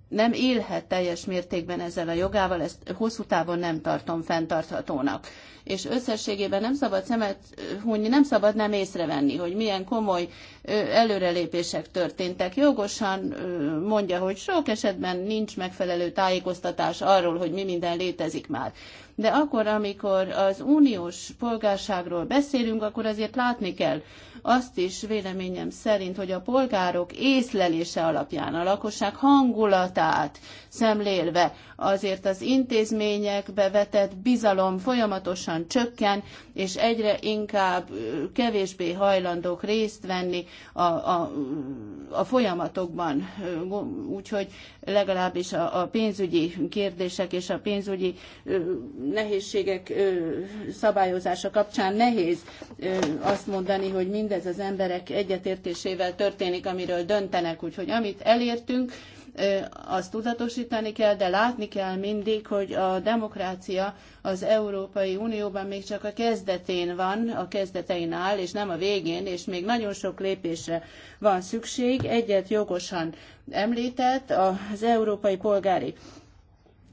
Speaker 2: nem élhet teljes mértékben ezzel a jogával, ezt hosszú távon nem tartom fenntarthatónak. És összességében nem szabad szemet hunyni, nem szabad nem észrevenni, hogy milyen komoly előrelépések történtek. Jogosan mondja, hogy sok esetben nincs megfelelő tájékoztatás arról, hogy mi minden létezik már de akkor, amikor az uniós polgárságról beszélünk, akkor azért látni kell azt is véleményem szerint, hogy a polgárok észlelése alapján, a lakosság hangulatát szemlélve, azért az intézményekbe vetett bizalom folyamatosan csökken, és egyre inkább kevésbé hajlandók részt venni a, a, a folyamatokban. Úgyhogy legalábbis a, a pénzügyi kérdések és a pénzügyi nehézségek szabályozása kapcsán nehéz azt mondani, hogy mindez az emberek egyetértésével történik, amiről döntenek. Úgyhogy amit elértünk, azt tudatosítani kell, de látni kell mindig, hogy a demokrácia az Európai Unióban még csak a kezdetén van, a kezdetein áll, és nem a végén, és még nagyon sok lépésre van szükség. Egyet jogosan említett, az európai polgári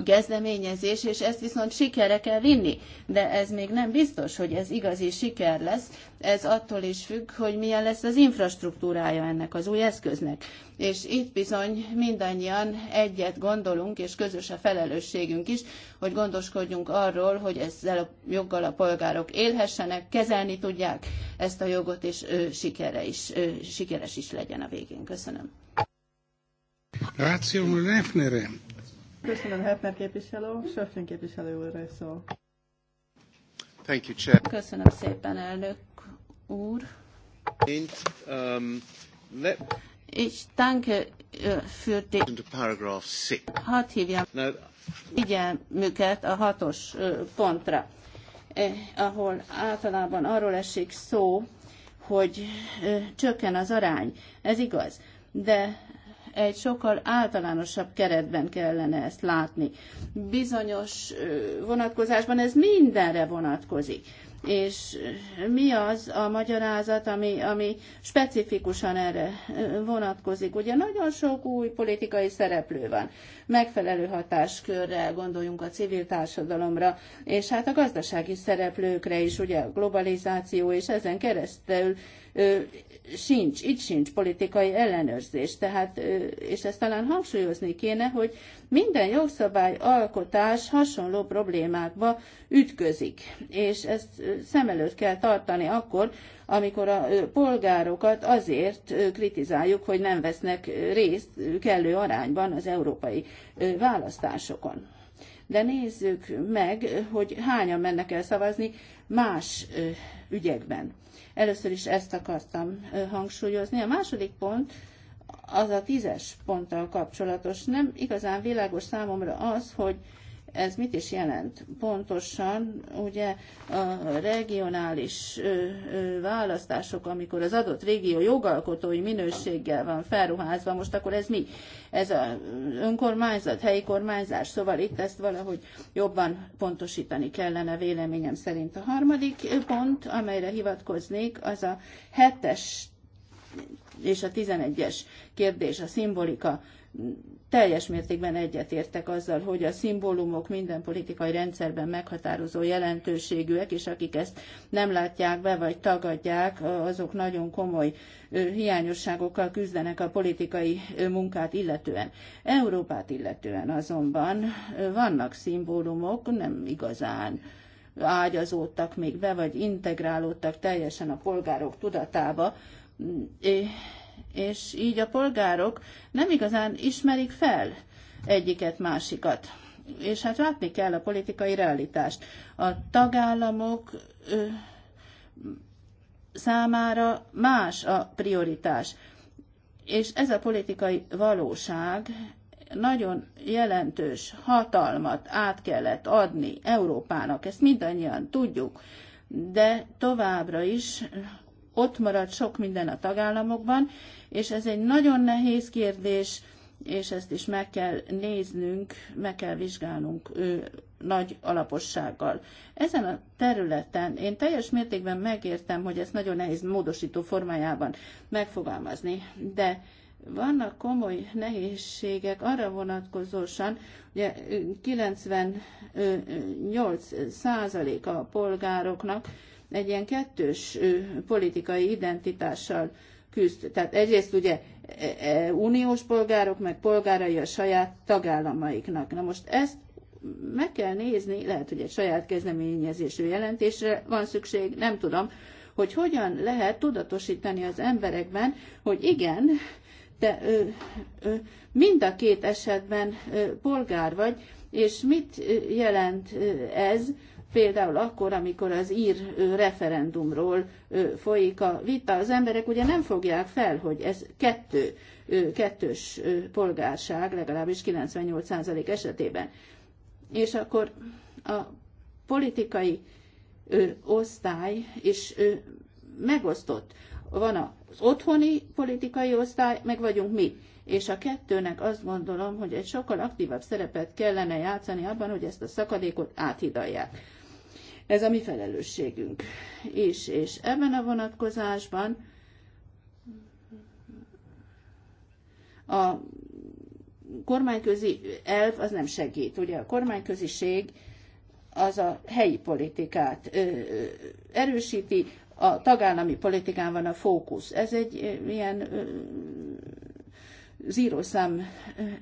Speaker 2: kezdeményezés, és ezt viszont sikerre kell vinni. De ez még nem biztos, hogy ez igazi siker lesz. Ez attól is függ, hogy milyen lesz az infrastruktúrája ennek az új eszköznek. És itt bizony mindannyian egyet gondolunk, és közös a felelősségünk is, hogy gondoskodjunk arról, hogy ezzel a joggal a polgárok élhessenek, kezelni tudják ezt a jogot, és ő, sikere is, ő, sikeres is legyen a végén. Köszönöm. Grazie, Köszönöm, Hepner
Speaker 3: képviselő. Söfrin képviselő úrra is szó.
Speaker 2: Thank you, Chair. Köszönöm szépen, elnök úr. Int, um, let... Ich danke für die... Paragraph 6. Hadd hívjam Now... figyelmüket a hatos pontra, eh, ahol általában arról esik szó, hogy eh, csökken az arány. Ez igaz. De egy sokkal általánosabb keretben kellene ezt látni. Bizonyos vonatkozásban ez mindenre vonatkozik és mi az a magyarázat, ami, ami specifikusan erre vonatkozik. Ugye nagyon sok új politikai szereplő van, megfelelő hatáskörrel gondoljunk a civil társadalomra, és hát a gazdasági szereplőkre is, ugye a globalizáció, és ezen keresztül sincs, itt sincs politikai ellenőrzés, tehát, és ezt talán hangsúlyozni kéne, hogy minden jogszabály alkotás hasonló problémákba ütközik, és ezt szem előtt kell tartani akkor, amikor a polgárokat azért kritizáljuk, hogy nem vesznek részt kellő arányban az európai választásokon. De nézzük meg, hogy hányan mennek el szavazni más ügyekben Először is ezt akartam hangsúlyozni. A második pont az a tízes ponttal kapcsolatos. Nem igazán világos számomra az, hogy ez mit is jelent? Pontosan ugye a regionális választások, amikor az adott régió jogalkotói minőséggel van felruházva, most akkor ez mi? Ez a önkormányzat, helyi kormányzás, szóval itt ezt valahogy jobban pontosítani kellene véleményem szerint. A harmadik pont, amelyre hivatkoznék, az a hetes és a 11-es kérdés, a szimbolika teljes mértékben egyetértek azzal, hogy a szimbólumok minden politikai rendszerben meghatározó jelentőségűek, és akik ezt nem látják be vagy tagadják, azok nagyon komoly hiányosságokkal küzdenek a politikai munkát illetően. Európát illetően azonban vannak szimbólumok, nem igazán ágyazódtak még be, vagy integrálódtak teljesen a polgárok tudatába, és így a polgárok nem igazán ismerik fel egyiket másikat. És hát látni kell a politikai realitást. A tagállamok ö, számára más a prioritás. És ez a politikai valóság nagyon jelentős hatalmat át kellett adni Európának, ezt mindannyian tudjuk, de továbbra is ott marad sok minden a tagállamokban, és ez egy nagyon nehéz kérdés, és ezt is meg kell néznünk, meg kell vizsgálnunk ő, nagy alapossággal. Ezen a területen én teljes mértékben megértem, hogy ezt nagyon nehéz módosító formájában megfogalmazni, de vannak komoly nehézségek arra vonatkozósan, ugye 98 százaléka a polgároknak, egy ilyen kettős politikai identitással küzd. Tehát egyrészt ugye e, e, uniós polgárok, meg polgárai a saját tagállamaiknak. Na most ezt meg kell nézni, lehet, hogy egy saját kezdeményezésű jelentésre van szükség, nem tudom, hogy hogyan lehet tudatosítani az emberekben, hogy igen, te ö, ö, mind a két esetben ö, polgár vagy, és mit jelent ez, például akkor, amikor az ír referendumról folyik a vita, az emberek ugye nem fogják fel, hogy ez kettő, kettős polgárság, legalábbis 98% esetében. És akkor a politikai osztály is megosztott. Van az otthoni politikai osztály, meg vagyunk mi és a kettőnek azt gondolom, hogy egy sokkal aktívabb szerepet kellene játszani abban, hogy ezt a szakadékot áthidalják. Ez a mi felelősségünk És, és ebben a vonatkozásban a kormányközi elv az nem segít. Ugye a kormányköziség az a helyi politikát ö, erősíti, a tagállami politikán van a fókusz. Ez egy ilyen ö, zírószám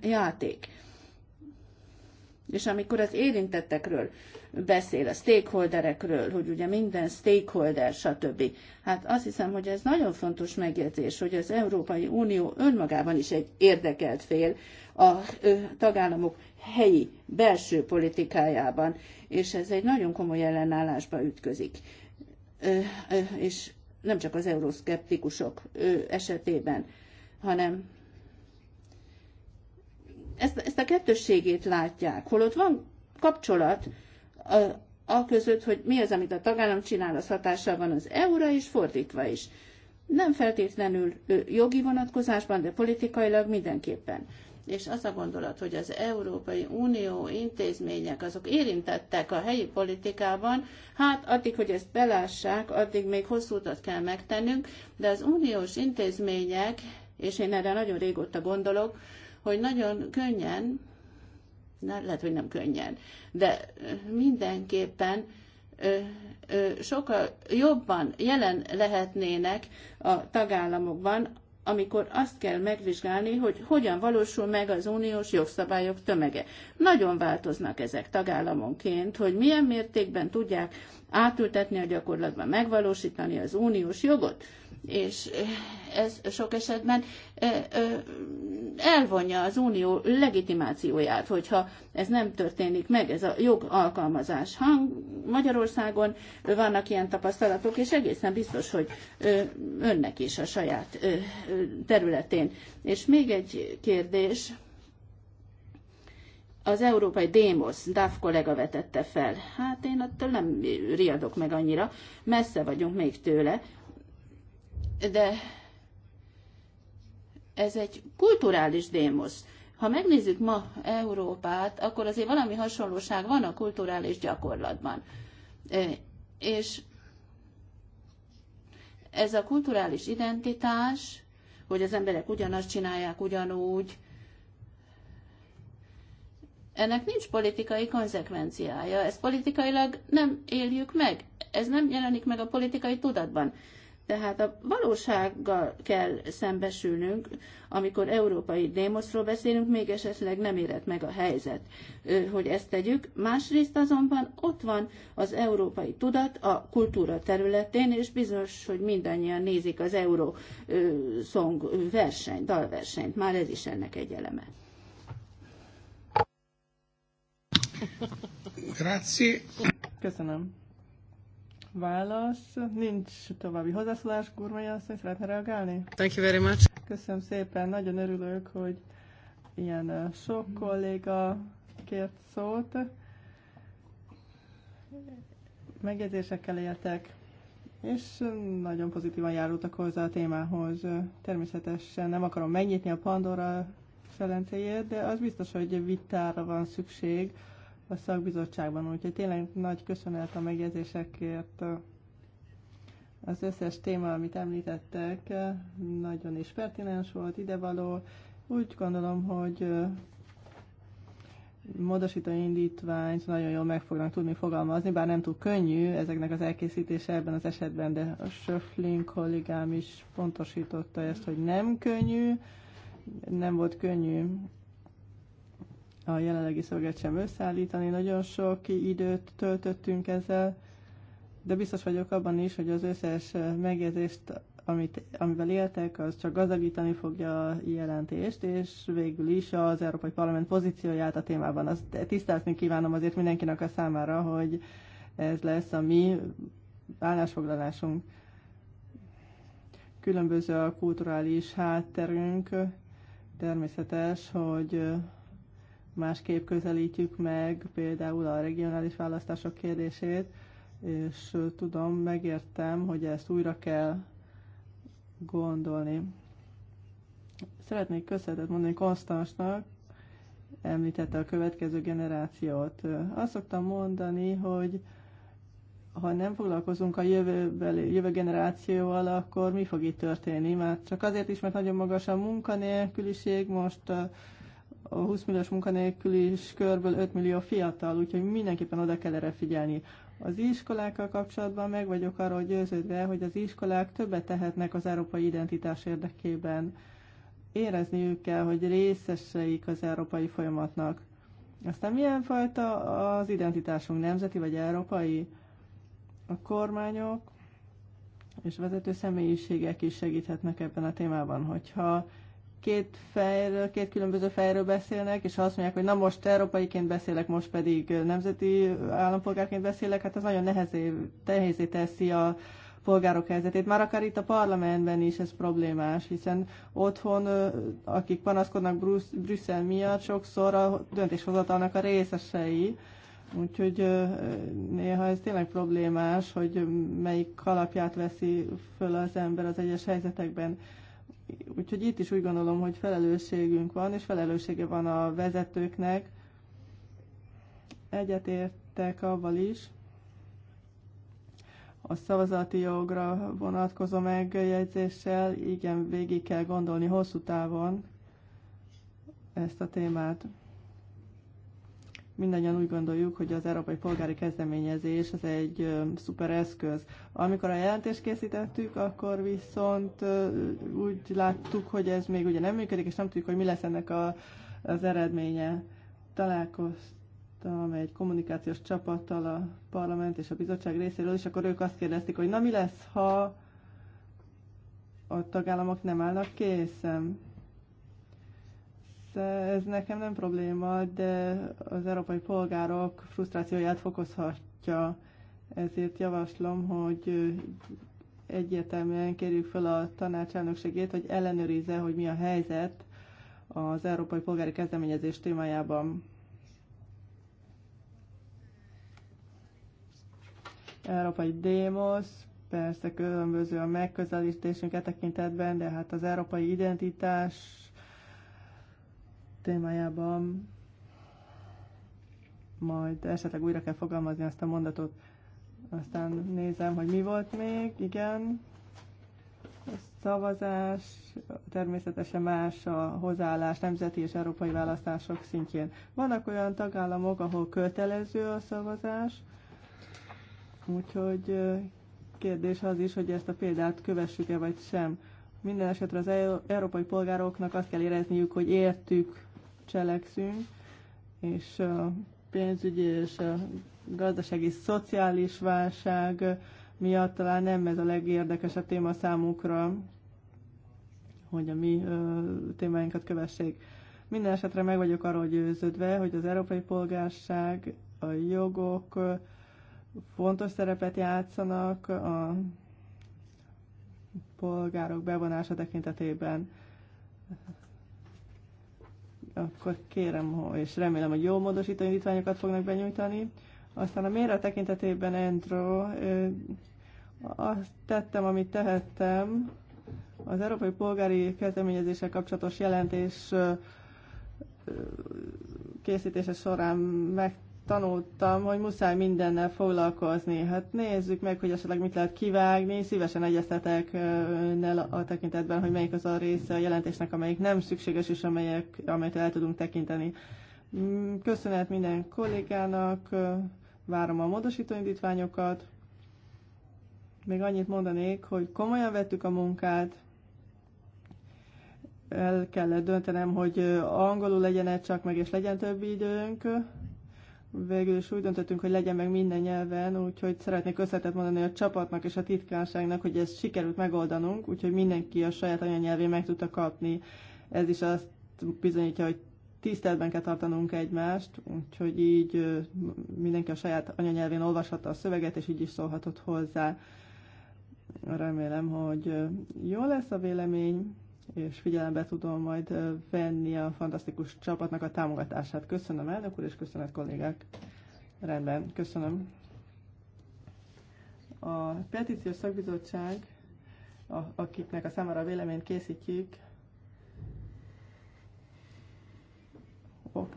Speaker 2: játék. És amikor az érintettekről beszél, a stakeholderekről, hogy ugye minden stakeholder, stb. Hát azt hiszem, hogy ez nagyon fontos megjegyzés, hogy az Európai Unió önmagában is egy érdekelt fél a tagállamok helyi belső politikájában, és ez egy nagyon komoly ellenállásba ütközik. és nem csak az euroszkeptikusok esetében, hanem ezt, ezt a kettősségét látják, holott van kapcsolat a, a között, hogy mi az, amit a tagállam csinál, az hatással van az EU-ra, és fordítva is. Nem feltétlenül jogi vonatkozásban, de politikailag mindenképpen. És az a gondolat, hogy az Európai Unió intézmények azok érintettek a helyi politikában, hát addig, hogy ezt belássák, addig még hosszú utat kell megtennünk, de az uniós intézmények, és én erre nagyon régóta gondolok, hogy nagyon könnyen, ne, lehet, hogy nem könnyen, de mindenképpen sokkal jobban jelen lehetnének a tagállamokban, amikor azt kell megvizsgálni, hogy hogyan valósul meg az uniós jogszabályok tömege. Nagyon változnak ezek tagállamonként, hogy milyen mértékben tudják átültetni a gyakorlatban, megvalósítani az uniós jogot és ez sok esetben elvonja az unió legitimációját, hogyha ez nem történik meg, ez a jogalkalmazás. Hang Magyarországon vannak ilyen tapasztalatok, és egészen biztos, hogy önnek is a saját területén. És még egy kérdés, az európai Démosz, DAF kollega vetette fel. Hát én attól nem riadok meg annyira, messze vagyunk még tőle, de ez egy kulturális démosz. Ha megnézzük ma Európát, akkor azért valami hasonlóság van a kulturális gyakorlatban. E, és ez a kulturális identitás, hogy az emberek ugyanazt csinálják ugyanúgy, ennek nincs politikai konzekvenciája, ezt politikailag nem éljük meg, ez nem jelenik meg a politikai tudatban. Tehát a valósággal kell szembesülnünk, amikor európai démoszról beszélünk, még esetleg nem érett meg a helyzet, hogy ezt tegyük. Másrészt azonban ott van az európai tudat a kultúra területén, és bizonyos, hogy mindannyian nézik az Euró szong versenyt, dalversenyt. Már ez is ennek egy eleme. Grazie. Köszönöm válasz.
Speaker 3: Nincs további hozzászólás. Gurmai asszony, szeretne reagálni? Thank you very much. Köszönöm szépen, nagyon örülök, hogy ilyen sok kolléga kért szót. Megjegyzésekkel éltek, és nagyon pozitívan járultak hozzá a témához. Természetesen nem akarom megnyitni a Pandora szelencéjét, de az biztos, hogy vitára van szükség, a szakbizottságban. Úgyhogy tényleg nagy köszönet a megjegyzésekért. Az összes téma, amit említettek, nagyon is pertinens volt, idevaló. Úgy gondolom, hogy módosító indítványt nagyon jól meg fognak tudni fogalmazni, bár nem túl könnyű ezeknek az elkészítése ebben az esetben, de a Söflin kollégám is pontosította ezt, hogy nem könnyű, nem volt könnyű a jelenlegi szöveget sem összeállítani. Nagyon sok időt töltöttünk ezzel, de biztos vagyok abban is, hogy az összes megjegyzést, amit, amivel éltek, az csak gazdagítani fogja a jelentést, és végül is az Európai Parlament pozícióját a témában. Azt tisztázni kívánom azért mindenkinek a számára, hogy ez lesz a mi állásfoglalásunk. Különböző a kulturális hátterünk, természetes, hogy másképp közelítjük meg például a regionális választások kérdését, és tudom, megértem, hogy ezt újra kell gondolni. Szeretnék köszönetet mondani Konstansnak, említette a következő generációt. Azt szoktam mondani, hogy ha nem foglalkozunk a jövőbeli, jövő generációval, akkor mi fog itt történni? Már csak azért is, mert nagyon magas a munkanélküliség, most a 20 milliós munkanélküli is körből 5 millió fiatal, úgyhogy mindenképpen oda kell erre figyelni. Az iskolákkal kapcsolatban meg vagyok arról győződve, hogy az iskolák többet tehetnek az európai identitás érdekében. Érezniük kell, hogy részeseik az európai folyamatnak. Aztán milyen fajta az identitásunk, nemzeti vagy európai? A kormányok és vezető személyiségek is segíthetnek ebben a témában, hogyha két fejről, két különböző fejről beszélnek, és ha azt mondják, hogy na most európaiként beszélek, most pedig nemzeti állampolgárként beszélek, hát az nagyon nehezé, nehezé teszi a polgárok helyzetét. Már akár itt a parlamentben is ez problémás, hiszen otthon, akik panaszkodnak Brüssz, Brüsszel miatt, sokszor a döntéshozatalnak a részesei, Úgyhogy néha ez tényleg problémás, hogy melyik kalapját veszi föl az ember az egyes helyzetekben. Úgyhogy itt is úgy gondolom, hogy felelősségünk van, és felelőssége van a vezetőknek. Egyetértek avval is, a szavazati jogra vonatkozó megjegyzéssel, igen, végig kell gondolni hosszú távon ezt a témát mindannyian úgy gondoljuk, hogy az európai polgári kezdeményezés az egy szuper eszköz. Amikor a jelentést készítettük, akkor viszont úgy láttuk, hogy ez még ugye nem működik, és nem tudjuk, hogy mi lesz ennek a, az eredménye. Találkoztam egy kommunikációs csapattal a parlament és a bizottság részéről, és akkor ők azt kérdezték, hogy na mi lesz, ha a tagállamok nem állnak készen ez nekem nem probléma, de az európai polgárok frusztrációját fokozhatja. Ezért javaslom, hogy egyértelműen kérjük fel a elnökségét, hogy ellenőrizze, hogy mi a helyzet az európai polgári kezdeményezés témájában. Európai demos, persze különböző a megközelítésünk e tekintetben, de hát az európai identitás témájában majd esetleg újra kell fogalmazni azt a mondatot. Aztán nézem, hogy mi volt még, igen. A szavazás természetesen más a hozzáállás nemzeti és európai választások szintjén. Vannak olyan tagállamok, ahol kötelező a szavazás, úgyhogy kérdés az is, hogy ezt a példát kövessük-e vagy sem. Minden esetre az e-, európai polgároknak azt kell érezniük, hogy értük cselekszünk, és a pénzügyi és a gazdasági szociális válság miatt talán nem ez a legérdekesebb téma számukra, hogy a mi ö, témáinkat kövessék. Minden esetre meg vagyok arról győződve, hogy az európai polgárság, a jogok fontos szerepet játszanak a polgárok bevonása tekintetében akkor kérem, és remélem, hogy jó módosító indítványokat fognak benyújtani. Aztán a méret tekintetében Endro, azt tettem, amit tehettem. Az Európai Polgári Kezdeményezéssel kapcsolatos jelentés készítése során meg tanultam, hogy muszáj mindennel foglalkozni. Hát nézzük meg, hogy esetleg mit lehet kivágni. Szívesen egyeztetek önnel a tekintetben, hogy melyik az a része a jelentésnek, amelyik nem szükséges, és amelyek, amelyet el tudunk tekinteni. Mm, köszönet minden kollégának, várom a módosító indítványokat. Még annyit mondanék, hogy komolyan vettük a munkát, el kellett döntenem, hogy angolul legyen -e csak meg, és legyen több időnk végül is úgy döntöttünk, hogy legyen meg minden nyelven, úgyhogy szeretnék összetett mondani a csapatnak és a titkárságnak, hogy ezt sikerült megoldanunk, úgyhogy mindenki a saját anyanyelvén meg tudta kapni. Ez is azt bizonyítja, hogy tiszteletben kell tartanunk egymást, úgyhogy így mindenki a saját anyanyelvén olvashatta a szöveget, és így is szólhatott hozzá. Remélem, hogy jó lesz a vélemény és figyelembe tudom majd venni a fantasztikus csapatnak a támogatását. Köszönöm elnök úr, és köszönet kollégák. Rendben, köszönöm. A petíciós szakbizottság, a, akiknek a számára a véleményt készítjük,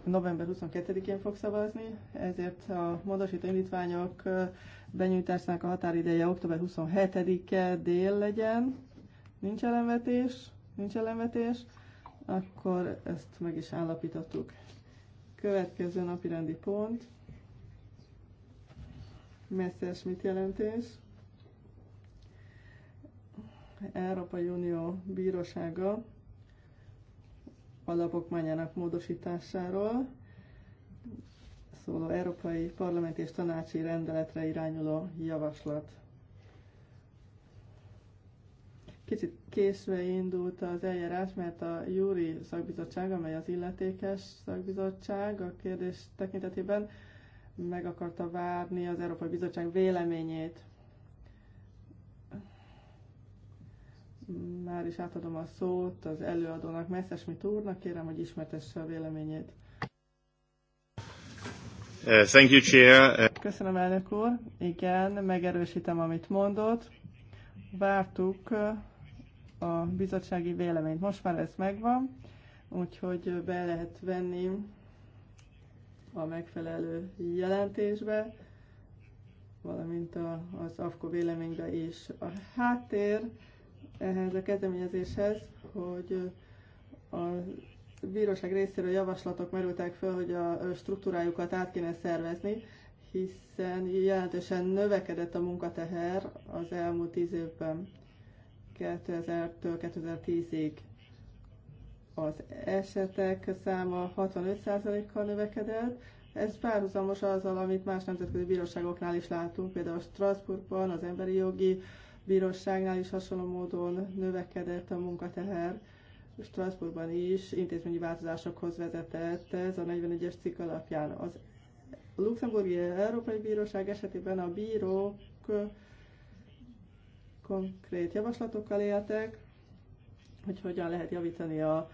Speaker 3: november 22-én fog szavazni, ezért a módosító indítványok benyújtásának a határideje október 27-e dél legyen. Nincs ellenvetés nincs ellenvetés, akkor ezt meg is állapítottuk. Következő napi rendi pont, mit jelentés, Európai Unió Bírósága alapokmányának módosításáról szóló Európai Parlament és Tanácsi Rendeletre irányuló javaslat. Kicsit késve indult az eljárás, mert a Júri szakbizottság, amely az illetékes szakbizottság a kérdés tekintetében meg akarta várni az Európai Bizottság véleményét. Már is átadom a szót az előadónak, Messerschmitt úrnak, kérem, hogy ismertesse a véleményét. Uh, thank you, Chair. Uh, Köszönöm, elnök úr. Igen, megerősítem, amit mondott. Vártuk uh, a bizottsági véleményt. Most már ez megvan, úgyhogy be lehet venni a megfelelő jelentésbe, valamint a, az AFKO véleménybe is. A háttér ehhez a kezdeményezéshez, hogy a bíróság részéről javaslatok merültek fel, hogy a struktúrájukat át kéne szervezni, hiszen jelentősen növekedett a munkateher az elmúlt tíz évben. 2000-től 2010-ig. Az esetek száma 65%-kal növekedett, ez párhuzamos azzal, amit más nemzetközi bíróságoknál is látunk, például Strasbourgban, az Emberi Jogi Bíróságnál is hasonló módon növekedett a munkateher. Strasbourgban is intézményi változásokhoz vezetett ez a 41-es cikk alapján. Az Luxemburgi Európai Bíróság esetében a bírók konkrét javaslatokkal éltek, hogy hogyan lehet javítani a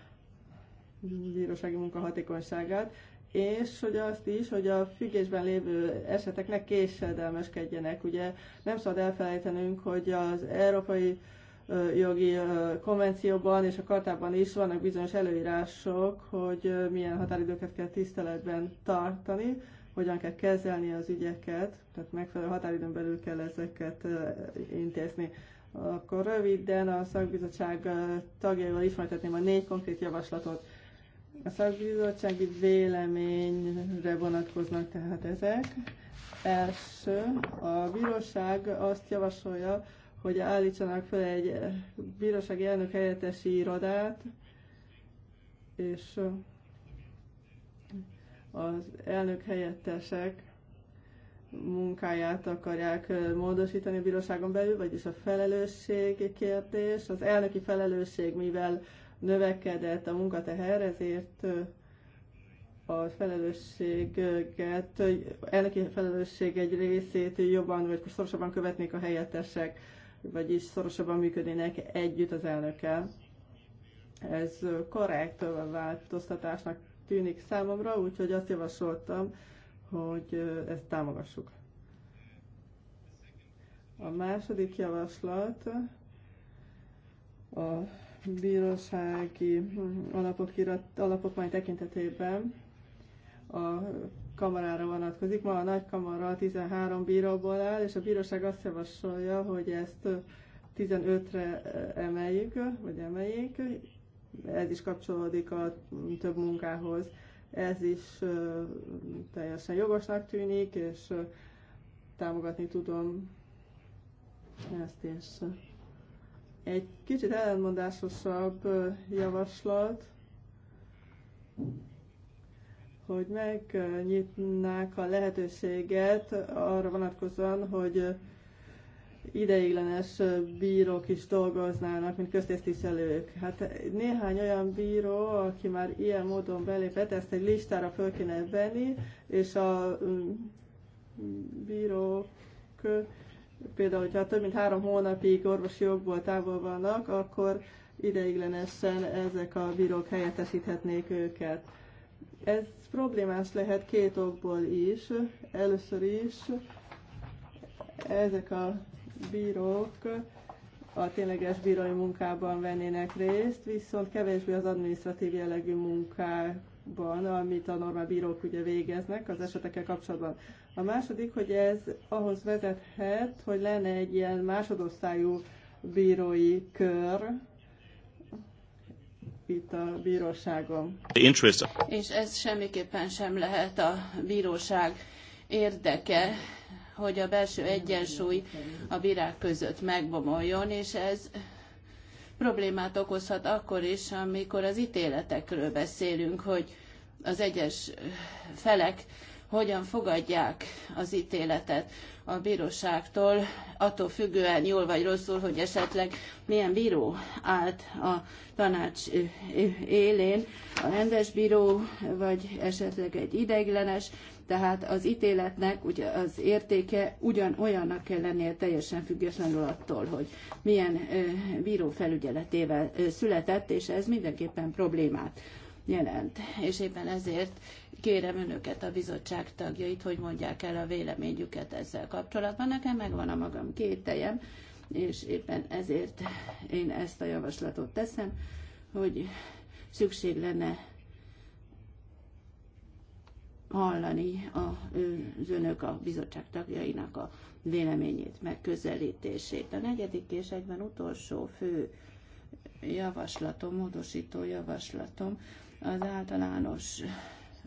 Speaker 3: bírósági munka hatékonyságát, és hogy azt is, hogy a függésben lévő esetek ne késedelmeskedjenek. Ugye nem szabad elfelejtenünk, hogy az európai jogi konvencióban és a kartában is vannak bizonyos előírások, hogy milyen határidőket kell tiszteletben tartani, hogyan kell kezelni az ügyeket, tehát megfelelő határidőn belül kell ezeket intézni. Akkor röviden a szakbizottság tagjaival ismertetném a négy konkrét javaslatot. A szakbizottsági véleményre vonatkoznak tehát ezek. Első, a bíróság azt javasolja, hogy állítsanak fel egy bírósági elnök helyettesi irodát, és az elnök helyettesek munkáját akarják módosítani a bíróságon belül, vagyis a felelősség kérdés. Az elnöki felelősség, mivel növekedett a munkateher, ezért a felelősséget, elnöki felelősség egy részét jobban vagy szorosabban követnék a helyettesek, vagyis szorosabban működnének együtt az elnökkel. Ez korrekt változtatásnak tűnik számomra, úgyhogy azt javasoltam, hogy ezt támogassuk. A második javaslat a bírósági alapok, irat, alapokmány tekintetében a kamarára vonatkozik. Ma a nagy kamara 13 bíróból áll, és a bíróság azt javasolja, hogy ezt 15-re emeljük, vagy emeljék, ez is kapcsolódik a több munkához. Ez is teljesen jogosnak tűnik, és támogatni tudom ezt is. Egy kicsit uh, javaslat, hogy megnyitnák a lehetőséget arra vonatkozóan, hogy ideiglenes bírók is dolgoznának, mint köztisztviselők. Hát néhány olyan bíró, aki már ilyen módon belépett, ezt egy listára föl kéne venni, és a mm, bírók például, hogyha több mint három hónapig orvosi jogból távol vannak, akkor ideiglenesen ezek a bírók helyettesíthetnék őket. Ez problémás lehet két okból is. Először is ezek a bírók a tényleges bírói munkában vennének részt, viszont kevésbé az administratív jellegű munkában, amit a normál bírók ugye végeznek az esetekkel kapcsolatban. A második, hogy ez ahhoz vezethet, hogy lenne egy ilyen másodosztályú
Speaker 2: bírói kör, itt a bíróságon. És ez semmiképpen sem lehet a bíróság érdeke, hogy a belső egyensúly a virág között megbomoljon, és ez problémát okozhat akkor is, amikor az ítéletekről beszélünk, hogy az egyes felek hogyan fogadják az ítéletet a bíróságtól, attól függően jól vagy rosszul, hogy esetleg milyen bíró állt a tanács élén, a rendes bíró, vagy esetleg egy ideiglenes tehát az ítéletnek ugye, az értéke ugyanolyannak kell lennie teljesen függetlenül attól, hogy milyen bíró felügyeletével született, és ez mindenképpen problémát jelent. És éppen ezért kérem önöket, a bizottság tagjait, hogy mondják el a véleményüket ezzel kapcsolatban. Nekem megvan a magam kételjem, és éppen ezért én ezt a javaslatot teszem, hogy szükség lenne hallani az önök a bizottság tagjainak a véleményét, megközelítését. A negyedik és egyben utolsó fő javaslatom, módosító javaslatom az általános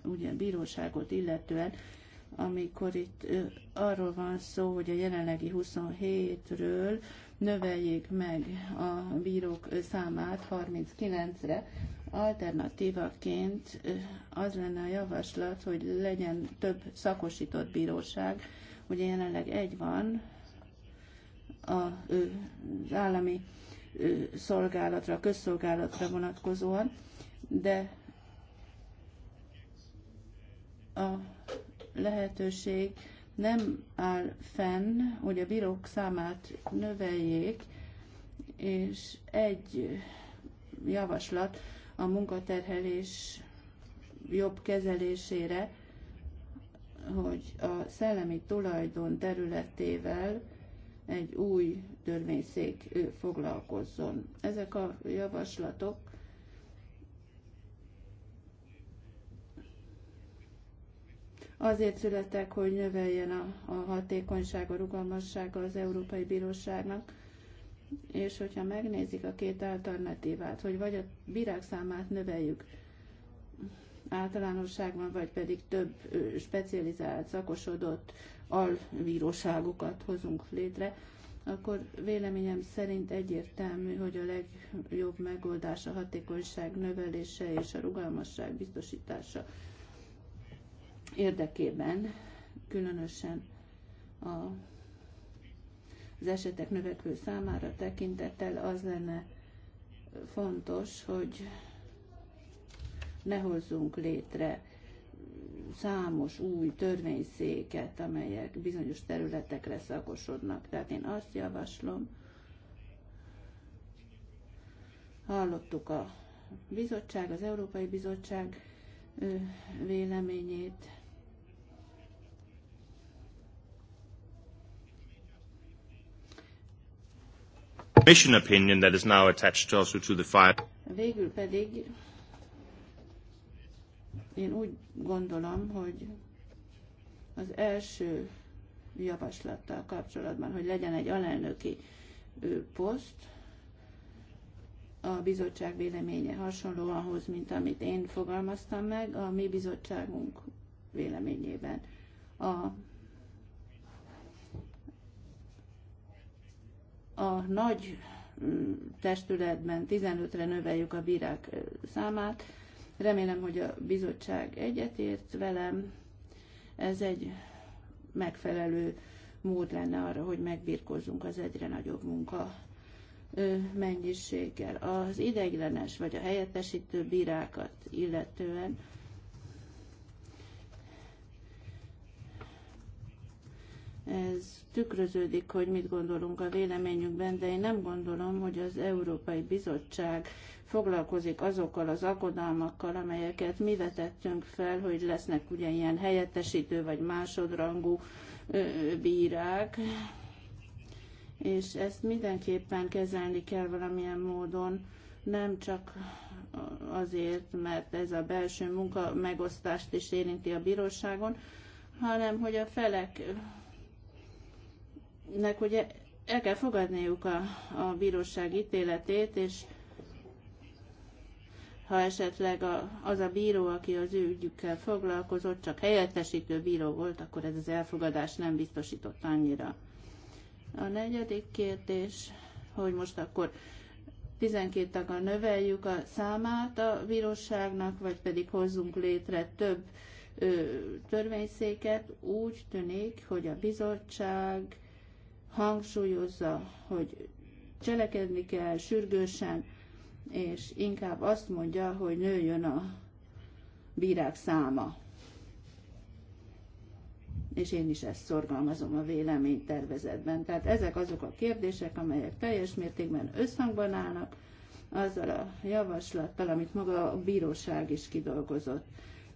Speaker 2: ugye, bíróságot illetően, amikor itt arról van szó, hogy a jelenlegi 27-ről növeljék meg a bírók számát 39-re. Alternatívaként az lenne a javaslat, hogy legyen több szakosított bíróság. Ugye jelenleg egy van az állami szolgálatra, a közszolgálatra vonatkozóan, de a lehetőség nem áll fenn, hogy a bírók számát növeljék, és egy javaslat a munkaterhelés jobb kezelésére, hogy a szellemi tulajdon területével egy új törvényszék foglalkozzon. Ezek a javaslatok Azért születtek, hogy növeljen a, a hatékonyság, a rugalmassága az Európai Bíróságnak, és hogyha megnézik a két alternatívát, hogy vagy a bírák számát növeljük általánosságban, vagy pedig több specializált, szakosodott alvíróságokat hozunk létre, akkor véleményem szerint egyértelmű, hogy a legjobb megoldás a hatékonyság növelése és a rugalmasság biztosítása érdekében, különösen a, az esetek növekvő számára tekintettel az lenne fontos, hogy ne hozzunk létre számos új törvényszéket, amelyek bizonyos területekre szakosodnak. Tehát én azt javaslom, hallottuk a bizottság, az Európai Bizottság véleményét,
Speaker 1: Commission opinion that is now attached also to the file.
Speaker 2: Végül pedig én úgy gondolom, hogy az első javaslattal kapcsolatban, hogy legyen egy alelnöki poszt, a bizottság véleménye hasonló ahhoz, mint amit én fogalmaztam meg a mi bizottságunk véleményében. A a nagy mm, testületben 15-re növeljük a bírák számát. Remélem, hogy a bizottság egyetért velem. Ez egy megfelelő mód lenne arra, hogy megbírkozzunk az egyre nagyobb munka mennyiséggel. Az ideiglenes vagy a helyettesítő bírákat illetően ez tükröződik, hogy mit gondolunk a véleményünkben, de én nem gondolom, hogy az Európai Bizottság foglalkozik azokkal az aggodalmakkal, amelyeket mi vetettünk fel, hogy lesznek ugye ilyen helyettesítő vagy másodrangú bírák, és ezt mindenképpen kezelni kell valamilyen módon, nem csak azért, mert ez a belső munka megosztást is érinti a bíróságon, hanem hogy a felek nek ugye el kell fogadniuk a, a bíróság ítéletét, és ha esetleg a, az a bíró, aki az ő ügyükkel foglalkozott, csak helyettesítő bíró volt, akkor ez az elfogadás nem biztosított annyira. A negyedik kérdés, hogy most akkor 12 taggal növeljük a számát a bíróságnak, vagy pedig hozzunk létre több ö, törvényszéket. Úgy tűnik, hogy a bizottság hangsúlyozza, hogy cselekedni kell sürgősen, és inkább azt mondja, hogy nőjön a bírák száma. És én is ezt szorgalmazom a véleménytervezetben. Tehát ezek azok a kérdések, amelyek teljes mértékben összhangban állnak azzal a javaslattal, amit maga a bíróság is kidolgozott.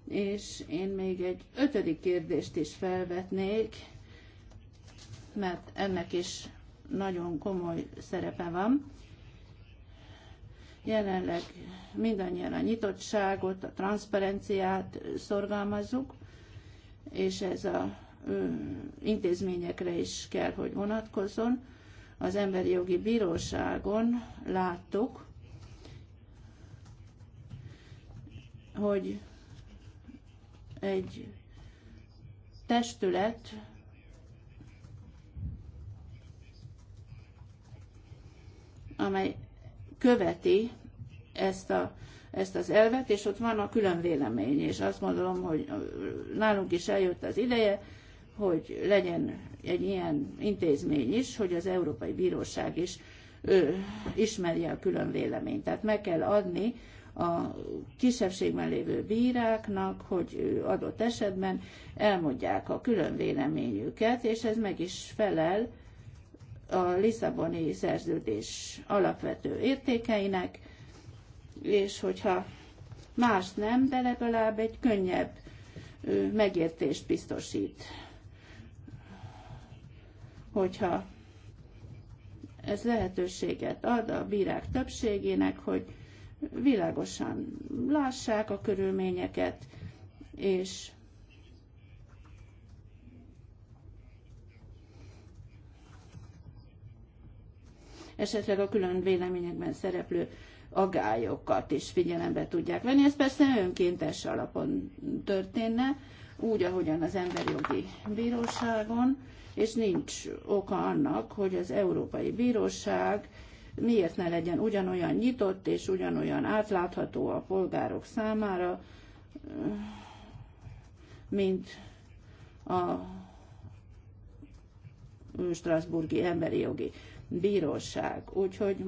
Speaker 2: És én még egy ötödik kérdést is felvetnék, mert ennek is nagyon komoly szerepe van. Jelenleg mindannyian a nyitottságot, a transzparenciát szorgalmazzuk, és ez a intézményekre is kell, hogy vonatkozzon. Az Emberi Jogi Bíróságon láttuk, hogy egy testület amely követi ezt, a, ezt az elvet, és ott van a külön vélemény, és azt gondolom, hogy nálunk is eljött az ideje, hogy legyen egy ilyen intézmény is, hogy az Európai Bíróság is ő, ismerje a külön véleményt. Tehát meg kell adni a kisebbségben lévő bíráknak, hogy adott esetben elmondják a külön véleményüket, és ez meg is felel a Lisszaboni szerződés alapvető értékeinek, és hogyha más nem, de legalább egy könnyebb megértést biztosít. Hogyha ez lehetőséget ad a bírák többségének, hogy világosan lássák a körülményeket, és esetleg a külön véleményekben szereplő agályokat is figyelembe tudják venni. Ez persze önkéntes alapon történne, úgy, ahogyan az Emberjogi Bíróságon, és nincs oka annak, hogy az Európai Bíróság miért ne legyen ugyanolyan nyitott és ugyanolyan átlátható a polgárok számára, mint a Strasburgi Emberi Jogi bíróság. Úgyhogy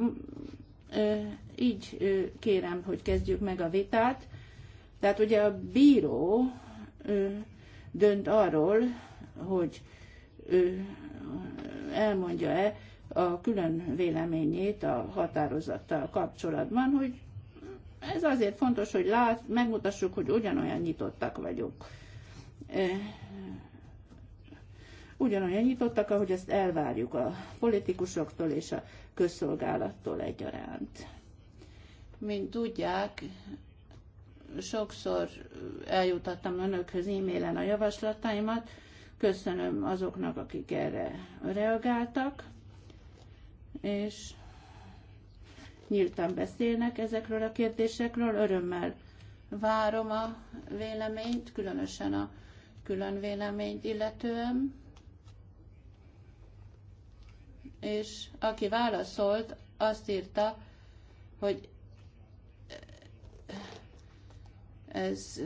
Speaker 2: így kérem, hogy kezdjük meg a vitát. Tehát ugye a bíró dönt arról, hogy elmondja-e a külön véleményét a határozattal kapcsolatban, hogy ez azért fontos, hogy lát, megmutassuk, hogy ugyanolyan nyitottak vagyunk ugyanolyan nyitottak, ahogy ezt elvárjuk a politikusoktól és a közszolgálattól egyaránt. Mint tudják, sokszor eljutattam önökhöz e-mailen a javaslataimat, köszönöm azoknak, akik erre reagáltak, és nyíltan beszélnek ezekről a kérdésekről, örömmel várom a véleményt, különösen a külön véleményt illetően és aki válaszolt, azt írta, hogy ez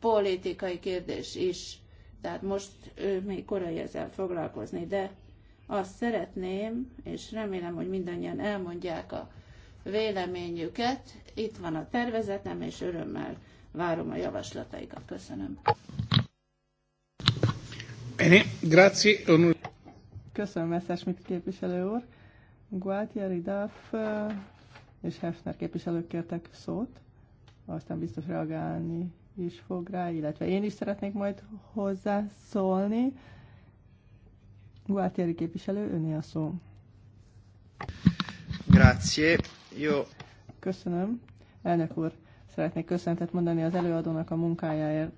Speaker 2: politikai kérdés is, tehát most még korai ezzel foglalkozni, de azt szeretném, és remélem, hogy mindannyian elmondják a véleményüket. Itt van a tervezetem, és örömmel várom a javaslataikat. Köszönöm.
Speaker 1: Bene, grazie.
Speaker 3: Köszönöm, Messerschmidt képviselő úr. Gualtieri Duff eh, és Hefner képviselők kértek szót, aztán biztos reagálni is fog rá, illetve én is szeretnék majd hozzászólni. Gualtieri képviselő, öné a szó. Grazie. Jó. Köszönöm. Elnök úr, szeretnék köszöntet mondani az előadónak a munkájáért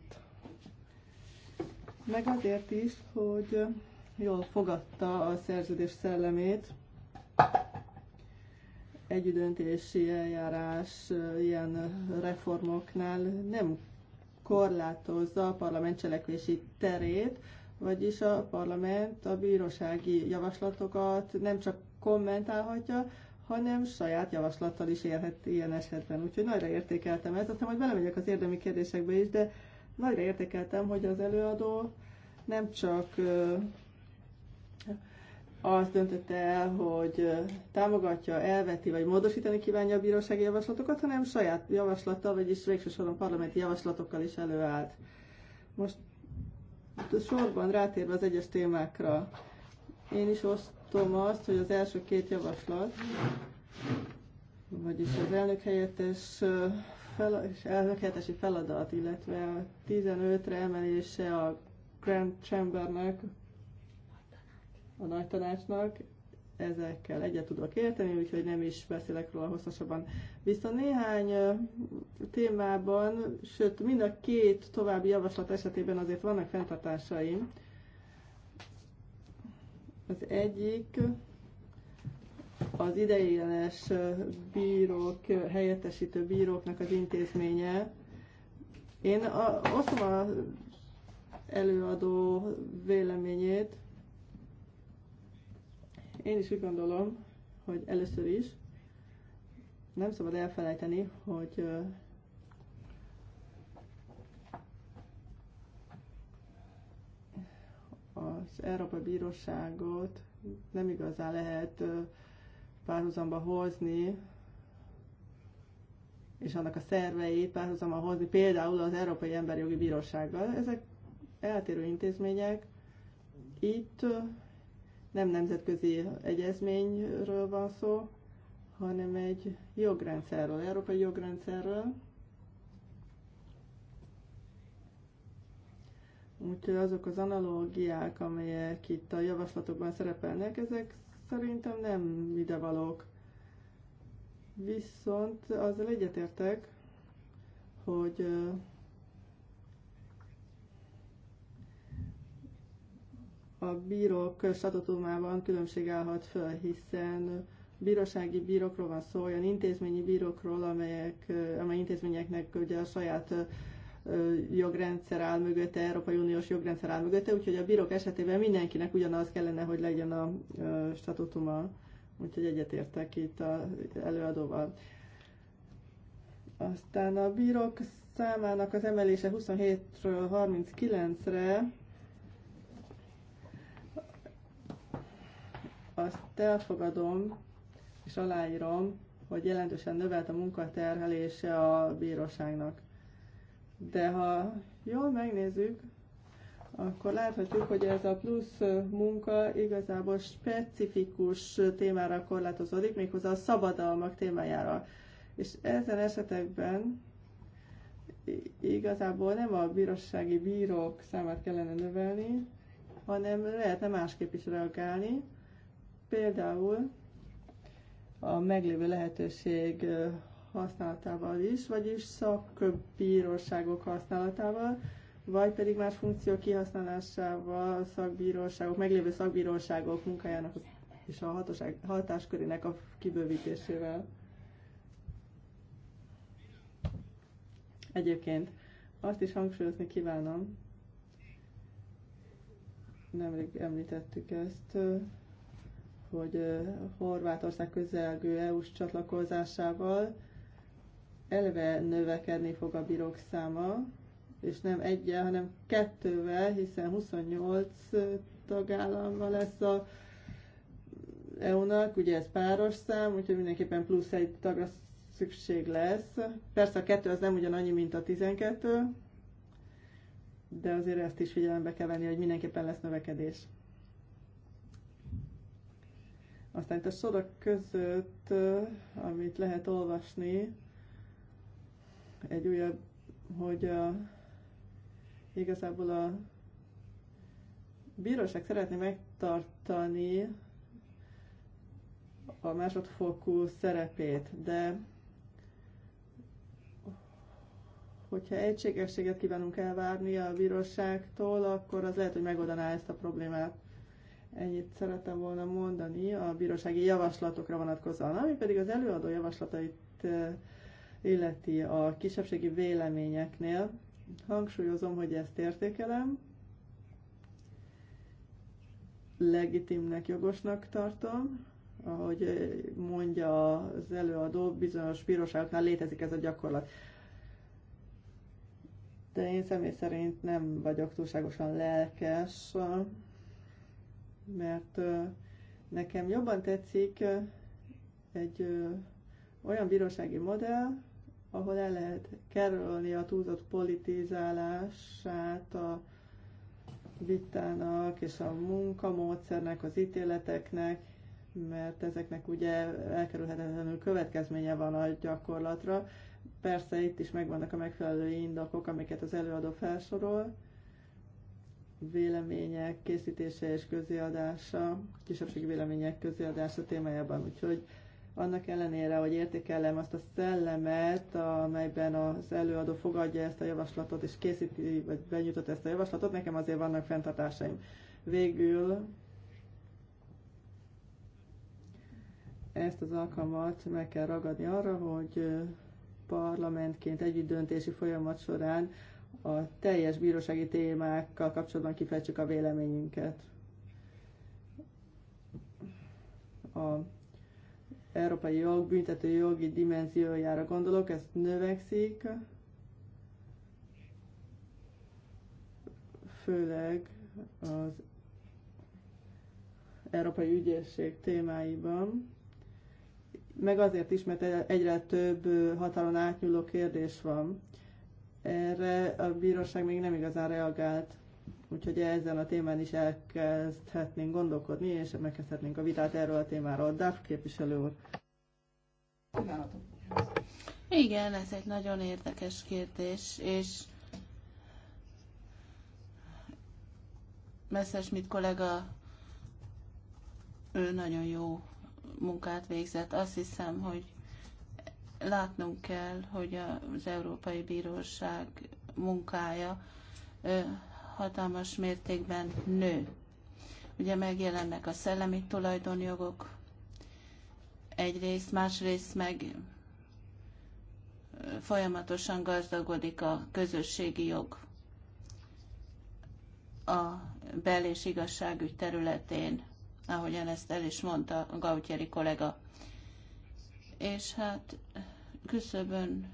Speaker 3: meg azért is, hogy jól fogadta a szerződés szellemét. Együttdöntési eljárás ilyen reformoknál nem korlátozza a parlament cselekvési terét, vagyis a parlament a bírósági javaslatokat nem csak kommentálhatja, hanem saját javaslattal is érhet ilyen esetben. Úgyhogy nagyra értékeltem ezt. Aztán majd belemegyek az érdemi kérdésekbe is, de Nagyra értékeltem, hogy az előadó nem csak azt döntötte el, hogy támogatja, elveti vagy módosítani kívánja a bírósági javaslatokat, hanem saját javaslattal, vagyis végső soron parlamenti javaslatokkal is előállt. Most sorban rátérve az egyes témákra, én is osztom azt, hogy az első két javaslat, vagyis az elnök helyettes fel, és elnökhelyettesi feladat, illetve a 15-re emelése a Grand Chambernek, a nagy tanácsnak, ezekkel egyet tudok érteni, úgyhogy nem is beszélek róla hosszasabban. Viszont néhány témában, sőt mind a két további javaslat esetében azért vannak fenntartásaim. Az egyik az ideiglenes bírók, helyettesítő bíróknak az intézménye. Én a, osztom a előadó véleményét. Én is úgy gondolom, hogy először is nem szabad elfelejteni, hogy az Európai Bíróságot nem igazán lehet párhuzamba hozni, és annak a szerveit párhuzamba hozni, például az Európai Emberi Jogi Bírósággal. Ezek eltérő intézmények. Itt nem nemzetközi egyezményről van szó, hanem egy jogrendszerről, európai jogrendszerről. Úgyhogy azok az analógiák, amelyek itt a javaslatokban szerepelnek, ezek szerintem nem ide valók. Viszont azzal egyetértek, hogy a bírók statutumában különbség állhat föl, hiszen bírósági bírókról van szó, olyan intézményi bírókról, amelyek, amely intézményeknek ugye a saját jogrendszer áll mögötte, Európai Uniós jogrendszer áll mögötte, úgyhogy a bírók esetében mindenkinek ugyanaz kellene, hogy legyen a statutuma. Úgyhogy egyetértek itt az előadóval. Aztán a bírók számának az emelése 27-ről 39-re, azt elfogadom és aláírom, hogy jelentősen növelt a munkaterhelése a bíróságnak. De ha jól megnézzük, akkor láthatjuk, hogy ez a plusz munka igazából specifikus témára korlátozódik, méghozzá a szabadalmak témájára. És ezen esetekben igazából nem a bírósági bírók számát kellene növelni, hanem lehetne másképp is reagálni. Például a meglévő lehetőség használatával is, vagyis szakbíróságok használatával, vagy pedig más funkció kihasználásával a szakbíróságok, meglévő szakbíróságok munkájának és a hatóság, hatáskörének a kibővítésével. Egyébként azt is hangsúlyozni kívánom, nemrég említettük ezt, hogy Horvátország közelgő EU-s csatlakozásával eleve növekedni fog a bírók száma, és nem egyel, hanem kettővel, hiszen 28 tagállamban lesz a EU-nak, ugye ez páros szám, úgyhogy mindenképpen plusz egy tagra szükség lesz. Persze a kettő az nem ugyanannyi, mint a 12, de azért ezt is figyelembe kell venni, hogy mindenképpen lesz növekedés. Aztán itt a sorok között, amit lehet olvasni, egy újabb, hogy a, igazából a bíróság szeretné megtartani a másodfokú szerepét, de hogyha egységességet kívánunk elvárni a bíróságtól, akkor az lehet, hogy megoldaná ezt a problémát. Ennyit szerettem volna mondani a bírósági javaslatokra vonatkozóan. Ami pedig az előadó javaslatait illeti a kisebbségi véleményeknél, hangsúlyozom, hogy ezt értékelem, legitimnek, jogosnak tartom, ahogy mondja az előadó, bizonyos bíróságoknál létezik ez a gyakorlat. De én személy szerint nem vagyok túlságosan lelkes, mert nekem jobban tetszik egy olyan bírósági modell, ahol el lehet kerülni a túlzott politizálását a vitának és a munkamódszernek, az ítéleteknek, mert ezeknek ugye elkerülhetetlenül következménye van a gyakorlatra. Persze itt is megvannak a megfelelő indokok, amiket az előadó felsorol, vélemények készítése és közéadása, kisebbségi vélemények közéadása témájában, úgyhogy annak ellenére, hogy értékelem azt a szellemet, amelyben az előadó fogadja ezt a javaslatot, és készíti, vagy benyújtott ezt a javaslatot, nekem azért vannak fenntartásaim. Végül ezt az alkalmat meg kell ragadni arra, hogy parlamentként együtt döntési folyamat során a teljes bírósági témákkal kapcsolatban kifejtsük a véleményünket. A európai jog, büntető jogi dimenziójára gondolok, ez növekszik, főleg az Európai Ügyészség témáiban, meg azért is, mert egyre több határon átnyúló kérdés van. Erre a bíróság még nem igazán reagált. Úgyhogy ezen a témán is elkezdhetnénk gondolkodni, és megkezdhetnénk a vitát erről a témáról. DAF képviselő úr.
Speaker 2: Igen, ez egy nagyon érdekes kérdés, és mint kollega, ő nagyon jó munkát végzett. Azt hiszem, hogy látnunk kell, hogy az Európai Bíróság munkája hatalmas mértékben nő. Ugye megjelennek a szellemi tulajdonjogok egyrészt, másrészt meg folyamatosan gazdagodik a közösségi jog a bel- és igazságügy területén, ahogyan ezt el is mondta a Gautieri kollega. És hát küszöbön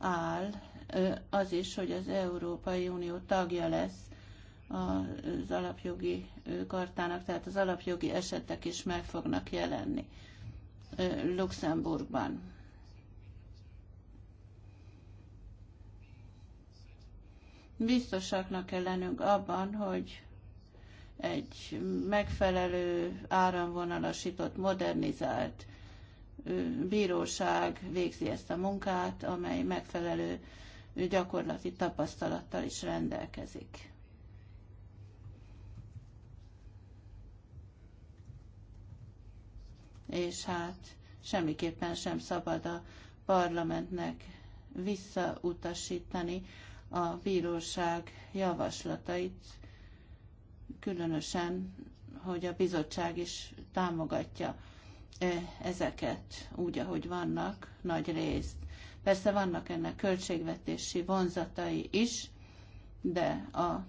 Speaker 2: áll az is, hogy az Európai Unió tagja lesz az alapjogi kartának, tehát az alapjogi esetek is meg fognak jelenni Luxemburgban. Biztosaknak kell lennünk abban, hogy egy megfelelő áramvonalasított, modernizált bíróság végzi ezt a munkát, amely megfelelő ő gyakorlati tapasztalattal is rendelkezik. És hát semmiképpen sem szabad a parlamentnek visszautasítani a bíróság javaslatait, különösen, hogy a bizottság is támogatja eh, ezeket úgy, ahogy vannak nagy részt. Persze vannak ennek költségvetési vonzatai is, de a,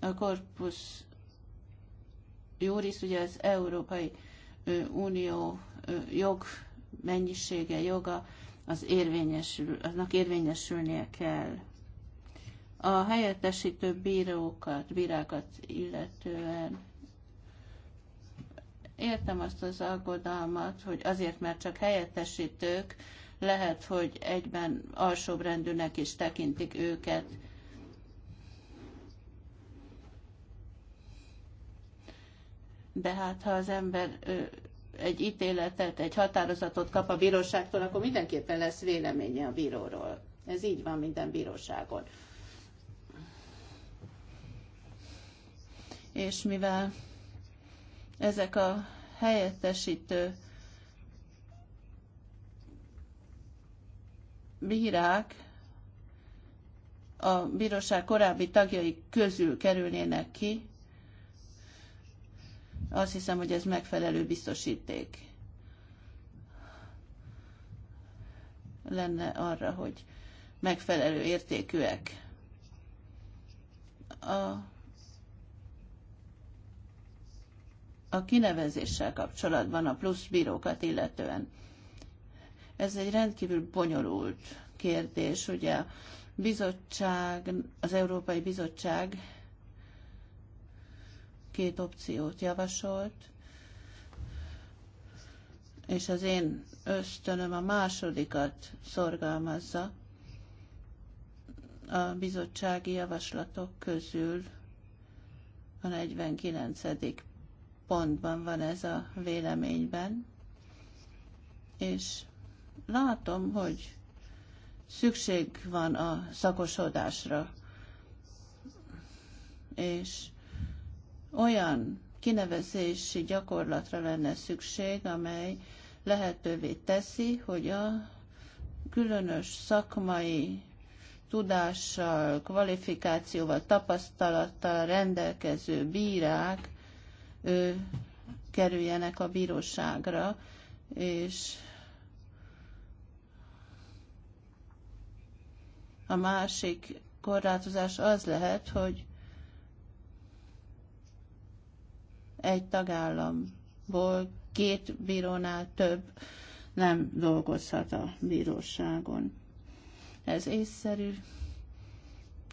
Speaker 2: a korpusz juris, ugye az Európai Unió jog mennyisége, joga, az érvényesül, aznak érvényesülnie kell. A helyettesítő bírókat, bírákat illetően Értem azt az aggodalmat, hogy azért, mert csak helyettesítők, lehet, hogy egyben alsóbrendűnek is tekintik őket. De hát, ha az ember egy ítéletet, egy határozatot kap a bíróságtól, akkor mindenképpen lesz véleménye a bíróról. Ez így van minden bíróságon. És mivel ezek a helyettesítő bírák a bíróság korábbi tagjai közül kerülnének ki, azt hiszem, hogy ez megfelelő biztosíték lenne arra, hogy megfelelő értékűek. A a kinevezéssel kapcsolatban a plusz bírókat illetően. Ez egy rendkívül bonyolult kérdés, ugye a bizottság, az Európai Bizottság két opciót javasolt, és az én ösztönöm a másodikat szorgalmazza a bizottsági javaslatok közül a 49 pontban van ez a véleményben, és látom, hogy szükség van a szakosodásra, és olyan kinevezési gyakorlatra lenne szükség, amely lehetővé teszi, hogy a különös szakmai tudással, kvalifikációval, tapasztalattal rendelkező bírák ö kerüljenek a bíróságra, és a másik korlátozás az lehet, hogy egy tagállamból két bírónál több nem dolgozhat a bíróságon. Ez észszerű,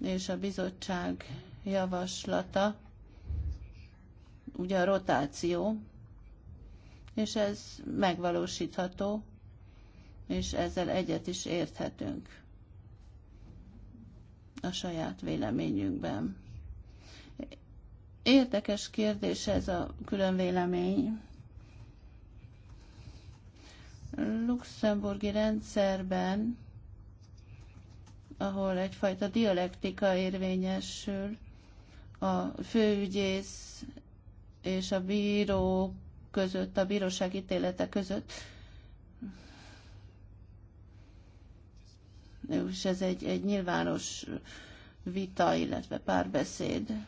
Speaker 2: és a bizottság javaslata ugye a rotáció, és ez megvalósítható, és ezzel egyet is érthetünk a saját véleményünkben. Érdekes kérdés ez a külön vélemény. Luxemburgi rendszerben, ahol egyfajta dialektika érvényesül, a főügyész és a bíró között, a bíróság ítélete között. És ez egy, egy nyilvános vita, illetve párbeszéd.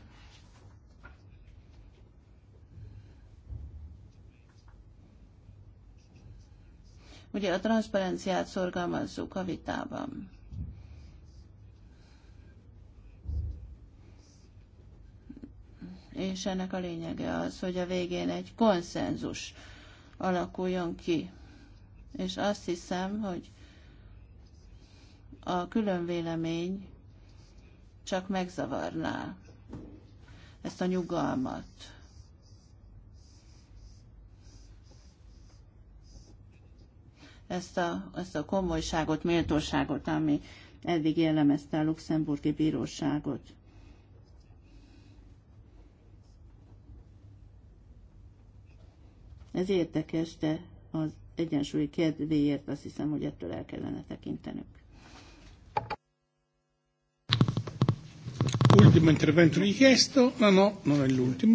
Speaker 2: Ugye a transzparenciát szorgalmazzuk a vitában. és ennek a lényege az, hogy a végén egy konszenzus alakuljon ki. És azt hiszem, hogy a külön vélemény csak megzavarná ezt a nyugalmat. Ezt a, ezt a komolyságot, méltóságot, ami eddig jellemezte a luxemburgi bíróságot. Ez érdekes, de az egyensúly kedvéért azt hiszem, hogy ettől el kellene tekintenünk.
Speaker 1: Ultimo intervento richiesto, no, no, non è l'ultimo.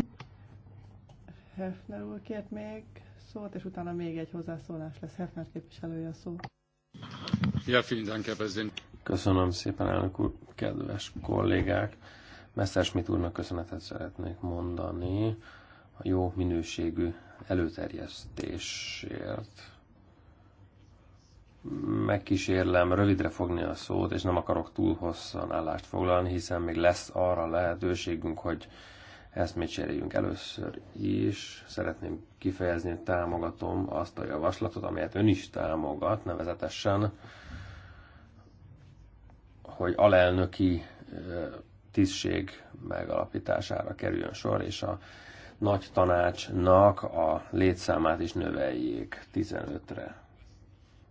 Speaker 3: Hefner úr kért még szót, és utána még egy hozzászólás lesz. Hefner képviselője a szó.
Speaker 2: Ja,
Speaker 1: Köszönöm szépen, elnök úr, kedves kollégák. Messerschmidt úrnak köszönetet szeretnék mondani a jó minőségű előterjesztésért. Megkísérlem rövidre fogni a szót, és nem akarok túl hosszan állást foglalni, hiszen még lesz arra lehetőségünk, hogy ezt még cseréljünk először is. Szeretném kifejezni, hogy támogatom azt a javaslatot, amelyet ön is támogat, nevezetesen, hogy alelnöki tisztség megalapítására kerüljön sor, és a nagy tanácsnak a létszámát is növeljék 15-re.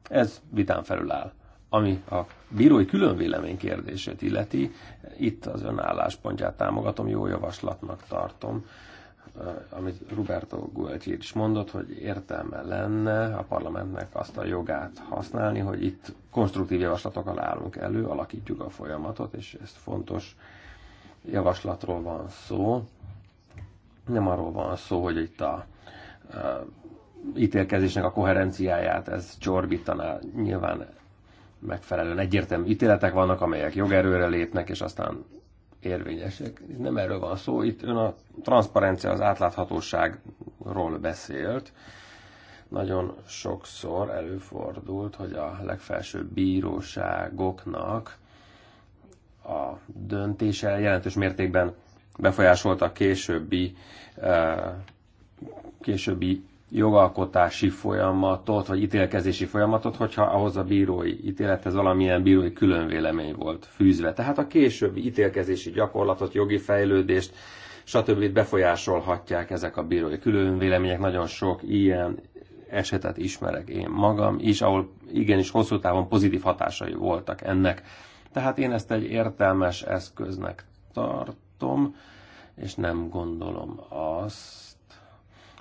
Speaker 1: Ez vitán felül áll. Ami a bírói különvélemény kérdését illeti, itt az önálláspontját támogatom, jó javaslatnak tartom eh, amit Roberto Gualtier is mondott, hogy értelme lenne a parlamentnek azt a jogát használni, hogy itt konstruktív javaslatokkal állunk elő, alakítjuk a folyamatot, és ezt fontos javaslatról van szó. Nem arról van szó, hogy itt a ítélkezésnek a koherenciáját ez csorbítaná. Nyilván megfelelően egyértelmű ítéletek vannak, amelyek jogerőre lépnek, és aztán érvényesek. Nem erről van szó, itt ön a transzparencia, az átláthatóságról beszélt. Nagyon sokszor előfordult, hogy a legfelsőbb bíróságoknak a döntése jelentős mértékben befolyásolta a későbbi, eh, későbbi jogalkotási folyamatot, vagy ítélkezési folyamatot, hogyha ahhoz a bírói ítélethez valamilyen bírói különvélemény volt fűzve. Tehát a későbbi ítélkezési gyakorlatot, jogi fejlődést, stb. befolyásolhatják ezek a bírói különvélemények. Nagyon sok ilyen esetet ismerek én magam is, ahol igenis hosszú távon pozitív hatásai voltak ennek. Tehát én ezt egy értelmes eszköznek tart, látom, és nem gondolom azt,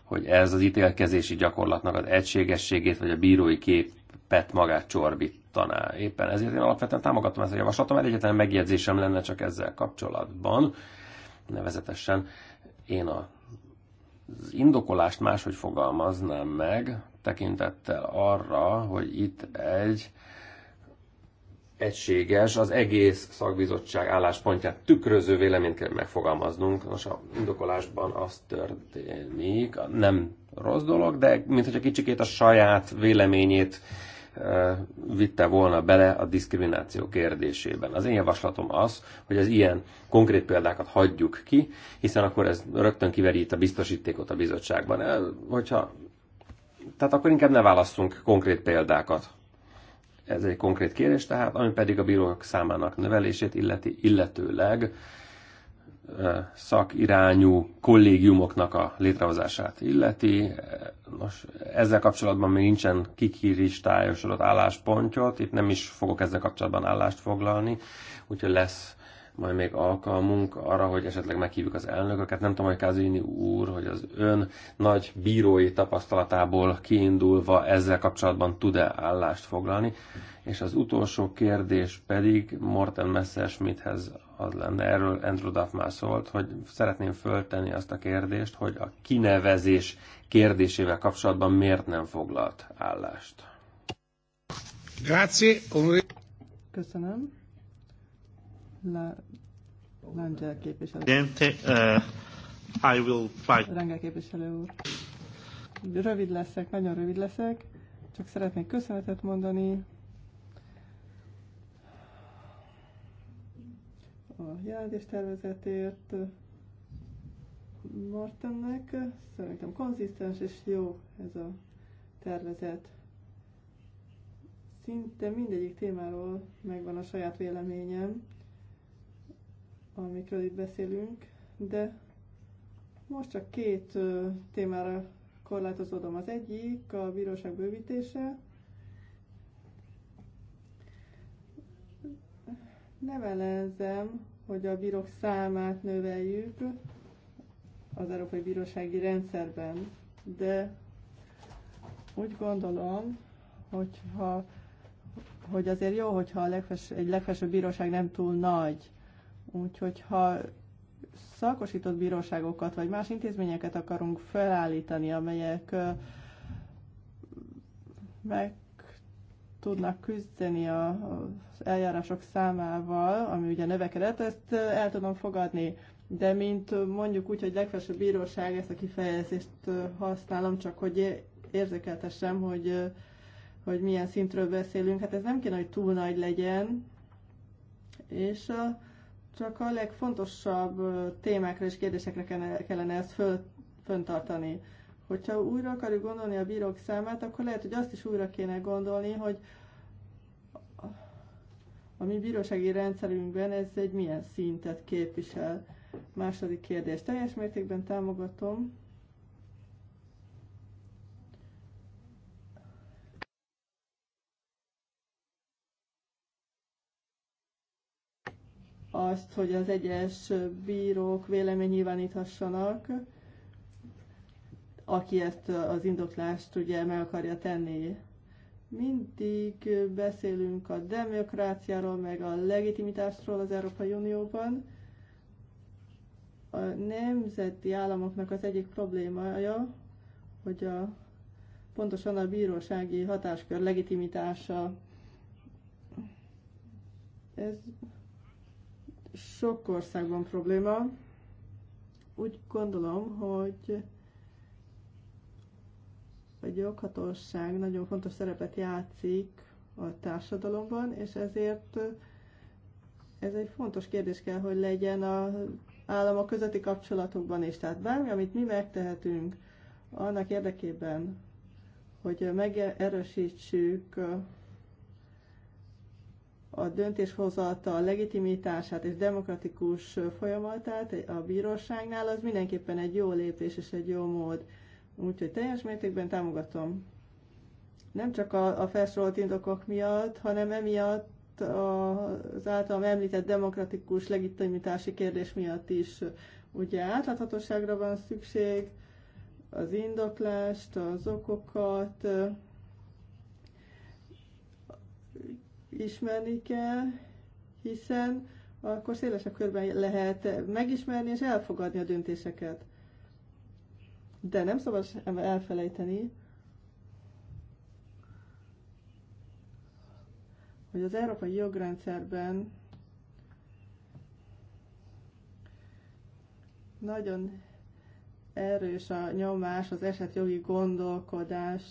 Speaker 1: hogy ez az ítélkezési gyakorlatnak az egységességét, vagy a bírói képet magát csorbítaná. Éppen ezért én alapvetően támogatom ezt a javaslatot, mert egyetlen megjegyzésem lenne csak ezzel kapcsolatban, nevezetesen én a az indokolást máshogy fogalmaznám meg, tekintettel arra, hogy itt egy egységes, az egész szakbizottság álláspontját tükröző véleményt kell megfogalmaznunk. Most a indokolásban az történik, nem rossz dolog, de mintha egy kicsikét a saját véleményét e, vitte volna bele a diszkrimináció kérdésében. Az én javaslatom az, hogy az ilyen konkrét példákat hagyjuk ki, hiszen akkor ez rögtön kiverít a biztosítékot a bizottságban. E, hogyha, tehát akkor inkább ne válasszunk konkrét példákat. Ez egy konkrét kérés, tehát ami pedig a bírók számának növelését illeti, illetőleg szakirányú kollégiumoknak a létrehozását illeti. Nos, ezzel kapcsolatban még nincsen kikiristályosodott álláspontjot, itt nem is fogok ezzel kapcsolatban állást foglalni, úgyhogy lesz majd még alkalmunk arra, hogy esetleg meghívjuk az elnököket. Nem tudom, hogy Kazini úr, hogy az ön nagy bírói tapasztalatából kiindulva ezzel kapcsolatban tud-e állást foglalni. És az utolsó kérdés pedig Morten Messerschmidthez az lenne, erről Andrew Duff már szólt, hogy szeretném föltenni azt a kérdést, hogy a kinevezés kérdésével kapcsolatban miért nem foglalt állást.
Speaker 3: Grazie. Köszönöm. La, Lange képviselő. Eh, I will fight. Lange képviselő úr. Rövid leszek, nagyon rövid leszek. Csak szeretnék köszönetet mondani a jelentéstervezetért Martennek. Szerintem konzisztens és jó ez a tervezet. Szinte mindegyik témáról megvan a saját véleményem amikről itt beszélünk, de most csak két témára korlátozódom. Az egyik a bíróság bővítése. Nem ellenzem, hogy a bírók számát növeljük az Európai Bírósági Rendszerben, de úgy gondolom, hogyha, hogy azért jó, hogyha a legfes, egy legfelsőbb bíróság nem túl nagy, Úgyhogy ha szakosított bíróságokat vagy más intézményeket akarunk felállítani, amelyek meg tudnak küzdeni az eljárások számával, ami ugye növekedett, ezt el tudom fogadni. De mint mondjuk úgy, hogy legfelsőbb bíróság, ezt a kifejezést használom, csak hogy érzékeltessem, hogy, hogy milyen szintről beszélünk. Hát ez nem kéne, hogy túl nagy legyen, és a csak a legfontosabb témákra és kérdésekre kellene ezt föl, föntartani. Hogyha újra akarjuk gondolni a bírók számát, akkor lehet, hogy azt is újra kéne gondolni, hogy a mi bírósági rendszerünkben ez egy milyen szintet képvisel. Második kérdés. Teljes mértékben támogatom azt, hogy az egyes bírók vélemény nyilváníthassanak, aki ezt az indoklást ugye meg akarja tenni. Mindig beszélünk a demokráciáról, meg a legitimitásról az Európai Unióban. A nemzeti államoknak az egyik problémája, hogy a, pontosan a bírósági hatáskör legitimitása. Ez sok országban probléma. Úgy gondolom, hogy a joghatóság nagyon fontos szerepet játszik a társadalomban, és ezért ez egy fontos kérdés kell, hogy legyen a államok közötti kapcsolatokban is. Tehát bármi, amit mi megtehetünk annak érdekében, hogy megerősítsük a döntéshozata, a legitimitását és demokratikus folyamatát a bíróságnál, az mindenképpen egy jó lépés és egy jó mód. Úgyhogy teljes mértékben támogatom. Nem csak a, a felsorolt indokok miatt, hanem emiatt az általam említett demokratikus legitimitási kérdés miatt is. Ugye átláthatóságra van szükség, az indoklást, az okokat, ismerni kell, hiszen akkor szélesebb körben lehet megismerni és elfogadni a döntéseket. De nem szabad elfelejteni, hogy az európai jogrendszerben nagyon erős a nyomás az esetjogi gondolkodás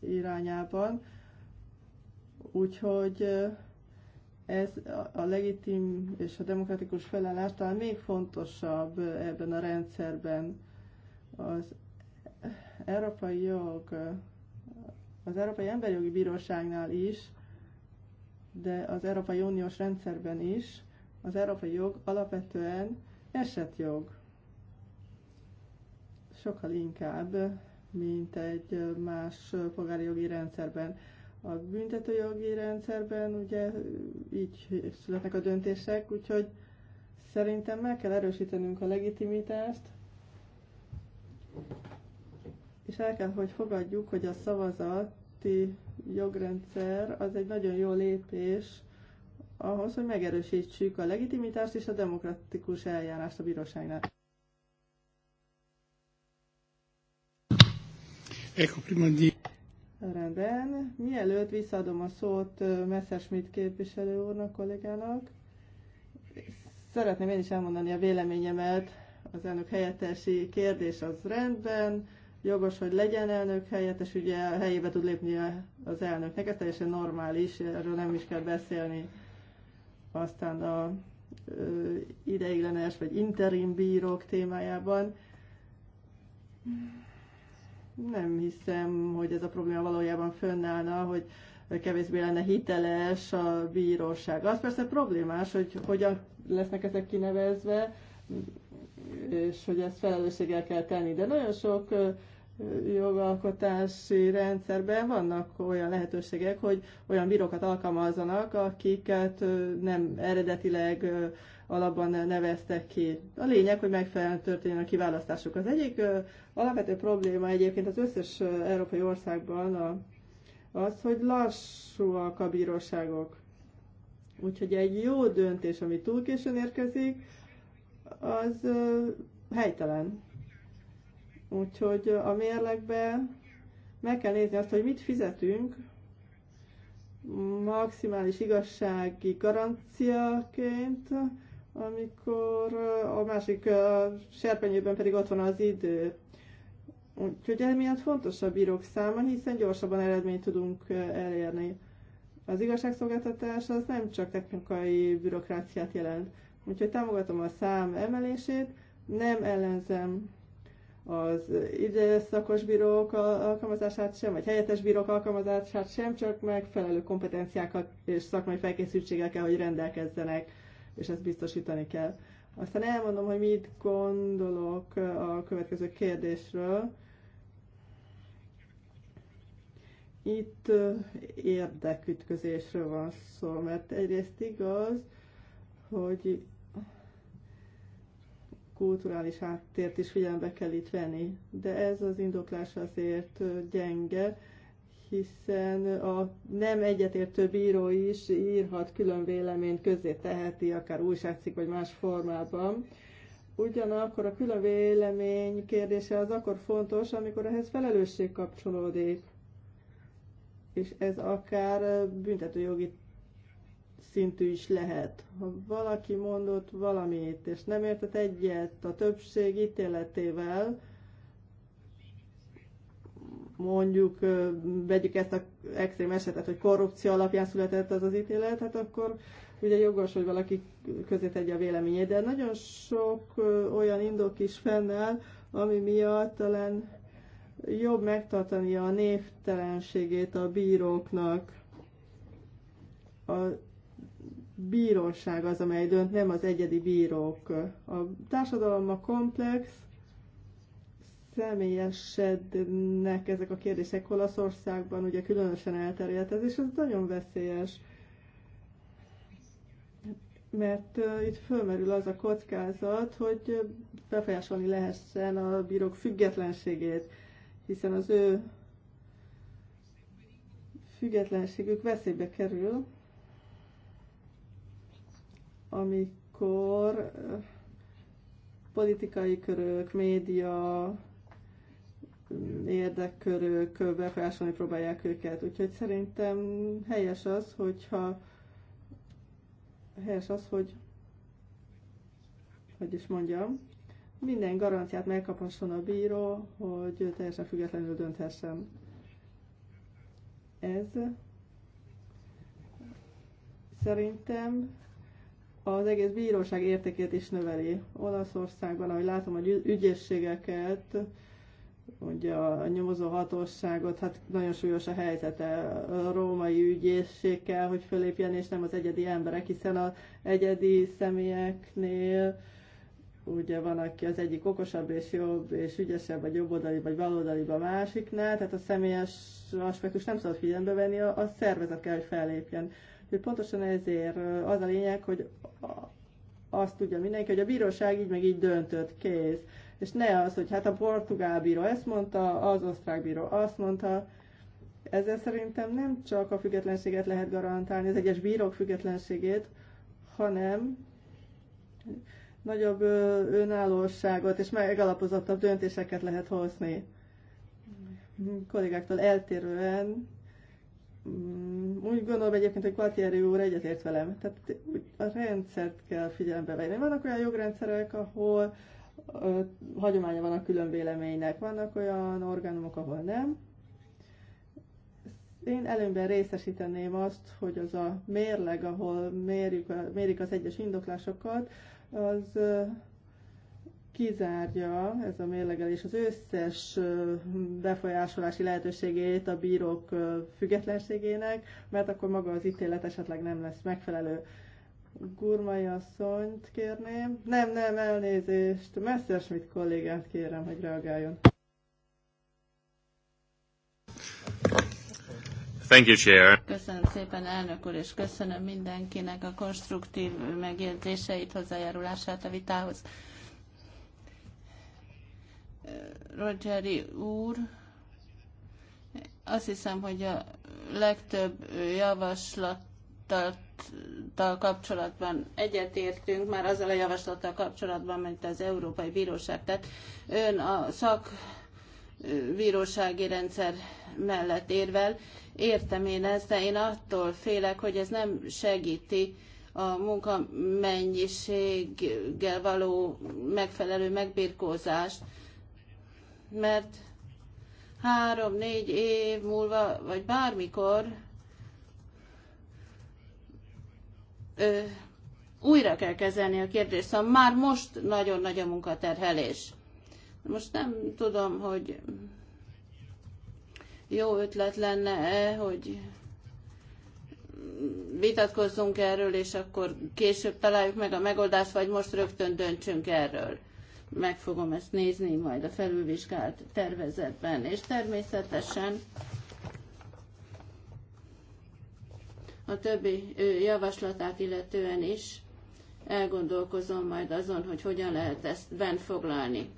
Speaker 3: irányában, Úgyhogy ez a legitim és a demokratikus felállás talán még fontosabb ebben a rendszerben. Az európai jog, az Európai Emberjogi Bíróságnál is, de az Európai Uniós rendszerben is, az európai jog alapvetően esetjog. Sokkal inkább, mint egy más polgári jogi rendszerben a büntetőjogi rendszerben, ugye így születnek a döntések, úgyhogy szerintem meg kell erősítenünk a legitimitást, és el kell, hogy fogadjuk, hogy a szavazati jogrendszer az egy nagyon jó lépés ahhoz, hogy megerősítsük a legitimitást és a demokratikus eljárást a bíróságnál. Ecco, prima di Rendben. Mielőtt visszaadom a szót Messerschmidt képviselő úrnak, kollégának, szeretném én is elmondani a véleményemet. Az elnök helyettesi kérdés az rendben, jogos, hogy legyen elnök helyettes, ugye helyébe tud lépni az elnöknek, ez teljesen normális, erről nem is kell beszélni. Aztán a ideiglenes vagy interim bírók témájában nem hiszem, hogy ez a probléma valójában fönnállna, hogy kevésbé lenne hiteles a bíróság. Az persze problémás, hogy hogyan lesznek ezek kinevezve, és hogy ezt felelősséggel kell tenni. De nagyon sok jogalkotási rendszerben vannak olyan lehetőségek, hogy olyan bírókat alkalmazzanak, akiket nem eredetileg alapban neveztek ki. A lényeg, hogy megfelelően történjen a kiválasztások. Az egyik alapvető probléma egyébként az összes európai országban a, az, hogy lassúak a bíróságok. Úgyhogy egy jó döntés, ami túl későn érkezik, az helytelen. Úgyhogy a mérlegben meg kell nézni azt, hogy mit fizetünk maximális igazsági garanciaként, amikor a másik serpenyőben pedig ott van az idő. Úgyhogy emiatt fontos a bírók száma, hiszen gyorsabban eredményt tudunk elérni. Az igazságszolgáltatás az nem csak technikai bürokráciát jelent. Úgyhogy támogatom a szám emelését, nem ellenzem az időszakos bírók alkalmazását sem, vagy helyettes bírók alkalmazását sem, csak megfelelő kompetenciákat és szakmai felkészültséggel kell, hogy rendelkezzenek és ezt biztosítani kell. Aztán elmondom, hogy mit gondolok a következő kérdésről. Itt érdekütközésről van szó, mert egyrészt igaz, hogy kulturális háttért is figyelembe kell itt venni, de ez az indoklás azért gyenge, hiszen a nem egyetértő bíró is írhat külön véleményt, közé teheti, akár újságcikk vagy más formában. Ugyanakkor a külön vélemény kérdése az akkor fontos, amikor ehhez felelősség kapcsolódik. És ez akár büntetőjogi szintű is lehet. Ha valaki mondott valamit, és nem értett egyet a többség ítéletével, mondjuk vegyük ezt a extrém esetet, hogy korrupció alapján született az az ítélet, hát akkor ugye jogos, hogy valaki közé tegye a véleményét, de nagyon sok olyan indok is fennáll, ami miatt talán jobb megtartani a névtelenségét a bíróknak. A bíróság az, amely dönt, nem az egyedi bírók. A társadalom a komplex, személyesednek ezek a kérdések Olaszországban, ugye különösen elterjedt ez, és ez nagyon veszélyes. Mert uh, itt fölmerül az a kockázat, hogy befolyásolni lehessen a bírók függetlenségét, hiszen az ő függetlenségük veszélybe kerül, amikor politikai körök, média, érdekkörök befolyásolni próbálják őket. Úgyhogy szerintem helyes az, hogyha helyes az, hogy hogy is mondjam, minden garanciát megkaphasson a bíró, hogy teljesen függetlenül dönthessen. Ez szerintem az egész bíróság értékét is növeli. Olaszországban, ahogy látom, a ügyészségeket ugye a nyomozó hatóságot, hát nagyon súlyos a helyzete, a római ügyészségkel, kell, hogy fölépjen, és nem az egyedi emberek, hiszen az egyedi személyeknél ugye van, aki az egyik okosabb és jobb és ügyesebb, vagy jobb oldali vagy bal oldali a másiknál, tehát a személyes aspektus nem szabad figyelembe venni, a, a szervezet kell, hogy fellépjen. Úgyhogy pontosan ezért az a lényeg, hogy azt tudja mindenki, hogy a bíróság így meg így döntött, kész és ne az, hogy hát a portugál bíró ezt mondta, az osztrák bíró azt mondta, ezzel szerintem nem csak a függetlenséget lehet garantálni, az egyes bírók függetlenségét, hanem nagyobb önállóságot és megalapozottabb döntéseket lehet hozni. Kollégáktól eltérően mm, úgy gondolom egyébként, hogy Quartieri úr egyetért velem. Tehát a rendszert kell figyelembe venni. Vannak olyan jogrendszerek, ahol hagyománya van a külön véleménynek. Vannak olyan orgánumok, ahol nem. Én előnben részesíteném azt, hogy az a mérleg, ahol mérjük, mérik az egyes indoklásokat, az kizárja ez a mérlegelés az összes befolyásolási lehetőségét a bírók függetlenségének, mert akkor maga az ítélet esetleg nem lesz megfelelő. Gurmai asszonyt kérném. Nem, nem, elnézést.
Speaker 2: Messerschmidt kollégát kérem, hogy reagáljon.
Speaker 1: Thank you, Chair.
Speaker 2: Köszönöm szépen, elnök úr, és köszönöm mindenkinek a konstruktív megjegyzéseit, hozzájárulását a vitához. Rogeri úr, azt hiszem, hogy a legtöbb javaslattal javaslattal kapcsolatban egyetértünk, már azzal a javaslattal kapcsolatban, mint az Európai Bíróság Tehát Ön a szakbírósági rendszer mellett érvel. Értem én ezt, de én attól félek, hogy ez nem segíti a munkamennyiséggel való megfelelő megbirkózást, mert három-négy év múlva, vagy bármikor ö, újra kell kezelni a kérdést, szóval már most nagyon nagy a munkaterhelés. Most nem tudom, hogy jó ötlet lenne -e, hogy vitatkozzunk erről, és akkor később találjuk meg a megoldást, vagy most rögtön döntsünk erről. Meg fogom ezt nézni majd a felülvizsgált tervezetben, és természetesen a többi javaslatát illetően is elgondolkozom majd azon, hogy hogyan lehet ezt bent foglalni.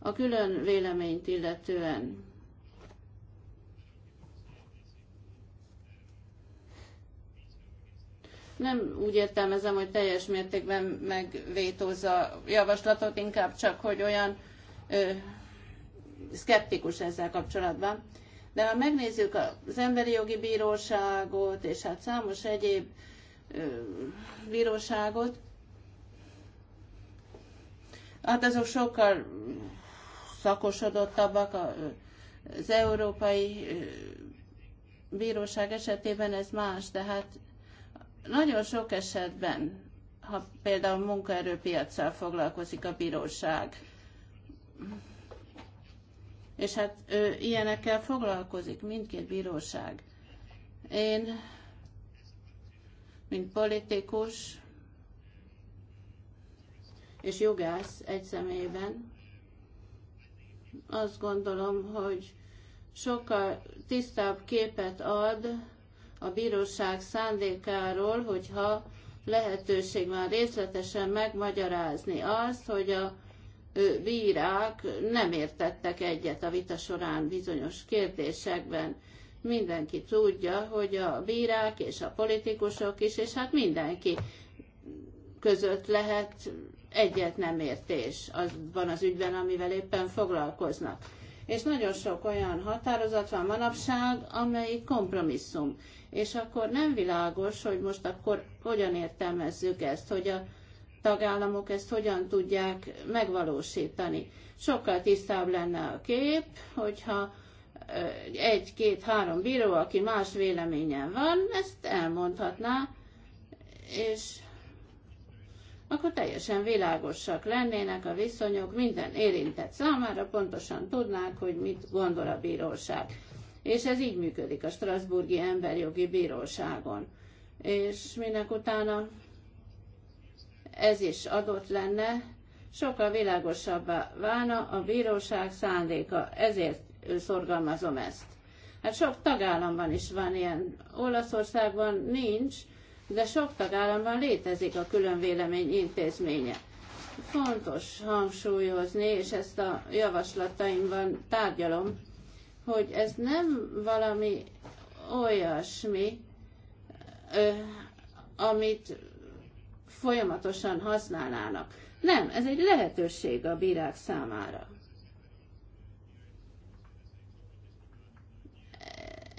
Speaker 2: A külön véleményt illetően nem úgy értelmezem, hogy teljes mértékben megvétózza a javaslatot, inkább csak, hogy olyan ö, szkeptikus ezzel kapcsolatban. De ha megnézzük az Emberi Jogi Bíróságot, és hát számos egyéb bíróságot, hát azok sokkal szakosodottabbak az európai bíróság esetében ez más, de hát nagyon sok esetben, ha például munkaerőpiacsal foglalkozik a bíróság, és hát ő ilyenekkel foglalkozik mindkét bíróság. Én, mint politikus és jogász egy személyben, azt gondolom, hogy sokkal tisztább képet ad a bíróság szándékáról, hogyha lehetőség van részletesen megmagyarázni azt, hogy a bírák nem értettek egyet a vita során bizonyos kérdésekben. Mindenki tudja, hogy a bírák és a politikusok is, és hát mindenki között lehet egyet nem értés az van az ügyben, amivel éppen foglalkoznak. És nagyon sok olyan határozat van manapság, amelyik kompromisszum. És akkor nem világos, hogy most akkor hogyan értelmezzük ezt, hogy a tagállamok ezt hogyan tudják megvalósítani. Sokkal tisztább lenne a kép, hogyha egy-két-három bíró, aki más véleményen van, ezt elmondhatná, és akkor teljesen világosak lennének a viszonyok, minden érintett számára pontosan tudnák, hogy mit gondol a bíróság. És ez így működik a Strasburgi Emberjogi Bíróságon. És minek utána ez is adott lenne, sokkal világosabbá válna a bíróság szándéka, ezért szorgalmazom ezt. Hát sok tagállamban is van ilyen, Olaszországban nincs, de sok tagállamban létezik a különvélemény intézménye. Fontos hangsúlyozni, és ezt a javaslataimban tárgyalom, hogy ez nem valami olyasmi, ö, amit folyamatosan használnának. Nem, ez egy lehetőség a bírák számára.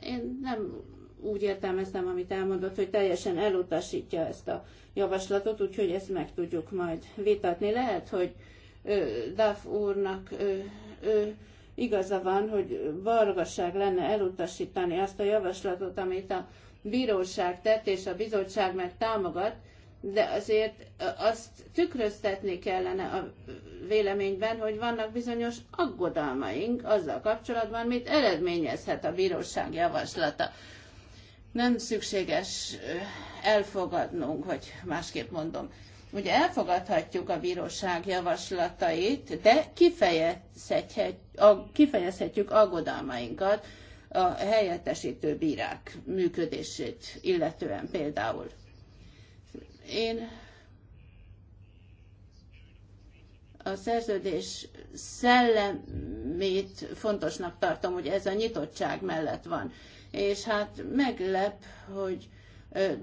Speaker 2: Én nem úgy értelmeztem, amit elmondott, hogy teljesen elutasítja ezt a javaslatot, úgyhogy ezt meg tudjuk majd vitatni. Lehet, hogy Duff úrnak ö, ö, igaza van, hogy balgasság lenne elutasítani azt a javaslatot, amit a bíróság tett és a bizottság meg támogat, de azért azt tükröztetni kellene a véleményben, hogy vannak bizonyos aggodalmaink azzal kapcsolatban, mit eredményezhet a bíróság javaslata. Nem szükséges elfogadnunk, hogy másképp mondom, Ugye elfogadhatjuk a bíróság javaslatait, de kifejezhetjük, kifejezhetjük aggodalmainkat a helyettesítő bírák működését illetően például. Én a szerződés szellemét fontosnak tartom, hogy ez a nyitottság mellett van. És hát meglep, hogy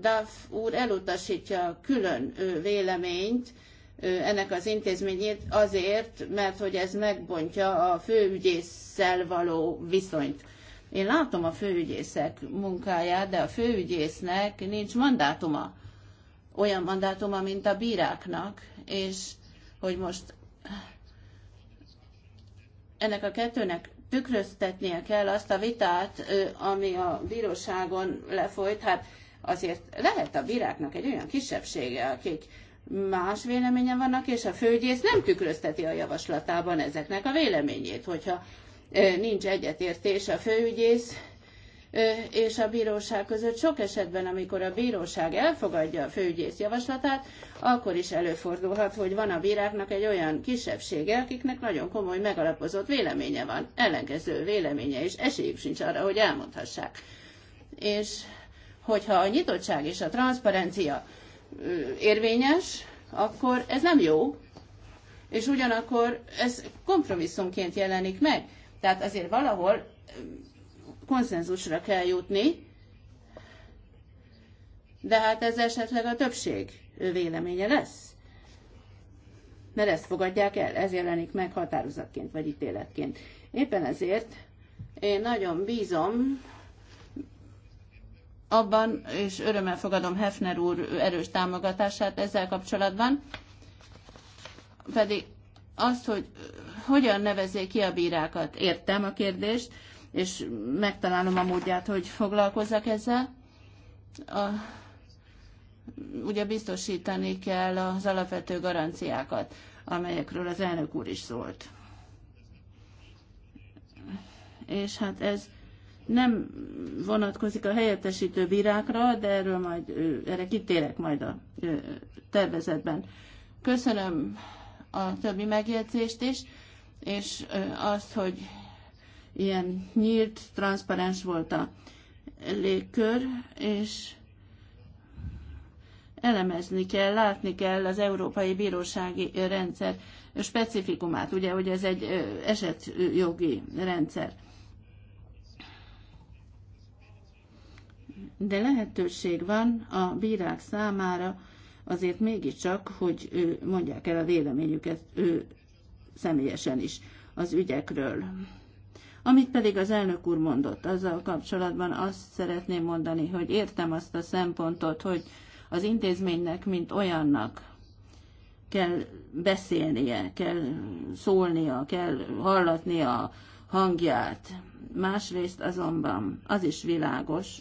Speaker 2: Duff úr elutasítja a külön véleményt ennek az intézményét azért, mert hogy ez megbontja a főügyészszel való viszonyt. Én látom a főügyészek munkáját, de a főügyésznek nincs mandátuma olyan mandátuma, mint a bíráknak, és hogy most ennek a kettőnek tükröztetnie kell azt a vitát, ami a bíróságon lefolyt. Hát azért lehet a bíráknak egy olyan kisebbsége, akik más véleményen vannak, és a főgyész nem tükrözteti a javaslatában ezeknek a véleményét, hogyha nincs egyetértés a főügyész és a bíróság között sok esetben, amikor a bíróság elfogadja a főügyész javaslatát, akkor is előfordulhat, hogy van a bíráknak egy olyan kisebbsége, akiknek nagyon komoly megalapozott véleménye van, ellenkező véleménye, és esélyük sincs arra, hogy elmondhassák. És hogyha a nyitottság és a transzparencia érvényes, akkor ez nem jó, és ugyanakkor ez kompromisszumként jelenik meg. Tehát azért valahol konszenzusra kell jutni, de hát ez esetleg a többség véleménye lesz. Mert ezt fogadják el, ez jelenik meg határozatként vagy ítéletként. Éppen ezért én nagyon bízom abban, és örömmel fogadom Hefner úr erős támogatását ezzel kapcsolatban, pedig azt, hogy hogyan nevezzék ki a bírákat. Értem a kérdést, és megtalálom a módját, hogy foglalkozzak ezzel. A, ugye biztosítani kell az alapvető garanciákat, amelyekről az elnök úr is szólt. És hát ez nem vonatkozik a helyettesítő bírákra, de erről majd, erre kitérek majd a tervezetben. Köszönöm a többi megjegyzést is, és azt, hogy ilyen nyílt, transzparens volt a légkör, és elemezni kell, látni kell az Európai Bírósági Rendszer specifikumát, ugye, hogy ez egy esetjogi rendszer. De lehetőség van a bírák számára azért mégiscsak, hogy mondják el a véleményüket ő személyesen is az ügyekről. Amit pedig az elnök úr mondott, azzal kapcsolatban azt szeretném mondani, hogy értem azt a szempontot, hogy az intézménynek, mint olyannak kell beszélnie, kell szólnia, kell hallatnia a hangját. Másrészt azonban az is világos,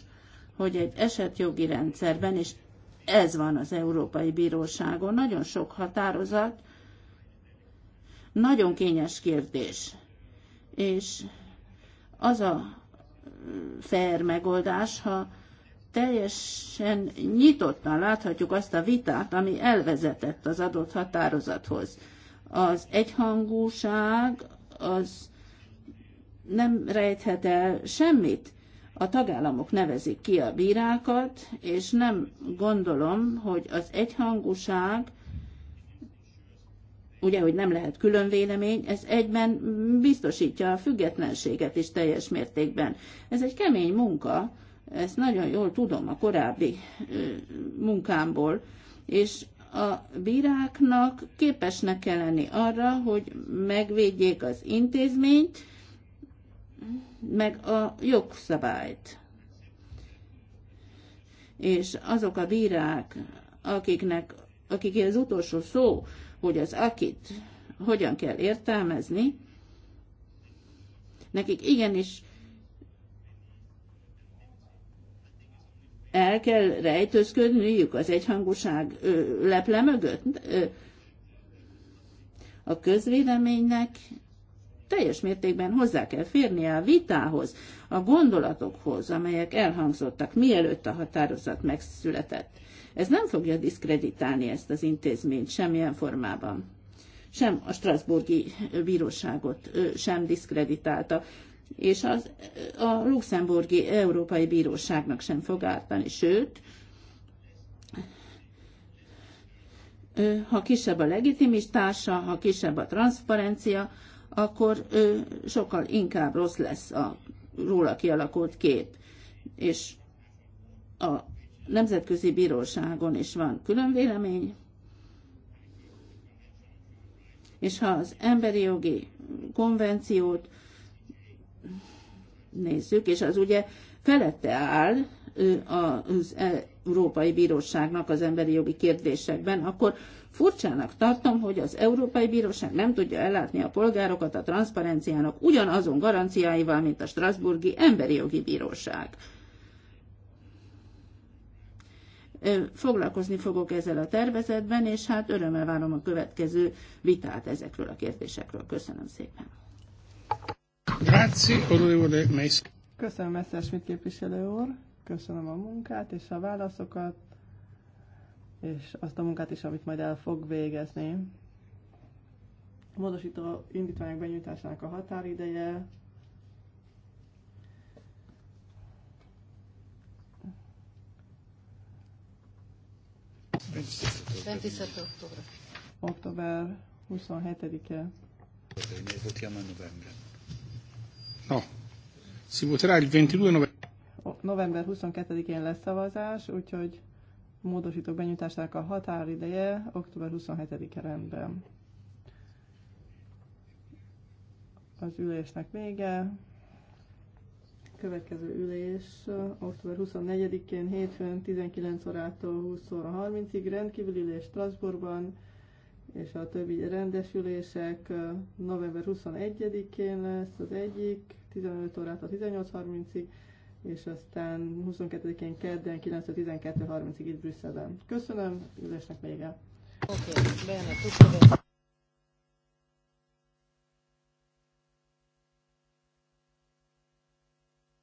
Speaker 2: hogy egy esetjogi rendszerben, és ez van az Európai Bíróságon, nagyon sok határozat, nagyon kényes kérdés, és az a fair megoldás, ha teljesen nyitottan láthatjuk azt a vitát, ami elvezetett az adott határozathoz. Az egyhangúság az nem rejthet el semmit. A tagállamok nevezik ki a bírákat, és nem gondolom, hogy az egyhangúság ugye, hogy nem lehet külön vélemény, ez egyben biztosítja a függetlenséget is teljes mértékben. Ez egy kemény munka, ezt nagyon jól tudom a korábbi munkámból, és a bíráknak képesnek kell lenni arra, hogy megvédjék az intézményt, meg a jogszabályt. És azok a bírák, akiknek, akik az utolsó szó hogy az akit hogyan kell értelmezni, nekik igenis el kell rejtőzködniük az egyhangúság leple mögött. A közvéleménynek teljes mértékben hozzá kell férnie a vitához, a gondolatokhoz, amelyek elhangzottak, mielőtt a határozat megszületett. Ez nem fogja diszkreditálni ezt az intézményt semmilyen formában. Sem a Strasburgi bíróságot sem diszkreditálta, és az, a luxemburgi Európai Bíróságnak sem fog ártani, sőt, ha kisebb a legitimistása, ha kisebb a transzparencia, akkor sokkal inkább rossz lesz a róla kialakult kép. És a nemzetközi bíróságon is van külön vélemény, és ha az emberi jogi konvenciót nézzük, és az ugye felette áll az Európai Bíróságnak az emberi jogi kérdésekben, akkor furcsának tartom, hogy az Európai Bíróság nem tudja ellátni a polgárokat a transzparenciának ugyanazon garanciáival, mint a Strasburgi Emberi Jogi Bíróság. Foglalkozni fogok ezzel a tervezetben, és hát örömmel várom a következő vitát ezekről a kérdésekről. Köszönöm szépen.
Speaker 1: Köszönöm, onorevole Meisz.
Speaker 3: Köszönöm, képviselő úr. Köszönöm a munkát és a válaszokat, és azt a munkát is, amit majd el fog végezni. A módosító indítványok benyújtásának a határideje
Speaker 2: 27
Speaker 3: október. Október 27-e.
Speaker 1: a No. Si voterà il 22 novembre.
Speaker 3: November 22-én lesz szavazás, úgyhogy módosítók benyújtásának a határideje október 27-e rendben. Az ülésnek vége. Következő ülés október 24-én hétfőn 19 órától 20 óra 30-ig rendkívüli ülés Strasbourgban, és a többi rendes ülések november 21-én lesz az egyik, 15 órától 18.30-ig, és aztán 22-én kedden 9-12.30-ig itt Brüsszelben. Köszönöm, ülésnek vége! Okay,